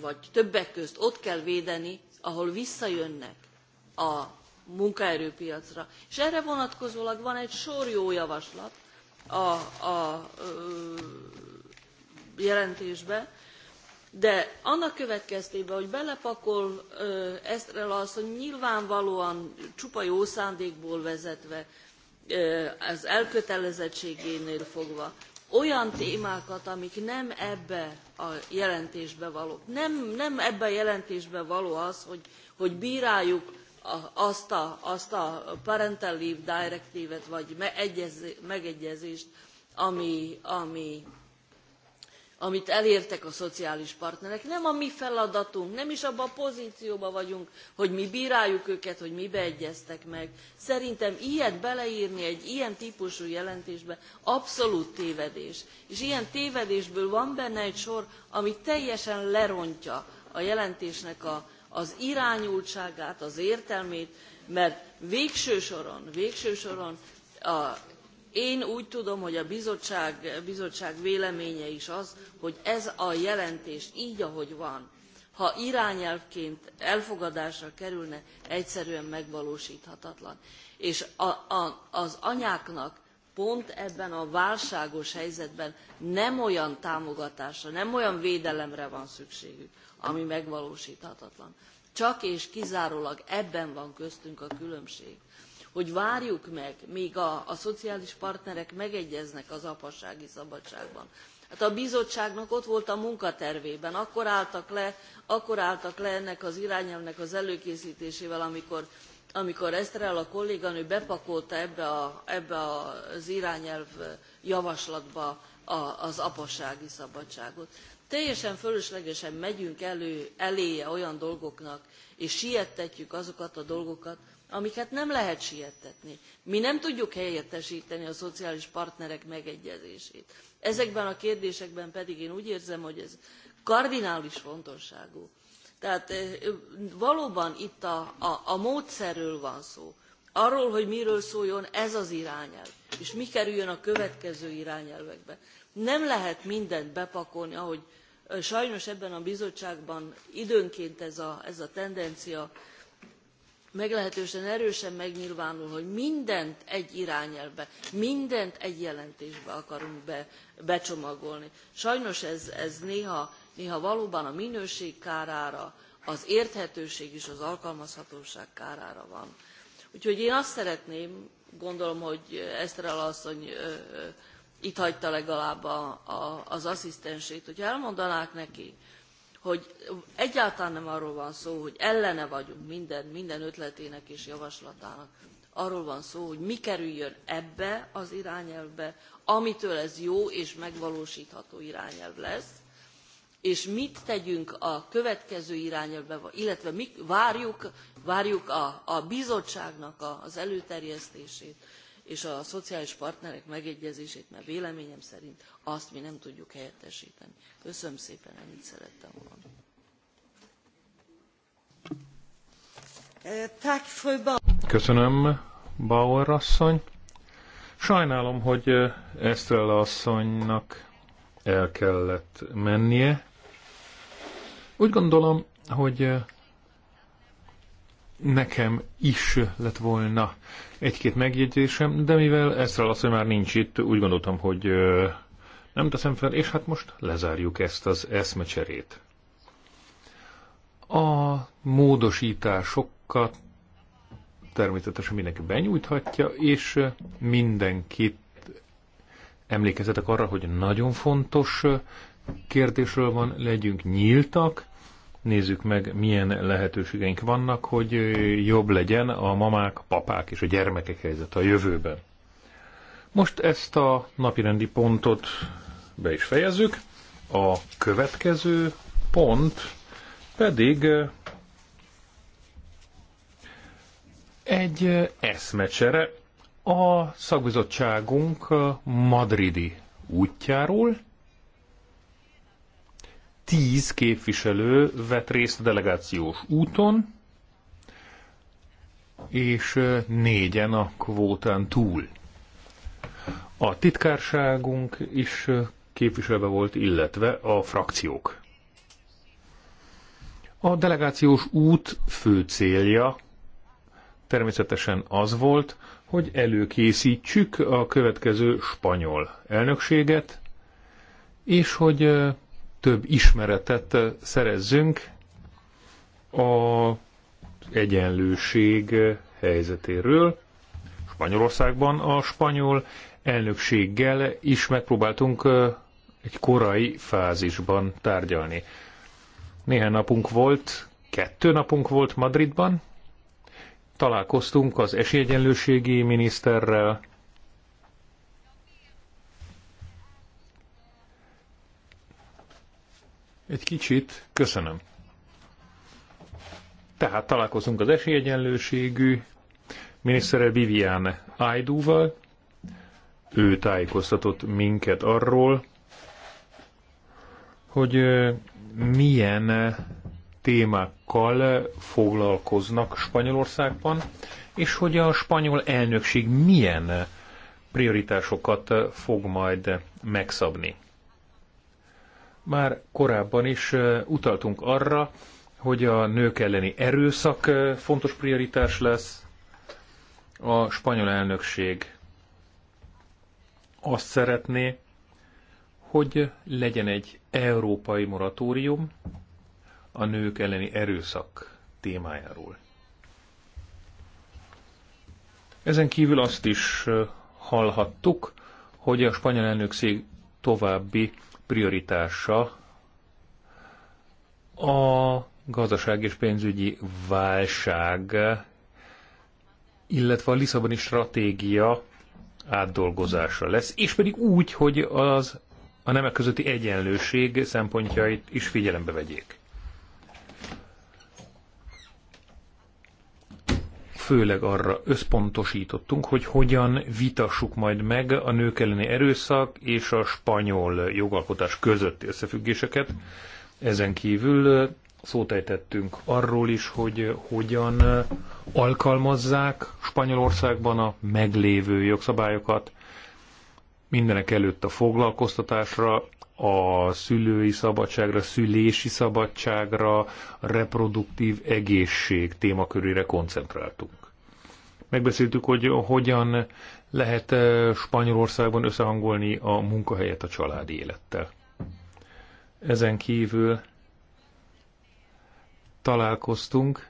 vagy többek közt ott kell védeni ahol visszajönnek a munkaerőpiacra. És erre vonatkozólag van egy sor jó javaslat a, a, jelentésbe, de annak következtében, hogy belepakol Esztrel asszony nyilvánvalóan csupa jó szándékból vezetve, az elkötelezettségénél fogva olyan témákat, amik nem ebbe a jelentésbe valók. Nem, nem ebbe a jelentésbe való az, hogy, hogy bíráljuk azt a, azt a parental leave direktívet, vagy megegyezést, ami, ami amit elértek a szociális partnerek. Nem a mi feladatunk, nem is abban a pozícióban vagyunk, hogy mi bíráljuk őket, hogy mi beegyeztek meg. Szerintem ilyet beleírni egy ilyen típusú jelentésbe abszolút tévedés. És ilyen tévedésből van benne egy sor, ami teljesen lerontja a jelentésnek a, az irányultságát, az értelmét, mert végső soron, végső soron a én úgy tudom, hogy a bizottság, véleménye is az, hogy ez a jelentés így, ahogy van, ha irányelvként elfogadásra kerülne, egyszerűen megvalósíthatatlan. És a, a, az anyáknak pont ebben a válságos helyzetben nem olyan támogatásra, nem olyan védelemre van szükségük, ami megvalósíthatatlan. Csak és kizárólag ebben van köztünk a különbség hogy várjuk meg, míg a, a szociális partnerek megegyeznek az apasági szabadságban. Hát a bizottságnak ott volt a munkatervében, akkor álltak le, akkor álltak le ennek az irányelvnek az előkészítésével, amikor, amikor Eszterel a kolléganő bepakolta ebbe, a, ebbe az irányelv javaslatba a, az apasági szabadságot teljesen fölöslegesen megyünk elő, eléje olyan dolgoknak, és siettetjük azokat a dolgokat, amiket nem lehet siettetni. Mi nem tudjuk helyettesíteni a szociális partnerek megegyezését. Ezekben a kérdésekben pedig én úgy érzem, hogy ez kardinális fontosságú. Tehát valóban itt a, a, a módszerről van szó, arról, hogy miről szóljon ez az irányelv, és mi kerüljön a következő irányelvekbe. Nem lehet mindent bepakolni, ahogy sajnos ebben a bizottságban időnként ez a, ez a tendencia meglehetősen erősen megnyilvánul, hogy mindent egy irányelvbe, mindent egy jelentésbe akarunk be, becsomagolni. Sajnos ez, ez néha, néha valóban a minőség kárára, az érthetőség és az alkalmazhatóság kárára van. Úgyhogy én azt szeretném, gondolom, hogy Eszterel asszony itt hagyta legalább a, a, az asszisztensét, hogy elmondanák neki, hogy egyáltalán nem arról van szó, hogy ellene vagyunk minden, minden ötletének és javaslatának. Arról van szó, hogy mi kerüljön ebbe az irányelvbe, amitől ez jó és megvalósítható irányelv lesz, és mit tegyünk a következő irányelvbe, illetve mi várjuk, várjuk a, a bizottságnak az előterjesztését, és a szociális partnerek megegyezését, mert véleményem szerint azt mi nem tudjuk helyettesíteni. Köszönöm szépen, ennyit szerettem volna. Köszönöm, Bauer asszony. Sajnálom, hogy Estrella asszonynak el kellett mennie. Úgy gondolom, hogy nekem is lett volna egy-két megjegyzésem, de mivel Eszrel azt, hogy már nincs itt, úgy gondoltam, hogy nem teszem fel, és hát most lezárjuk ezt az eszmecserét. A módosításokat természetesen mindenki benyújthatja, és mindenkit emlékezetek arra, hogy nagyon fontos kérdésről van, legyünk nyíltak, nézzük meg, milyen lehetőségeink vannak, hogy jobb legyen a mamák, a papák és a gyermekek helyzet a jövőben. Most ezt a napirendi pontot be is fejezzük. A következő pont pedig egy eszmecsere a szakbizottságunk madridi útjáról, tíz képviselő vett részt a delegációs úton, és négyen a kvótán túl. A titkárságunk is képviselve volt, illetve a frakciók. A delegációs út fő célja természetesen az volt, hogy előkészítsük a következő spanyol elnökséget, és hogy több ismeretet eh, szerezzünk a egyenlőség eh, helyzetéről. Spanyolországban a spanyol elnökséggel is megpróbáltunk eh, egy korai fázisban tárgyalni. Néhány napunk volt, kettő napunk volt Madridban, találkoztunk az esélyegyenlőségi miniszterrel, Egy kicsit, köszönöm. Tehát találkozunk az esélyegyenlőségű minisztere Viviane Aidúval. Ő tájékoztatott minket arról, hogy milyen témákkal foglalkoznak Spanyolországban, és hogy a spanyol elnökség milyen prioritásokat fog majd megszabni. Már korábban is utaltunk arra, hogy a nők elleni erőszak fontos prioritás lesz. A spanyol elnökség azt szeretné, hogy legyen egy európai moratórium a nők elleni erőszak témájáról. Ezen kívül azt is hallhattuk, hogy a spanyol elnökség további prioritása a gazdaság és pénzügyi válság, illetve a Lisszaboni stratégia átdolgozása lesz, és pedig úgy, hogy az a nemek közötti egyenlőség szempontjait is figyelembe vegyék. főleg arra összpontosítottunk, hogy hogyan vitassuk majd meg a nők elleni erőszak és a spanyol jogalkotás közötti összefüggéseket. Ezen kívül szótejtettünk arról is, hogy hogyan alkalmazzák Spanyolországban a meglévő jogszabályokat, mindenek előtt a foglalkoztatásra, a szülői szabadságra, szülési szabadságra, reproduktív egészség témakörére koncentráltunk megbeszéltük, hogy hogyan lehet eh, Spanyolországban összehangolni a munkahelyet a családi élettel. Ezen kívül találkoztunk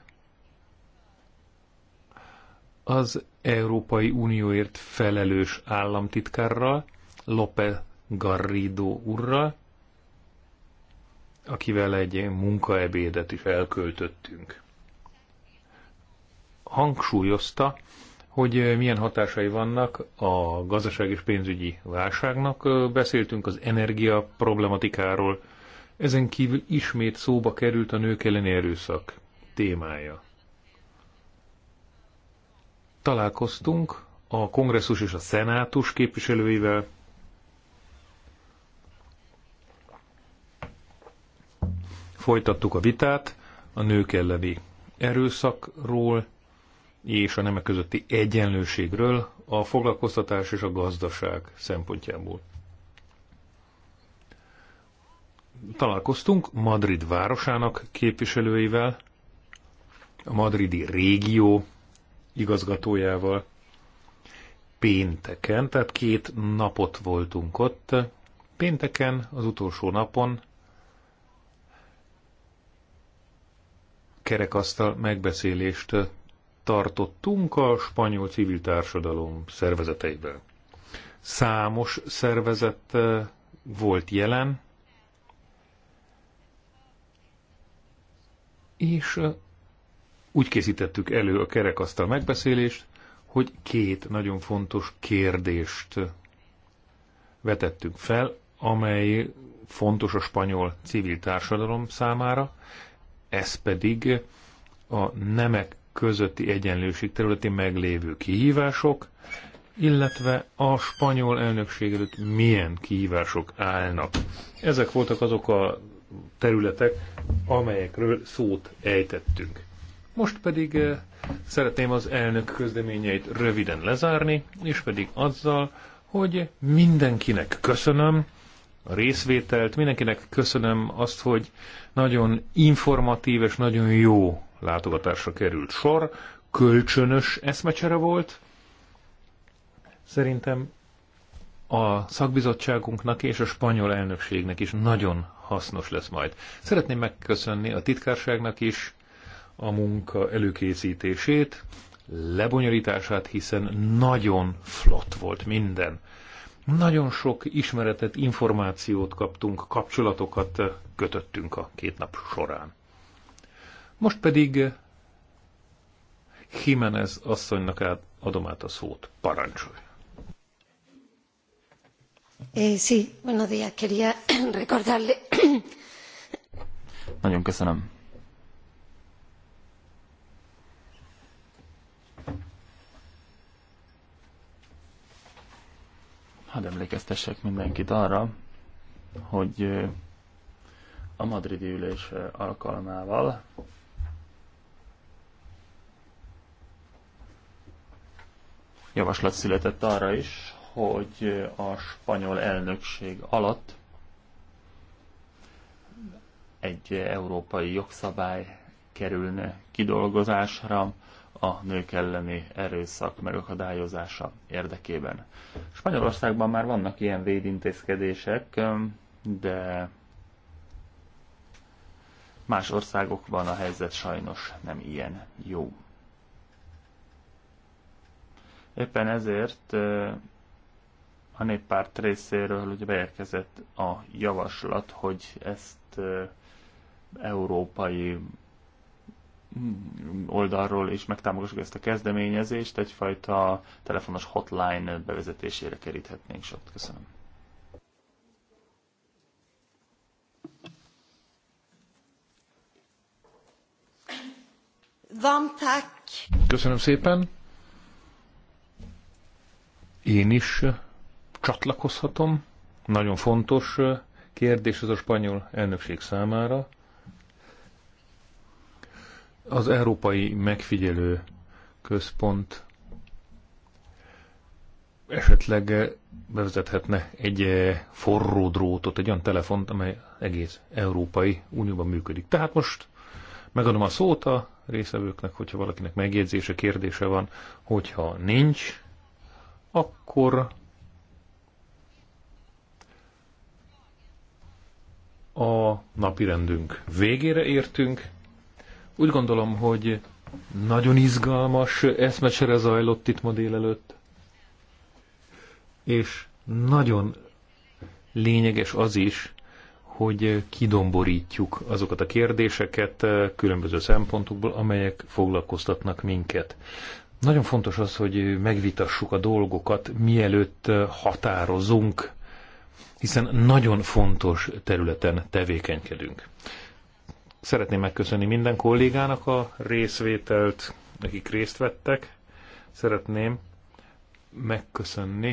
az Európai Unióért felelős államtitkárral, Lope Garrido urral, akivel egy munkaebédet is elköltöttünk. Hangsúlyozta, hogy eh, milyen hatásai vannak a gazdaság és pénzügyi válságnak. Eh, beszéltünk az energia problematikáról, ezen kívül ismét szóba került a nők elleni erőszak témája. Találkoztunk a kongresszus és a szenátus képviselőivel, folytattuk a vitát a nők elleni erőszakról, és a nemek közötti egyenlőségről a foglalkoztatás és a gazdaság szempontjából. Találkoztunk Madrid városának képviselőivel, a madridi régió igazgatójával pénteken, tehát két napot voltunk ott. Pénteken, az utolsó napon kerekasztal megbeszélést tartottunk a spanyol civil társadalom szervezeteiben. Számos szervezet eh, volt jelen, és eh, úgy készítettük elő a kerekasztal megbeszélést, hogy két nagyon fontos kérdést eh, vetettünk fel, amely fontos a spanyol civil társadalom számára, ez pedig a nemek közötti egyenlőség területén meglévő kihívások, illetve a spanyol elnökség előtt milyen kihívások állnak. Ezek voltak azok a területek, amelyekről szót ejtettünk. Most pedig eh, szeretném az elnök közleményeit röviden lezárni, és pedig azzal, hogy mindenkinek köszönöm a részvételt, mindenkinek köszönöm azt, hogy nagyon informatív és nagyon jó látogatásra került sor, kölcsönös eszmecsere volt. Szerintem a szakbizottságunknak és a spanyol elnökségnek is nagyon hasznos lesz majd. Szeretném megköszönni a titkárságnak is a munka előkészítését, lebonyolítását, hiszen nagyon flott volt minden. Nagyon sok ismeretet, információt kaptunk, kapcsolatokat kötöttünk a két nap során. Most pedig Jimenez asszonynak át, adom át a szót. Parancsolj! Eh, sí, buenos días. Quería *clears throat* recordarle... Nagyon köszönöm. Hadd emlékeztessek mindenkit arra, hogy eh, a madridi ülés eh, alkalmával javaslat született arra is, hogy a spanyol elnökség alatt egy európai jogszabály kerülne kidolgozásra a nők elleni erőszak megakadályozása érdekében. Spanyolországban már vannak ilyen védintézkedések, de más országokban a helyzet sajnos nem ilyen jó. Éppen ezért a néppárt részéről ugye beérkezett a javaslat, hogy ezt európai mm, oldalról is megtámogassuk ezt a kezdeményezést, egyfajta telefonos hotline bevezetésére keríthetnénk sok. Köszönöm. Köszönöm szépen. Én is csatlakozhatom. Nagyon fontos kérdés ez a spanyol elnökség számára. Az Európai Megfigyelő Központ esetleg bevezethetne egy forró drótot, egy olyan telefont, amely egész Európai Unióban működik. Tehát most megadom a szót a részevőknek, hogyha valakinek megjegyzése, kérdése van, hogyha nincs, akkor a napirendünk végére értünk. Úgy gondolom, hogy nagyon izgalmas eszmecsere zajlott itt ma délelőtt, és nagyon lényeges az is, hogy kidomborítjuk azokat a kérdéseket különböző szempontokból, amelyek foglalkoztatnak minket. Nagyon fontos az, hogy megvitassuk a dolgokat, mielőtt határozunk, hiszen nagyon fontos területen tevékenykedünk. Szeretném megköszönni minden kollégának a részvételt, akik részt vettek. Szeretném megköszönni